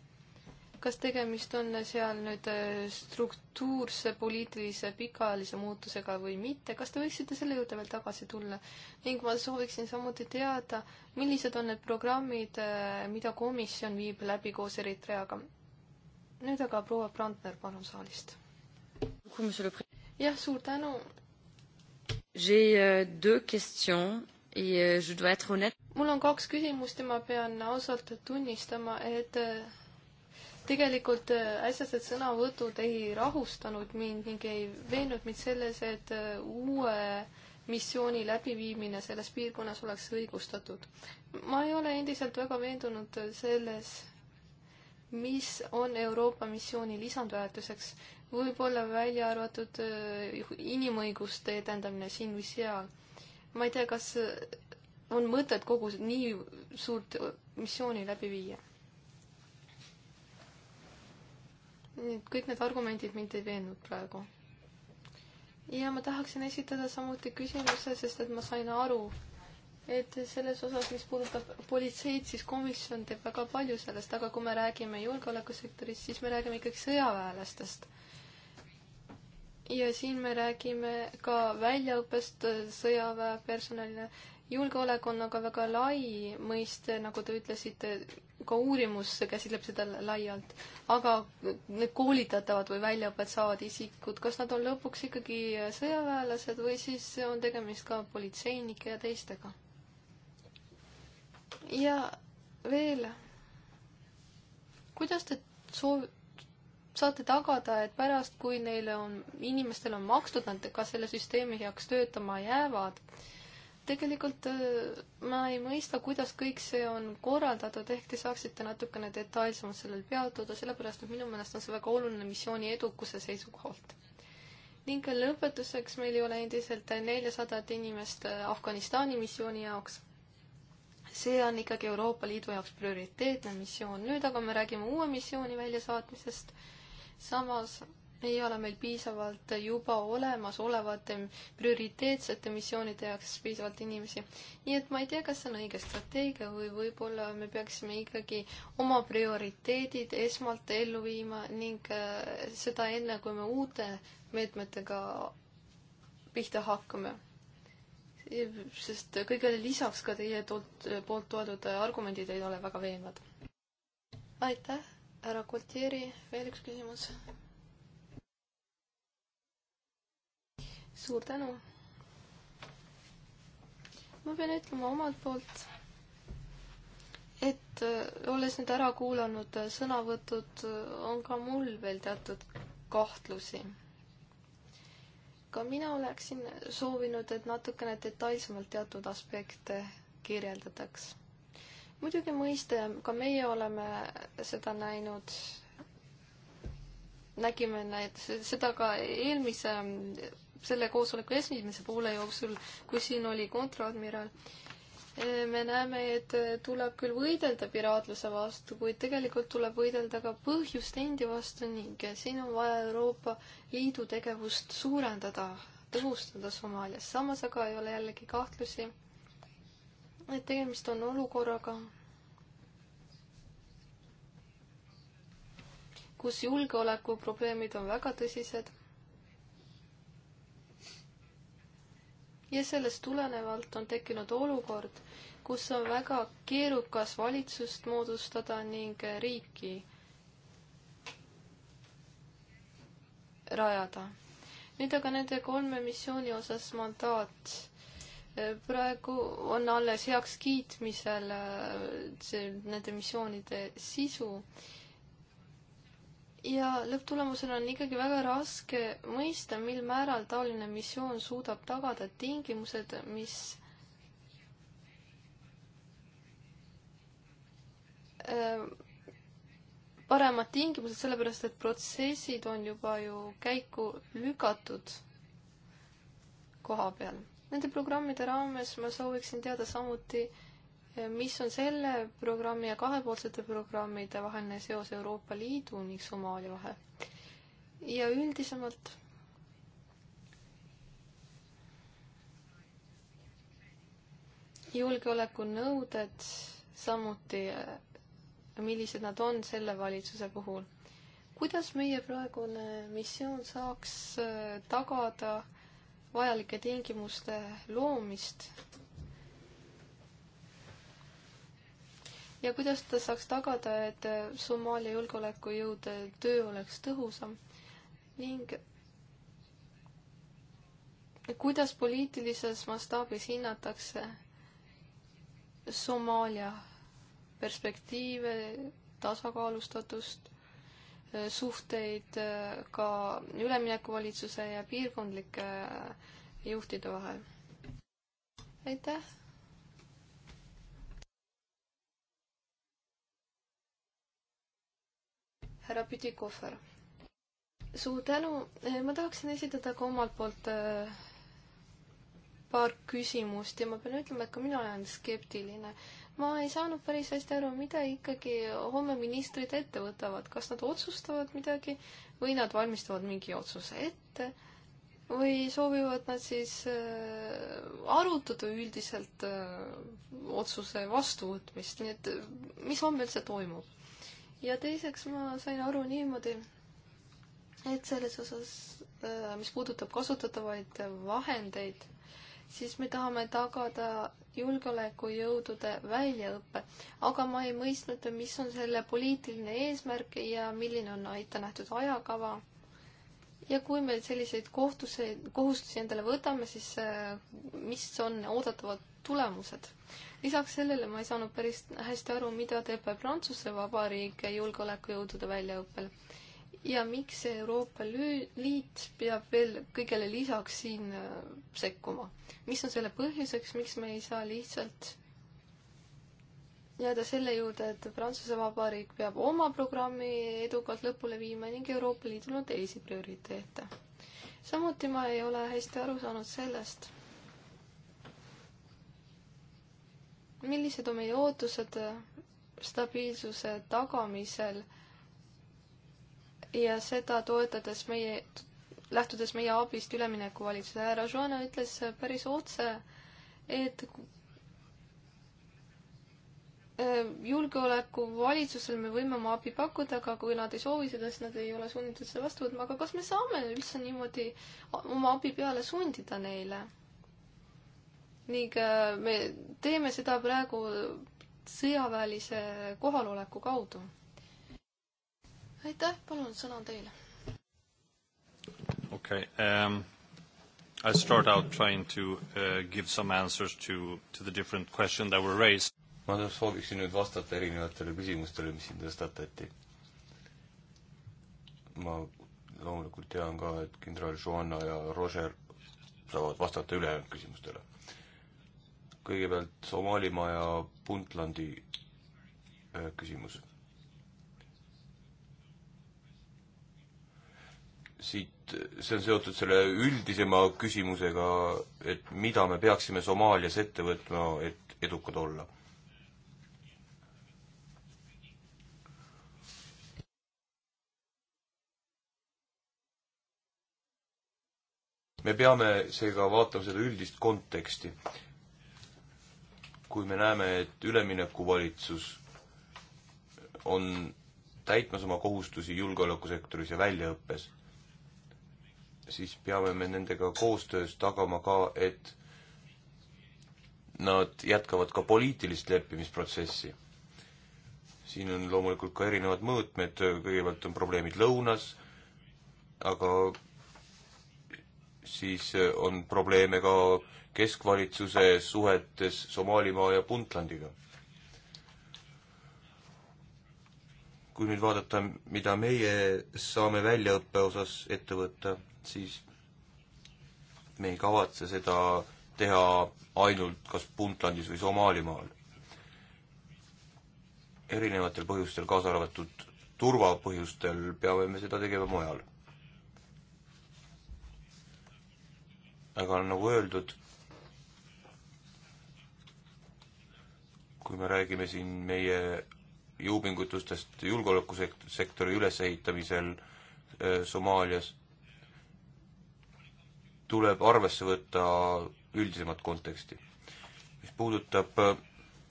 kas tegemist on seal nüüd äh, struktuurse poliitilise pikaajalise muutusega või mitte, kas te võiksite selle juurde veel tagasi tulla? ning ma sooviksin samuti teada, millised on need programmid, äh, mida komisjon viib läbi koos Eritreaga nüüd aga proua Brandner, palun saalist. jah, suur tänu. J'ai euh, deux questions et euh, je dois être honnête. mul on kaks küsimust ja ma pean ausalt tunnistama, et äh, tegelikult äsjased äh, sõnavõtud ei rahustanud mind ning ei veennud mind selles, et äh, uue missiooni läbiviimine selles piirkonnas oleks õigustatud. ma ei ole endiselt väga veendunud selles, mis on Euroopa missiooni lisandväärtuseks, võib-olla välja arvatud äh, inimõiguste edendamine siin või seal. ma ei tea, kas äh, on mõtet kogu nii suurt äh, missiooni läbi viia. nii et kõik need argumendid mind ei veennud praegu. ja ma tahaksin esitada samuti küsimuse, sest et ma sain aru, et selles osas, mis puudutab politseid, siis komisjon teeb väga palju sellest, aga kui me räägime julgeolekusektorist, siis me räägime ikkagi sõjaväelastest. ja siin me räägime ka väljaõppest sõjaväepersonalile. julgeolek on aga väga lai mõiste, nagu te ütlesite, ka uurimus käsitleb seda laialt. aga need koolitatavad või väljaõpet saavad isikud, kas nad on lõpuks ikkagi sõjaväelased või siis on tegemist ka politseinike ja teistega? ja veel, kuidas te soov-, saate tagada, et pärast, kui neile on, inimestele on makstud, nad ka selle süsteemi heaks töötama jäävad. tegelikult äh, ma ei mõista, kuidas kõik see on korraldatud, ehk te saaksite natukene detailsemalt sellel peatuda, sellepärast et minu meelest on see väga oluline missiooni edukuse seisukohalt. ning lõpetuseks meil ei ole endiselt neljasadat inimest äh, Afganistani missiooni jaoks see on ikkagi Euroopa Liidu jaoks prioriteetne missioon. nüüd aga me räägime uue missiooni väljasaatmisest. samas ei ole meil piisavalt juba olemasolevate prioriteetsete missioonide jaoks piisavalt inimesi. nii et ma ei tea, kas see on õige strateegia või võib-olla me peaksime ikkagi oma prioriteedid esmalt ellu viima ning äh, seda enne, kui me uute meetmetega pihta hakkame sest kõigele lisaks ka teie toolt, poolt toodud argumendid ei ole väga veenvad. aitäh, härra Kultieri, veel üks küsimus. suur tänu. ma pean ütlema omalt poolt, et olles nüüd ära kuulanud sõnavõtud, on ka mul veel teatud kahtlusi ka mina oleksin soovinud, et natukene detailsemalt teatud aspekte kirjeldataks. muidugi mõiste, ka meie oleme seda näinud, nägime need, seda ka eelmise, selle koosoleku esimese poole jooksul, kui siin oli kontradmiral me näeme, et tuleb küll võidelda piraatluse vastu, kuid tegelikult tuleb võidelda ka põhjuste endi vastu ning siin on vaja Euroopa Liidu tegevust suurendada, tõhustada Somaalias. samas aga ei ole jällegi kahtlusi, et tegemist on olukorraga, kus julgeolekuprobleemid on väga tõsised ja sellest tulenevalt on tekkinud olukord, kus on väga keerukas valitsust moodustada ning riiki rajada. nüüd aga nende kolme missiooni osas mandaat. praegu on alles heakskiitmisel äh, see, nende missioonide sisu ja lõpptulemusena on ikkagi väga raske mõista, mil määral taoline missioon suudab tagada tingimused, mis äh, paremad tingimused, sellepärast et protsessid on juba ju käiku lükatud koha peal. Nende programmide raames ma sooviksin teada samuti äh, mis on selle programmi ja kahepoolsete programmide vaheline seos Euroopa Liidu ning Somaalia vahel? ja üldisemalt julgeolekunõuded samuti, äh, millised nad on selle valitsuse puhul. kuidas meie praegune missioon saaks äh, tagada vajalike tingimuste loomist ja kuidas ta saaks tagada, et Somaalia julgeolekujõude töö oleks tõhusam ning kuidas poliitilises mastaabis hinnatakse Somaalia perspektiive, tasakaalustatust, suhteid ka üleminekuvalitsuse ja piirkondlike juhtide vahel? aitäh! härra Püdikohver. suur tänu, eh, ma tahaksin esitada ka omalt poolt eh, paar küsimust ja ma pean ütlema, et ka mina olen skeptiline. ma ei saanud päris hästi aru, mida ikkagi homme ministrid ette võtavad, kas nad otsustavad midagi või nad valmistavad mingi otsuse ette või soovivad nad siis äh, arutada üldiselt äh, otsuse vastuvõtmist, nii et mis homme üldse toimub? ja teiseks ma sain aru niimoodi, et selles osas, äh, mis puudutab kasutatavaid vahendeid, siis me tahame tagada julgeolekujõudude väljaõppe, aga ma ei mõistnud, mis on selle poliitiline eesmärk ja milline on ette nähtud ajakava. ja kui me selliseid kohtuseid, kohustusi endale võtame, siis äh, mis on oodatavad tulemused? lisaks sellele ma ei saanud päris hästi aru, mida teeb Prantsuse Vabariik julgeolekujõudude väljaõppel ja miks Euroopa Liit peab veel kõigele lisaks siin äh, sekkuma. mis on selle põhjuseks, miks me ei saa lihtsalt jääda selle juurde, et Prantsuse Vabariik peab oma programmi edukalt lõpule viima ning Euroopa Liidul on teisi prioriteete. samuti ma ei ole hästi aru saanud sellest millised on meie ootused äh, stabiilsuse tagamisel ja seda toetades meie, lähtudes meie abist üleminekuvalitsusele. härra Joana ütles äh, päris otse, et äh, julgeolekuvalitsusel me võime oma abi pakkuda, aga kui nad ei soovi seda, siis nad ei ole sunnitud seda vastu võtma, aga kas me saame üldse niimoodi oma abi peale sundida neile? ning äh, me teeme seda praegu sõjaväelise kohaloleku kaudu. aitäh, palun, sõna on teile. okei okay, um,. I start out trying to uh, give some answers to, to the different question that were raised. ma sooviksin nüüd vastata erinevatele küsimustele, mis siin tõstatati. ma loomulikult tean ka, et kindral Joanna ja Roger saavad vastata ülejäänud küsimustele kõigepealt Somaalimaa ja Puntlandi äh, küsimus. siit, see on seotud selle üldisema küsimusega, et mida me peaksime Somaalias ette võtma, et edukad olla me peame seega vaatama seda üldist konteksti kui me näeme, et üleminekuvalitsus on täitmas oma kohustusi julgeolekusektoris ja väljaõppes, siis peame me nendega koostöös tagama ka, et nad jätkavad ka poliitilist leppimisprotsessi. siin on loomulikult ka erinevad mõõtmed, kõigepealt on probleemid lõunas, aga siis eh, on probleeme ka keskvalitsuse suhetes Somaalimaa ja Puntlandiga. kui nüüd vaadata, mida meie saame väljaõppe osas ette võtta, siis me ei kavatse seda teha ainult kas Puntlandis või Somaalimaal. erinevatel põhjustel, kaasa arvatud turvapõhjustel, peame me seda tegema mujal aga nagu öeldud, kui me räägime siin meie jõupingutustest julgeolekusektori ülesehitamisel äh, Somaalias, tuleb arvesse võtta üldisemat konteksti. mis puudutab äh,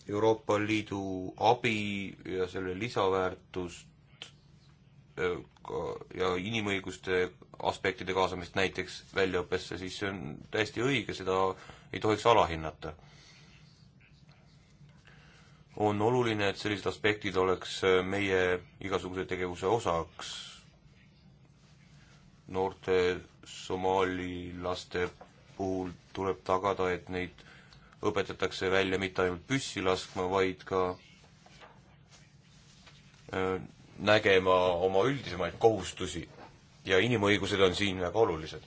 Euroopa Liidu abi ja selle lisaväärtust, ja inimõiguste aspektide kaasamist näiteks väljaõppesse, siis see on täiesti õige, seda ei tohiks alahinnata. on oluline, et sellised aspektid oleks meie igasuguse tegevuse osaks, noorte somaali laste puhul tuleb tagada, et neid õpetatakse välja mitte ainult püssi laskma, vaid ka nägema oma üldisemaid kohustusi ja inimõigused on siin väga olulised.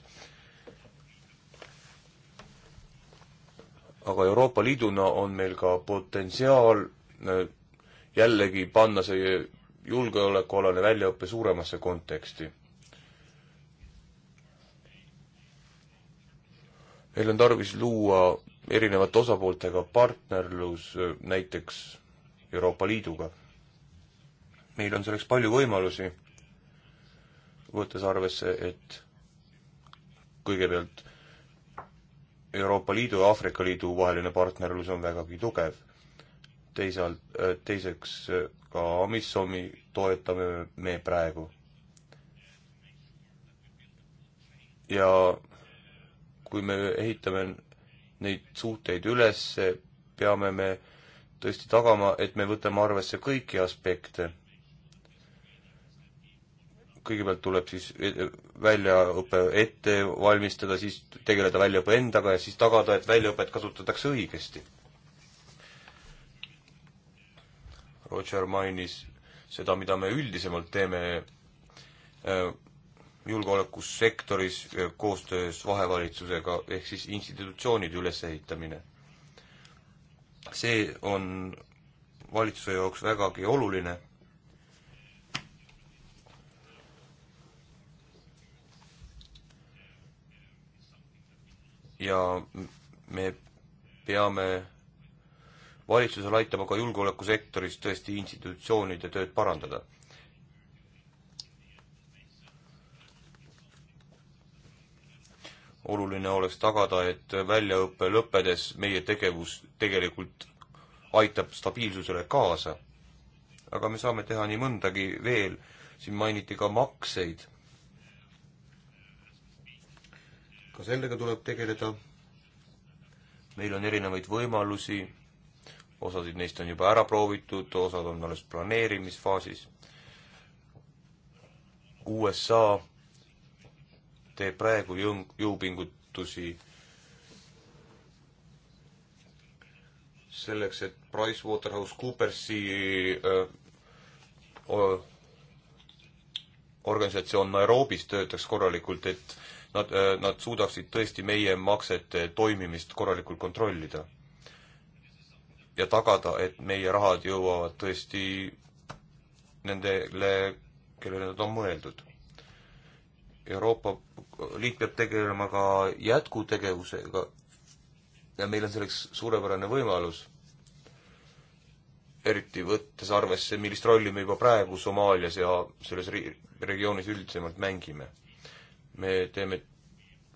aga Euroopa Liiduna on meil ka potentsiaal äh, jällegi panna see julgeolekualane väljaõpe suuremasse konteksti. meil on tarvis luua erinevate osapooltega partnerlus äh, näiteks Euroopa Liiduga meil on selleks palju võimalusi, võttes arvesse, et kõigepealt Euroopa Liidu ja Aafrika Liidu vaheline partnerlus on vägagi tugev. teisalt, äh, teiseks äh, ka Amissomi toetame me praegu. ja kui me ehitame neid suhteid üles, peame me tõesti tagama, et me võtame arvesse kõiki aspekte kõigepealt tuleb siis eh, eh, väljaõpe ette valmistada, siis tegeleda väljaõppe endaga ja siis tagada, et väljaõpet kasutatakse õigesti. Roger mainis seda, mida me üldisemalt teeme eh, julgeolekusektoris koostöös vahevalitsusega, ehk siis institutsioonide ülesehitamine. see on valitsuse jaoks vägagi oluline ja me peame valitsusel aitama ka julgeolekusektoris tõesti institutsioonide tööd parandada. oluline oleks tagada, et väljaõppe lõppedes meie tegevus tegelikult aitab stabiilsusele kaasa. aga me saame teha nii mõndagi veel, siin mainiti ka makseid ka sellega tuleb tegeleda. meil on erinevaid võimalusi, osasid neist on juba ära proovitud, osad on alles planeerimisfaasis. USA teeb praegu jõu, jõupingutusi selleks, et PricewaterhouseCoopersi öö, äh, öö, organisatsioon Nairobis töötaks korralikult, et nad, äh, nad suudaksid tõesti meie maksete toimimist korralikult kontrollida. ja tagada, et meie rahad jõuavad tõesti nendele, kellele nad on mõeldud. Euroopa Liit peab tegelema ka jätkutegevusega ja meil on selleks suurepärane võimalus eriti võttes arvesse, millist rolli me juba praegu Somaalias ja selles ri-, regioonis üldisemalt mängime me teeme,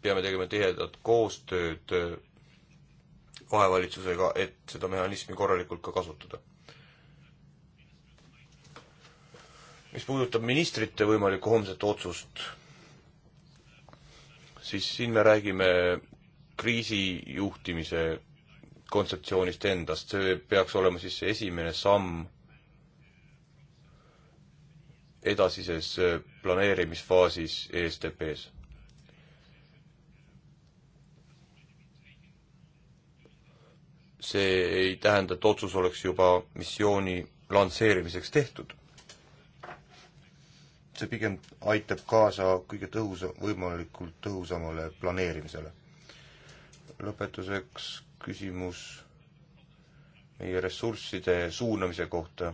peame tegema tihedat koostööd äh, vahevalitsusega, et seda mehhanismi korralikult ka kasutada. mis puudutab ministrite võimalikku homset otsust, siis siin me räägime kriisijuhtimise kontseptsioonist endast, see peaks olema siis see esimene samm edasises äh, planeerimisfaasis ESTP-s see ei tähenda, et otsus oleks juba missiooni lansseerimiseks tehtud. see pigem aitab kaasa kõige tõhusa, võimalikult tõhusamale planeerimisele. lõpetuseks küsimus meie ressursside suunamise kohta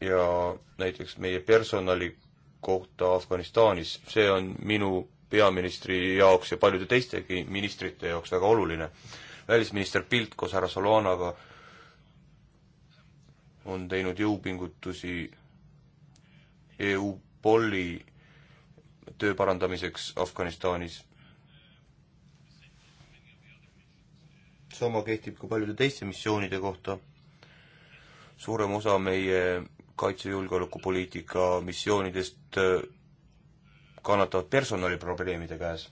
ja näiteks meie personali kohta Afganistanis, see on minu peaministri jaoks ja paljude teistegi ministrite jaoks väga oluline. välisminister Pilt koos härra Solanaga on teinud jõupingutusi EU-Poli töö parandamiseks Afganistanis. sama kehtib ka paljude teiste missioonide kohta. suurem osa meie kaitsejulgeolekupoliitika missioonidest äh, kannatavad personaliprobleemide käes.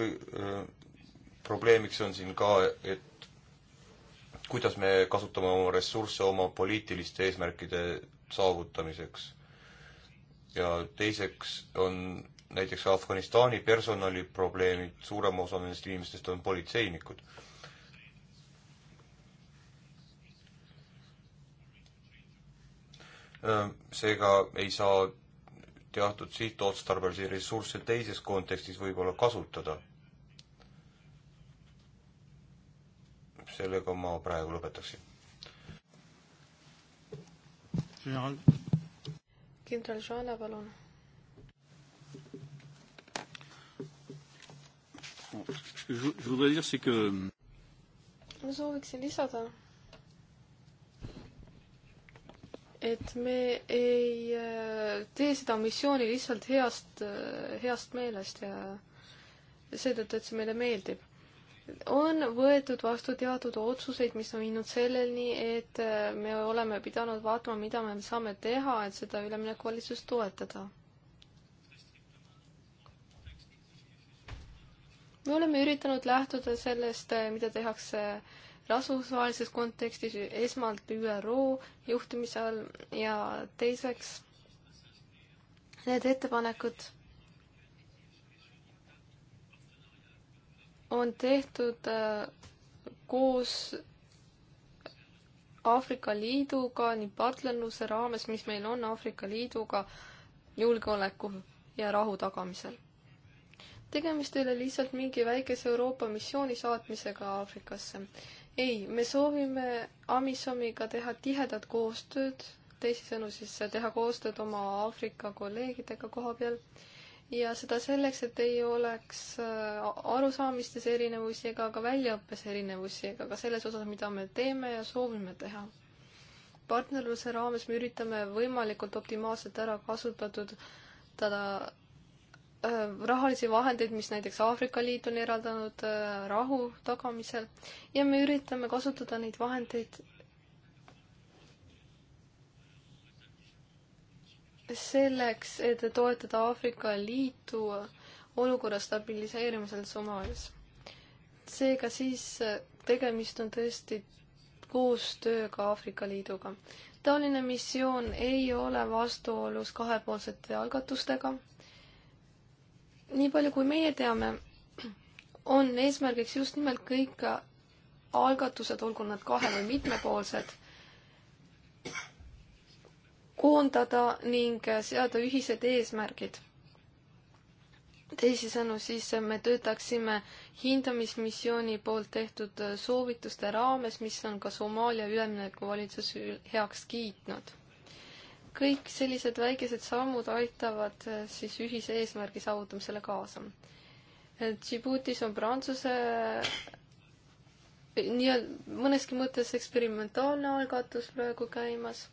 Äh, probleemiks on siin ka, et kuidas me kasutame oma ressursse oma poliitiliste eesmärkide saavutamiseks ja teiseks on näiteks Afganistani personaliprobleemid, suurem osa nendest inimestest on politseinikud. seega ei saa teatud sihtotstarbelisi ressursse teises kontekstis võib-olla kasutada. sellega ma praegu lõpetaksin kindral Joana, palun. Euh, ma sooviksin lisada, et me ei äh, tee seda missiooni lihtsalt heast, äh, heast meelest ja seetõttu, et see meile meeldib on võetud vastu teatud otsuseid, mis on viinud selleni, et äh, me oleme pidanud vaatama, mida me saame teha, et seda üleminekuvalitsust toetada. me oleme üritanud lähtuda sellest, äh, mida tehakse rahvusvahelises kontekstis, esmalt ÜRO juhtimise all ja teiseks need ettepanekud on tehtud äh, koos Aafrika Liiduga, nii partnerluse raames, mis meil on Aafrika Liiduga julgeoleku ja rahu tagamisel. tegemist ei ole lihtsalt mingi väikese Euroopa missiooni saatmisega Aafrikasse. ei, me soovime Amisomiga teha tihedat koostööd, teisisõnu siis teha koostööd oma Aafrika kolleegidega koha peal ja seda selleks, et ei oleks äh, arusaamistes erinevusi ega ka väljaõppes erinevusi ega ka selles osas, mida me teeme ja soovime teha. partnerluse raames me üritame võimalikult optimaalselt ära kasutatud tada äh, rahalisi vahendeid, mis näiteks Aafrika Liit on eraldanud äh, rahu tagamisel ja me üritame kasutada neid vahendeid selleks, et toetada Aafrika Liitu olukorra stabiliseerimisel Somaalias. seega siis äh, tegemist on tõesti koostööga Aafrika Liiduga. taoline missioon ei ole vastuolus kahepoolsete algatustega. nii palju, kui meie teame, on eesmärgiks just nimelt kõik algatused, olgu nad kahe- või mitmepoolsed, koondada ning seada ühised eesmärgid. teisisõnu, siis me töötaksime hindamismissiooni poolt tehtud soovituste raames, mis on ka Somaalia üleminekuvalitsus heaks kiitnud. kõik sellised väikesed sammud aitavad eh, siis ühise eesmärgi saavutamisele kaasa. Eh, Djiboutis on Prantsuse eh, nii-öelda mõneski mõttes eksperimentaalne algatus praegu käimas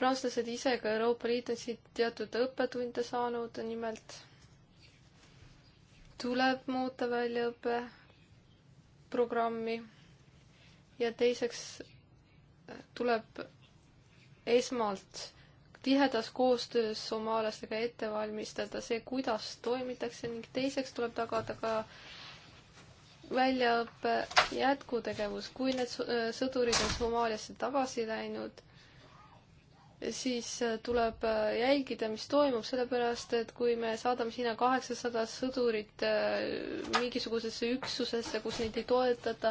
prantslased ise ka Euroopa Liit on siit teatud õppetunde saanud, nimelt tuleb muuta väljaõppe programmi ja teiseks äh, tuleb esmalt tihedas koostöös somaalastega ette valmistada see, kuidas toimitakse ning teiseks tuleb tagada ka väljaõppe jätkutegevus, kui need sõdurid on Somaaliasse tagasi läinud siis äh, tuleb äh, jälgida, mis toimub, sellepärast et kui me saadame sinna kaheksasada sõdurit äh, mingisugusesse üksusesse, kus neid ei toetata,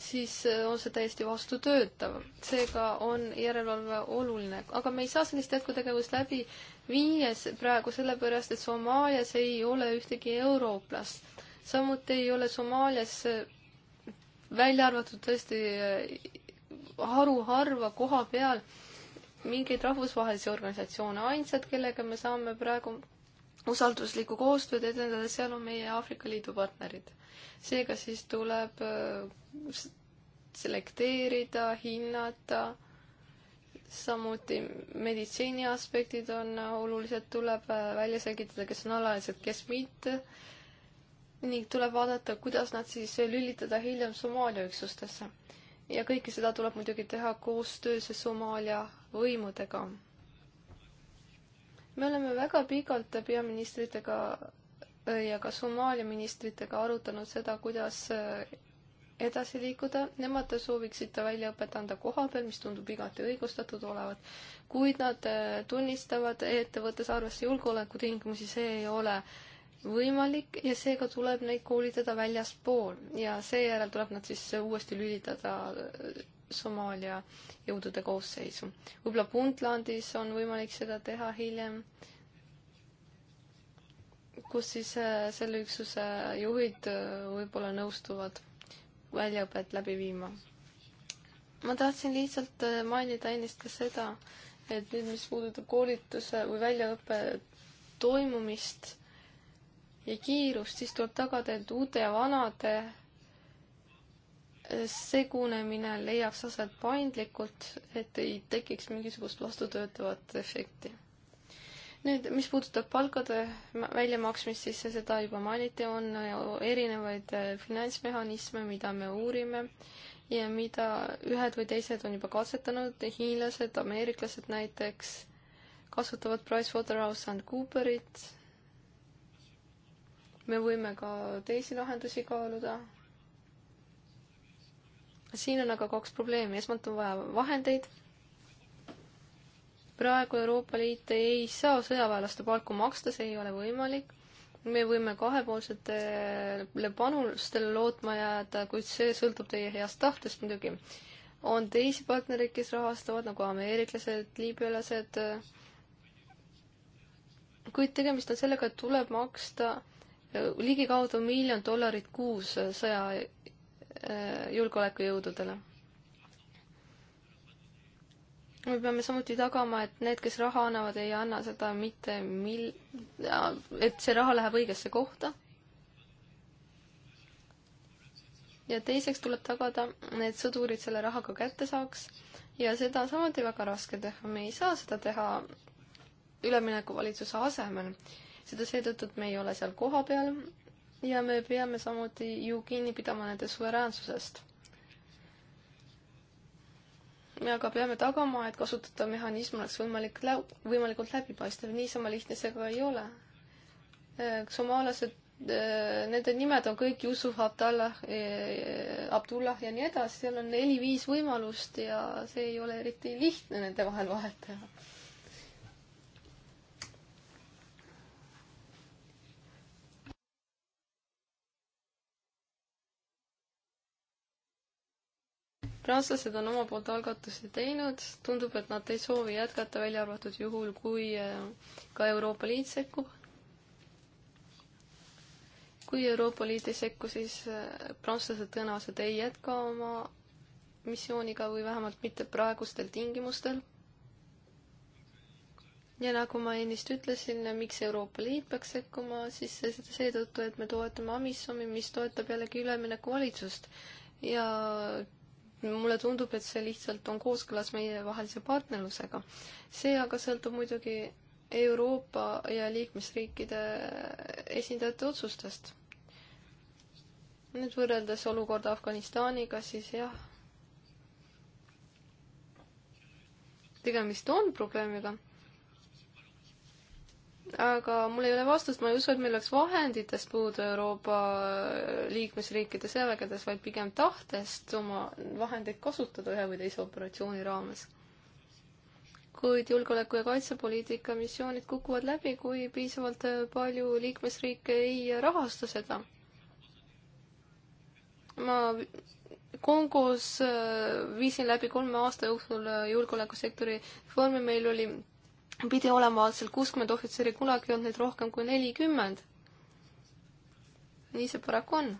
siis on see täiesti vastutöötav. seega on järelevalve oluline, aga me ei saa sellist jätkutegevust läbi viies praegu sellepärast, et Somaalias ei ole ühtegi eurooplast. samuti ei ole Somaalias välja arvatud tõesti haruharva koha peal mingeid rahvusvahelisi organisatsioone, ainsad, kellega me saame praegu usalduslikku koostööd edendada, seal on meie Aafrika Liidu partnerid. seega siis tuleb äh, selekteerida, hinnata, samuti meditsiini aspektid on olulised, tuleb äh, välja selgitada, kes on alalised, kes mitte, ning tuleb vaadata, kuidas nad siis lülitada hiljem Somaalia üksustesse ja kõike seda tuleb muidugi teha koostöös Somaalia võimudega. me oleme väga pikalt peaministritega äh, ja ka Somaalia ministritega arutanud seda, kuidas äh, edasi liikuda, nemad sooviksid väljaõpet anda koha peal, mis tundub igati õigustatud olevat, kuid nad äh, tunnistavad, et võttes arvesse julgeolekutingimusi, see ei ole äh, võimalik ja seega tuleb neid koolitada väljaspool ja seejärel tuleb nad siis uuesti lülitada äh, Somaalia jõudude koosseisu. võib-olla Puntlandis on võimalik seda teha hiljem, kus siis äh, selle üksuse juhid äh, võib-olla nõustuvad väljaõpet läbi viima. ma tahtsin lihtsalt mainida ennist ka seda, et nüüd, mis puudutab koolituse või väljaõppe toimumist ja kiirust, siis tuleb tagada, et uute ja vanade segunemine leiaks aset paindlikult, et ei tekiks mingisugust vastutöötavat efekti. nüüd, mis puudutab palkade väljamaksmist, siis seda juba mainiti, on erinevaid äh, finantsmehhanisme, mida me uurime ja mida ühed või teised on juba katsetanud, hiinlased, ameeriklased näiteks kasutavad Pricewaterhouse and Cooperit me võime ka teisi lahendusi kaaluda. siin on aga kaks probleemi, esmalt on vaja vahendeid. praegu Euroopa Liit ei saa sõjaväelaste palku maksta, see ei ole võimalik me võime kahepoolsetele panustele lootma jääda, kuid see sõltub teie heast tahtest muidugi. on teisi partnereid, kes rahastavad nagu ameeriklased, liibüalased. kuid tegemist on sellega, et tuleb maksta Äh, ligikaudu miljon dollarit kuus sõja äh, julgeolekujõududele. me peame samuti tagama, et need, kes raha annavad, ei anna seda mitte mil-, et see raha läheb õigesse kohta. ja teiseks tuleb tagada, et sõdurid selle raha ka kätte saaks ja seda on samuti väga raske teha, me ei saa seda teha üleminekuvalitsuse asemel seda seetõttu, et me ei ole seal kohapeal ja me peame samuti ju kinni pidama nende suveräänsusest. me aga peame tagama, et kasutatav mehhanism oleks võimalik lä-, võimalikult läbipaistev, niisama lihtne see ka ei ole. Äh, somaalased, äh, nende nimed on kõik Yusuf, Abdallah, äh, Abdullah ja nii edasi, seal on neli-viis võimalust ja see ei ole eriti lihtne nende vahel vahet teha prantslased on oma poolt algatusi teinud, tundub, et nad ei soovi jätkata, välja arvatud juhul, kui äh, ka Euroopa Liit sekkub. kui Euroopa Liit ei sekku, siis äh, prantslased tõenäoliselt ei jätka oma missiooniga või vähemalt mitte praegustel tingimustel. ja nagu ma ennist ütlesin, miks Euroopa Liit peaks sekkuma, siis seda seetõttu, et me toetame Amissomi, mis toetab jällegi üleminekuvalitsust ja mulle tundub, et see lihtsalt on kooskõlas meievahelise partnerlusega. see aga sõltub muidugi Euroopa ja liikmesriikide esindajate otsustest. nüüd võrreldes olukorda Afganistaniga, siis jah, tegemist on probleemiga aga mul ei ole vastust, ma ei usu, et meil oleks vahenditest puudu Euroopa äh, liikmesriikide sõjavägedes, vaid pigem tahtest oma vahendeid kasutada ühe või teise operatsiooni raames. kuid julgeoleku- ja kaitsepoliitika missioonid kukuvad läbi, kui piisavalt äh, palju liikmesriike ei rahasta seda. ma Kongos äh, viisin läbi kolme aasta jooksul julgeolekusektori reformi, meil oli pidi olema algselt kuuskümmend ohvitseri, kunagi ei olnud neid rohkem kui nelikümmend. nii see paraku on.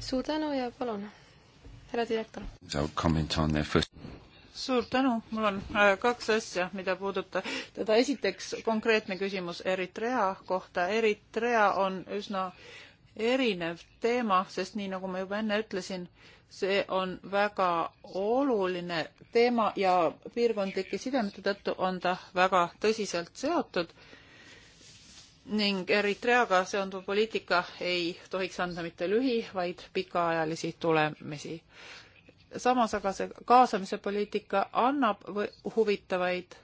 suur tänu ja palun, härra direktor. suur tänu, mul on äh, kaks asja, mida puudutada. esiteks konkreetne küsimus Eritrea kohta. Eritrea on üsna äh, erinev teema, sest nii nagu ma juba enne ütlesin, see on väga oluline teema ja piirkondlike sidemete tõttu on ta väga tõsiselt seotud ning Eritreaga seonduv poliitika ei tohiks anda mitte lühi, vaid pikaajalisi tulemisi. samas aga see kaasamise poliitika annab huvitavaid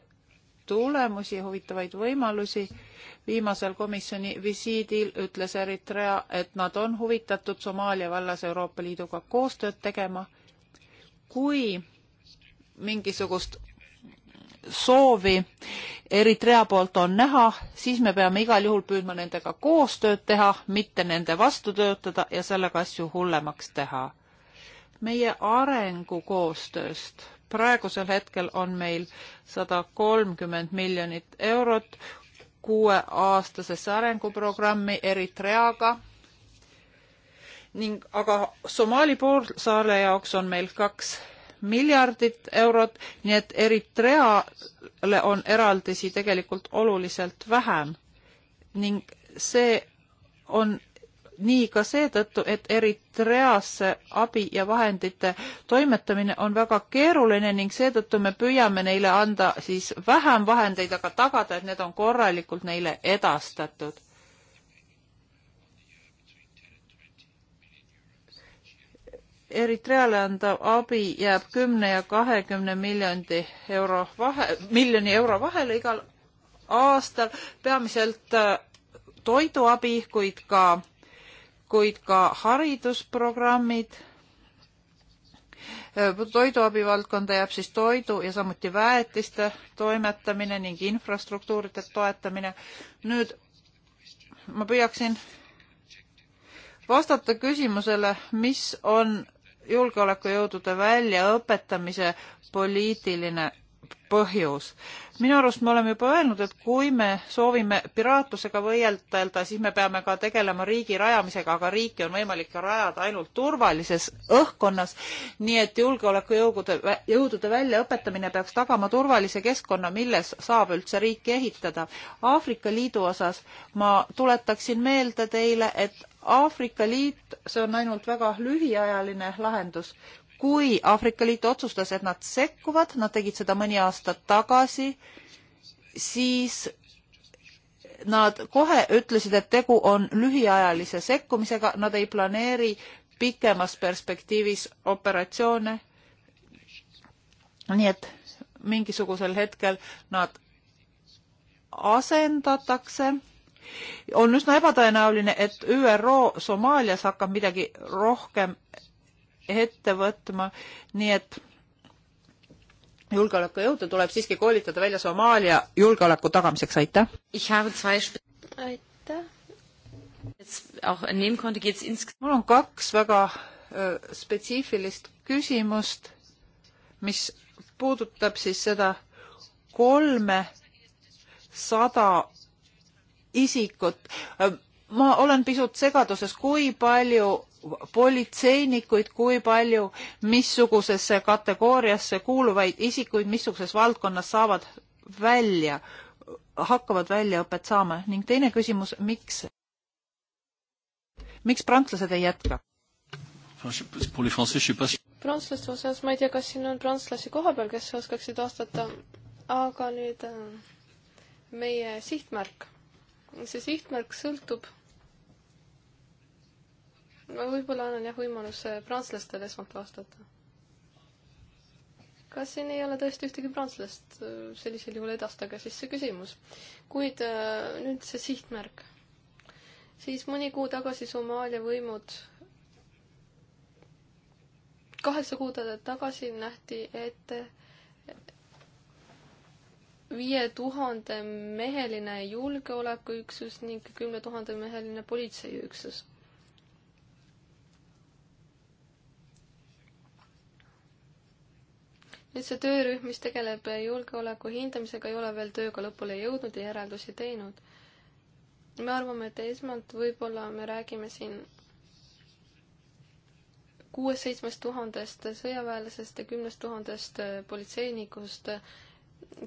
tulemusi ja huvitavaid võimalusi. viimasel komisjoni visiidil ütles Eritrea, et nad on huvitatud Somaalia vallas Euroopa Liiduga koostööd tegema. kui mingisugust soovi Eritrea poolt on näha, siis me peame igal juhul püüdma nendega koostööd teha, mitte nende vastu töötada ja sellega asju hullemaks teha. meie arengukoostööst praegusel hetkel on meil sada kolmkümmend miljonit eurot kuueaastasesse arenguprogrammi Eritreaga ning aga Somaali poolsaare jaoks on meil kaks miljardit eurot, nii et Eritreale on eraldisi tegelikult oluliselt vähem ning see on nii ka seetõttu, et Eritreasse abi ja vahendite toimetamine on väga keeruline ning seetõttu me püüame neile anda siis vähem vahendeid, aga tagada, et need on korralikult neile edastatud. Eritreale andav abi jääb kümne ja kahekümne miljoni euro vahe, miljoni euro vahele igal aastal, peamiselt äh, toiduabi, kuid ka kuid ka haridusprogrammid. toiduabi valdkonda jääb siis toidu ja samuti väetiste toimetamine ning infrastruktuuride toetamine. nüüd ma püüaksin vastata küsimusele, mis on julgeolekujõudude väljaõpetamise poliitiline põhjus minu arust me oleme juba öelnud, et kui me soovime piraatlusega võidelda, siis me peame ka tegelema riigi rajamisega, aga riiki on võimalik rajada ainult turvalises õhkkonnas. nii et julgeolekujõugude, jõudude väljaõpetamine peaks tagama turvalise keskkonna, milles saab üldse riiki ehitada. Aafrika Liidu osas ma tuletaksin meelde teile, et Aafrika Liit, see on ainult väga lühiajaline lahendus kui Aafrika Liit otsustas, et nad sekkuvad, nad tegid seda mõni aasta tagasi, siis nad kohe ütlesid, et tegu on lühiajalise sekkumisega, nad ei planeeri pikemas perspektiivis operatsioone. nii et mingisugusel hetkel nad asendatakse. on üsna ebatõenäoline, et ÜRO Somaalias hakkab midagi rohkem ette võtma, nii et julgeolekujõudu tuleb siiski koolitada välja Somaalia julgeoleku tagamiseks, aitäh! aitäh! mul on kaks väga spetsiifilist küsimust, mis puudutab siis seda kolmesada isikut. ma olen pisut segaduses, kui palju politseinikuid, kui palju, missugusesse kategooriasse kuuluvaid isikuid, missuguses valdkonnas saavad välja, hakkavad väljaõpet saama ning teine küsimus, miks, miks prantslased ei jätka? prantslaste osas ma ei tea, kas siin on prantslasi kohapeal, kes oskaksid vastata, aga nüüd äh, meie sihtmärk. see sihtmärk sõltub võib-olla annan jah võimaluse äh, prantslastele esmalt vastata. kas siin ei ole tõesti ühtegi prantslast, äh, sellisel juhul edastage siis see küsimus. kuid äh, nüüd see sihtmärk. siis mõni kuu tagasi Somaalia võimud kaheksa kuud tagasi nähti ette viie tuhande meheline julgeolekuüksus ning kümne tuhande meheline politseiüksus nüüd see töörühm, mis tegeleb julgeoleku hindamisega, ei ole veel tööga lõpule jõudnud ja järeldusi teinud. me arvame, et esmalt võib-olla me räägime siin kuuest-seitsmest tuhandest sõjaväelasest ja kümnest tuhandest äh, politseinikust,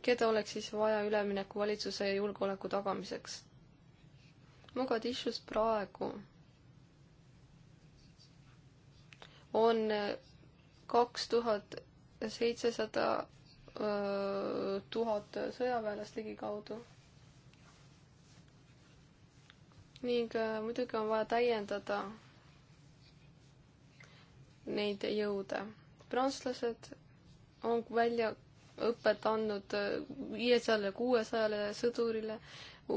keda oleks siis vaja üleminekuvalitsuse julgeoleku tagamiseks. Mogadishus praegu on äh, kaks tuhat seitsesada tuhat sõjaväelast ligikaudu. ning muidugi on vaja täiendada neid jõude. prantslased on välja õpet andnud viiesajale, kuuesajale sõdurile,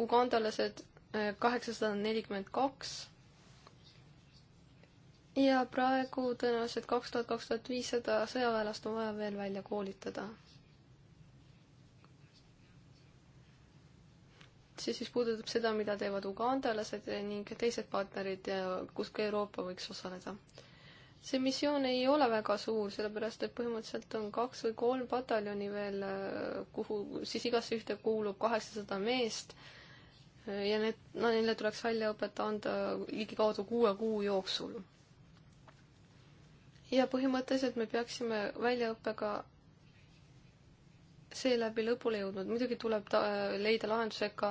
ugandalased kaheksasada nelikümmend kaks ja praegu tõenäoliselt kaks tuhat, kaks tuhat viissada sõjaväelast on vaja veel välja koolitada. see siis puudutab seda, mida teevad ugandalased ning teised partnerid, kus ka Euroopa võiks osaleda. see missioon ei ole väga suur, sellepärast et põhimõtteliselt on kaks või kolm pataljoni veel, kuhu siis igasse ühte kuulub kaheksasada meest ja need no,, neile tuleks väljaõpet anda ligikaudu kuue kuu jooksul ja põhimõtteliselt me peaksime väljaõppega seeläbi lõpule jõudnud, muidugi tuleb ta, äh, leida lahendused ka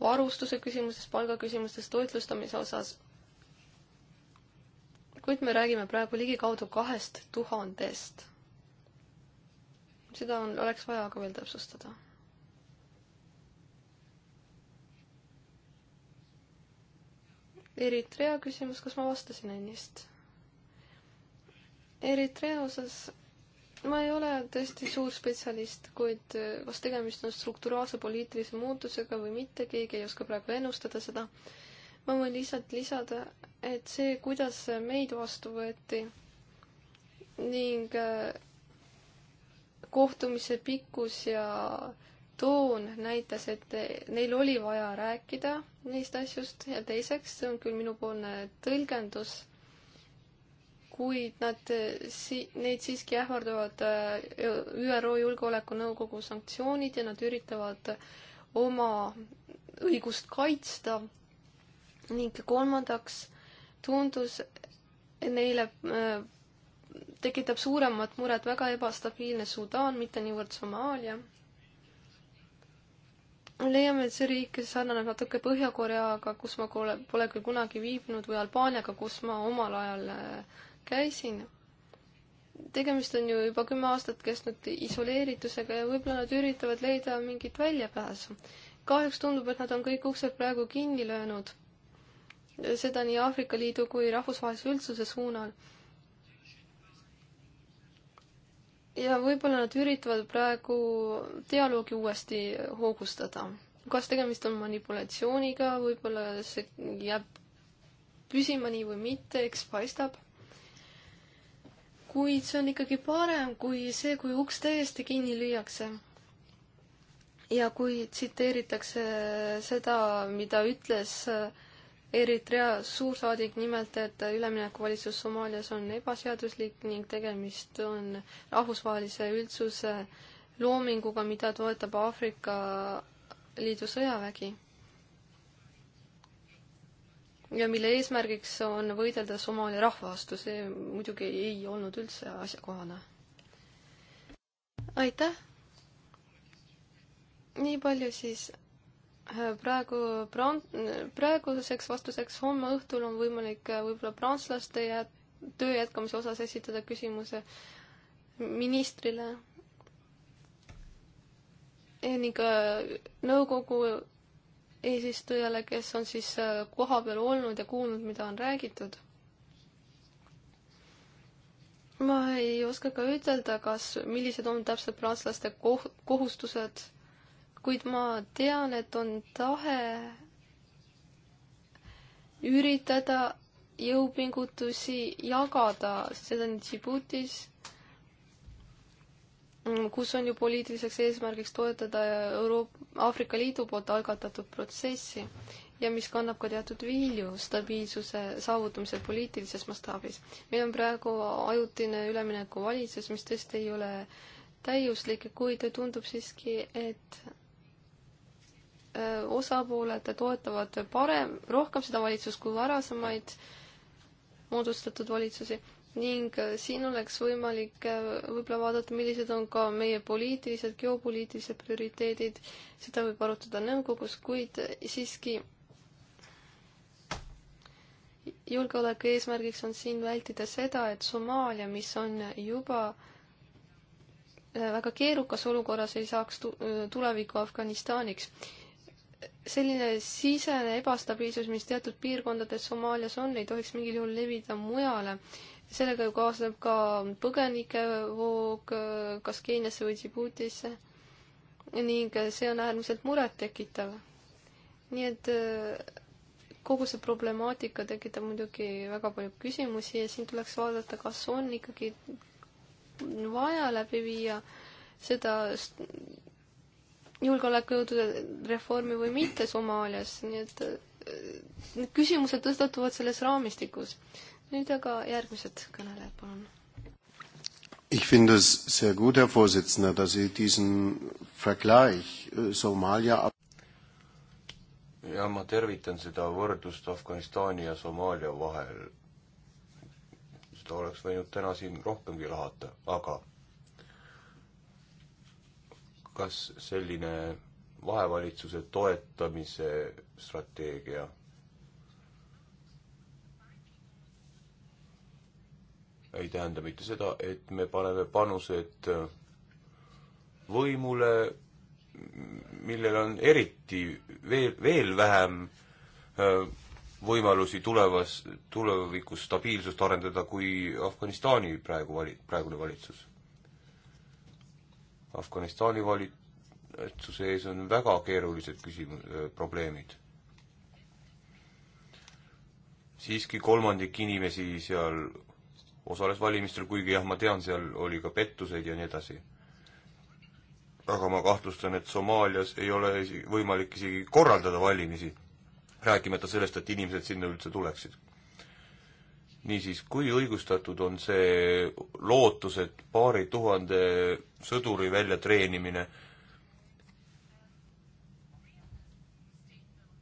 varustuse küsimustes, palgaküsimustes, toitlustamise osas. kuid me räägime praegu ligikaudu kahest tuhandest. seda on, oleks vaja ka veel täpsustada. Eritrea küsimus, kas ma vastasin ennist? Eritrea osas ma ei ole tõesti suur spetsialist, kuid eh, kas tegemist on strukturaalse poliitilise muutusega või mitte, keegi ei oska praegu ennustada seda. ma võin lihtsalt lisada, et see, kuidas meid vastu võeti ning eh, kohtumise pikkus ja toon näitas, et neil oli vaja rääkida neist asjust ja teiseks, see on küll minupoolne tõlgendus kuid nad eh, si-, neid siiski ähvardavad eh, ÜRO Julgeolekunõukogu sanktsioonid ja nad üritavad oma õigust kaitsta. ning kolmandaks tundus neile äh, tekitab suuremat muret väga ebastabiilne Sudaan, mitte niivõrd Somaalia. leiame, et see riik sarnaneb natuke Põhja-Koreaga, kus ma pole, pole küll kunagi viibinud, või Albaaniaga, kus ma omal ajal äh, käisin. tegemist on ju juba kümme aastat kestnud isoleeritusega ja võib-olla nad üritavad leida mingit väljapääsu. kahjuks tundub, et nad on kõik uksed praegu kinni löönud. seda nii Aafrika Liidu kui rahvusvahelise üldsuse suunal. ja võib-olla nad üritavad praegu dialoogi uuesti hoogustada. kas tegemist on manipulatsiooniga, võib-olla see jääb püsima nii või mitte, eks paistab kuid see on ikkagi parem kui see, kui uks täiesti kinni lüüakse. ja kui tsiteeritakse seda, mida ütles äh, Eritrea suursaadik nimelt, et üleminekuvalitsus Somaalias on ebaseaduslik ning tegemist on rahvusvahelise üldsuse loominguga, mida toetab Aafrika Liidu sõjavägi ja mille eesmärgiks on võidelda Somaalia rahva vastu, see muidugi ei olnud üldse asjakohane. aitäh! nii palju siis äh, praegu pran-, praeguseks vastuseks, homme õhtul on võimalik äh, võib-olla prantslaste ja töö jätkamise osas esitada küsimuse ministrile ning nõukogu eesistujale, kes on siis äh, kohapeal olnud ja kuulnud, mida on räägitud. ma ei oska ka ütelda, kas, millised on täpselt prantslaste koh-, kohustused, kuid ma tean, et on tahe üritada jõupingutusi jagada, seda nii Djiboutis Mm, kus on ju poliitiliseks eesmärgiks toetada Euroop-, Aafrika Liidu poolt algatatud protsessi ja mis kannab ka teatud vilju stabiilsuse saavutamisel poliitilises mastaabis. meil on praegu ajutine üleminekuvalitsus, mis tõesti ei ole täiuslik, kuid tundub siiski, et osapooled toetavad parem, rohkem seda valitsust kui varasemaid moodustatud valitsusi ning äh, siin oleks võimalik äh, võib-olla vaadata, millised on ka meie poliitilised, geopoliitilised prioriteedid, seda võib arutada nõukogus, kuid siiski julgeoleku eesmärgiks on siin vältida seda, et Somaalia, mis on juba äh, väga keerukas olukorras, ei saaks tuleviku Afganistaniks selline sisene ebastabiilsus, mis teatud piirkondades Somaalias on, ei tohiks mingil juhul levida mujale sellega kaasneb ka põgenikevoog äh, kas Keeniasse või Djiboutisse ning äh, see on äärmiselt murettekitav. nii et äh, kogu see problemaatika tekitab muidugi väga palju küsimusi ja siin tuleks vaadata, kas on ikkagi vaja läbi viia seda julgeolekujõudude reformi või mitte Somaalias, nii et need küsimused tõstatuvad selles raamistikus nüüd aga järgmised kõnelejad, palun. Ich finde es sehr gut, Herr Vorsitzender, dass Sie diesen Vergleich äh, Somalia ja ma tervitan seda võrdlust Afganistani ja Somaalia vahel. seda oleks võinud täna siin rohkemgi lahata, aga kas selline vahevalitsuse toetamise strateegia ei tähenda mitte seda, et me paneme panused võimule, millel on eriti veel, veel vähem äh, võimalusi tulevas, tulevikus stabiilsust arendada kui Afganistani praegu vali-, praegune valitsus. Afganistani valitsuse ees on väga keerulised küsimus, äh, probleemid siiski kolmandik inimesi seal osales valimistel, kuigi jah, ma tean, seal oli ka pettuseid ja nii edasi. aga ma kahtlustan, et Somaalias ei ole isi-, võimalik isegi korraldada valimisi, rääkimata sellest, et inimesed sinna üldse tuleksid. niisiis, kui õigustatud on see lootus, et paari tuhande sõduri väljatreenimine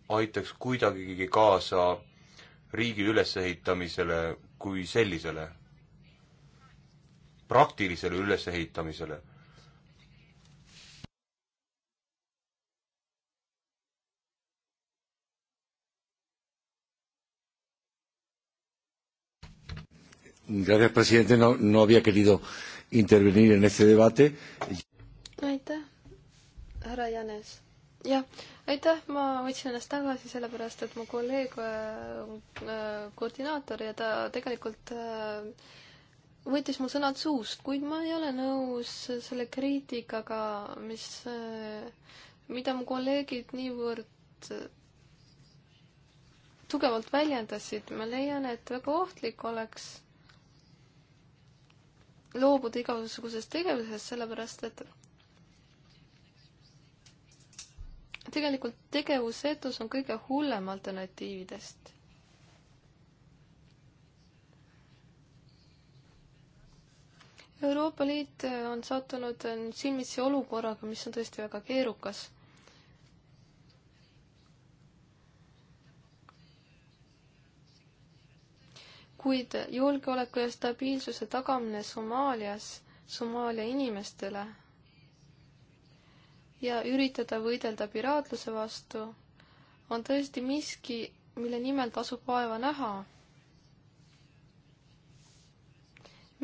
aitaks kuidagigi kaasa riigi ülesehitamisele kui sellisele praktilisele ülesehitamisele. Gracias, presidente. No, no había querido intervenir en este debate. aitäh, härra Janes. jah, aitäh, ma võtsin ennast tagasi sellepärast, et mu kolleeg on äh, koordinaator ja ta tegelikult äh, võttis mu sõnad suust, kuid ma ei ole nõus selle kriitikaga, mis, mida mu kolleegid niivõrd tugevalt väljendasid, ma leian, et väga ohtlik oleks loobuda igasugusest tegevusest, sellepärast et tegelikult tegevusetus on kõige hullem alternatiividest Euroopa Liit on sattunud silmitsi olukorraga, mis on tõesti väga keerukas. kuid julgeoleku ja stabiilsuse tagamine Somaalias, Somaalia inimestele ja üritada võidelda piraatluse vastu on tõesti miski, mille nimel tasub vaeva näha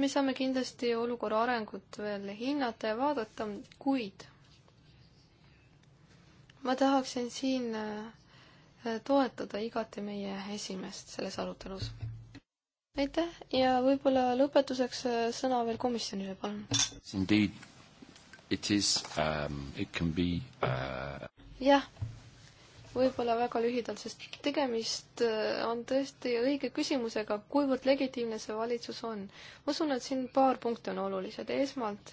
me saame kindlasti olukorra arengut veel hinnata ja vaadata, kuid ma tahaksin siin äh, toetada igati meie esimeest selles arutelus. aitäh ja võib-olla lõpetuseks äh, sõna veel komisjonile, palun. Indeed, it is um,, it can be uh.... jah yeah võib-olla väga lühidalt, sest tegemist äh, on tõesti õige küsimusega, kuivõrd legitiimne see valitsus on. ma usun, et siin paar punkti on olulised. esmalt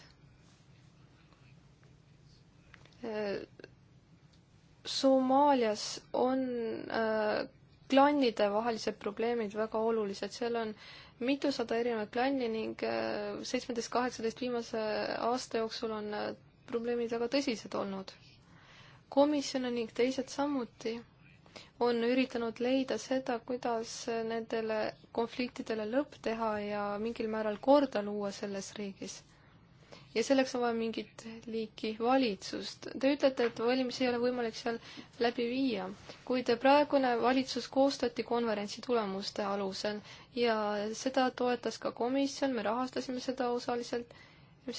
äh, Somaalias on äh, klannide vahelised probleemid väga olulised, seal on mitusada erinevat klanni ning seitsmeteist, kaheksateist viimase aasta jooksul on probleemid väga tõsised olnud komisjon ning teised samuti on üritanud leida seda, kuidas nendele konfliktidele lõpp teha ja mingil määral korda luua selles riigis. ja selleks on vaja mingit liiki valitsust. Te ütlete, et valimisi ei ole võimalik seal läbi viia, kuid praegune valitsus koostati konverentsi tulemuste alusel ja seda toetas ka komisjon, me rahastasime seda osaliselt,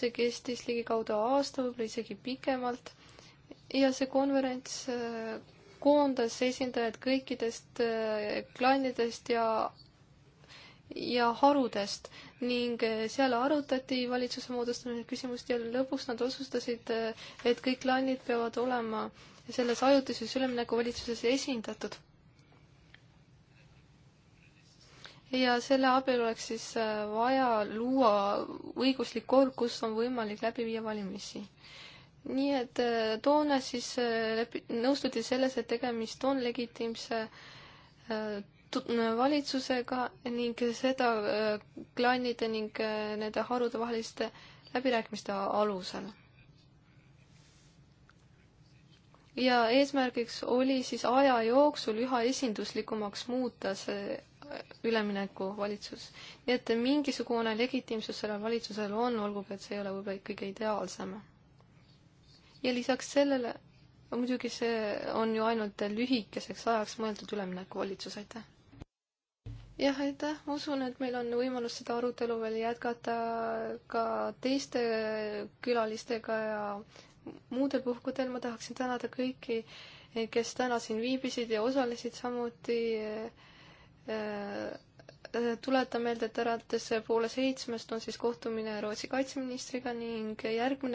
see kestis ligikaudu aasta, võib-olla isegi pikemalt ja see konverents äh, koondas esindajad kõikidest äh, klannidest ja ja harudest ning äh, seal arutati valitsuse moodustamise küsimust ja lõpuks nad otsustasid, et kõik klannid peavad olema selles ajutises üleminekuvalitsuses esindatud. ja selle abil oleks siis vaja luua õiguslik kord, kus on võimalik läbi viia valimisi nii et äh, toona siis äh, lepi-, nõustuti selles, et tegemist on legitiimse äh, valitsusega ning seda klannide ning nende harude vaheliste läbirääkimiste alusel. ja eesmärgiks oli siis aja jooksul üha esinduslikumaks muuta see üleminekuvalitsus. nii et mingisugune legitiimsus sellel valitsusel on, olgugi et see ei ole võib-olla kõige ideaalsem ja lisaks sellele muidugi see on ju ainult lühikeseks ajaks mõeldud üleminekuvalitsus, aitäh. jah, aitäh, ma usun, et meil on võimalus seda arutelu veel jätkata ka teiste külalistega ja muudel puhkudel ma tahaksin tänada kõiki, kes täna siin viibisid ja osalesid, samuti äh, tuletan meelde, et ärates poole seitsmest on siis kohtumine Rootsi kaitseministriga ning järgmine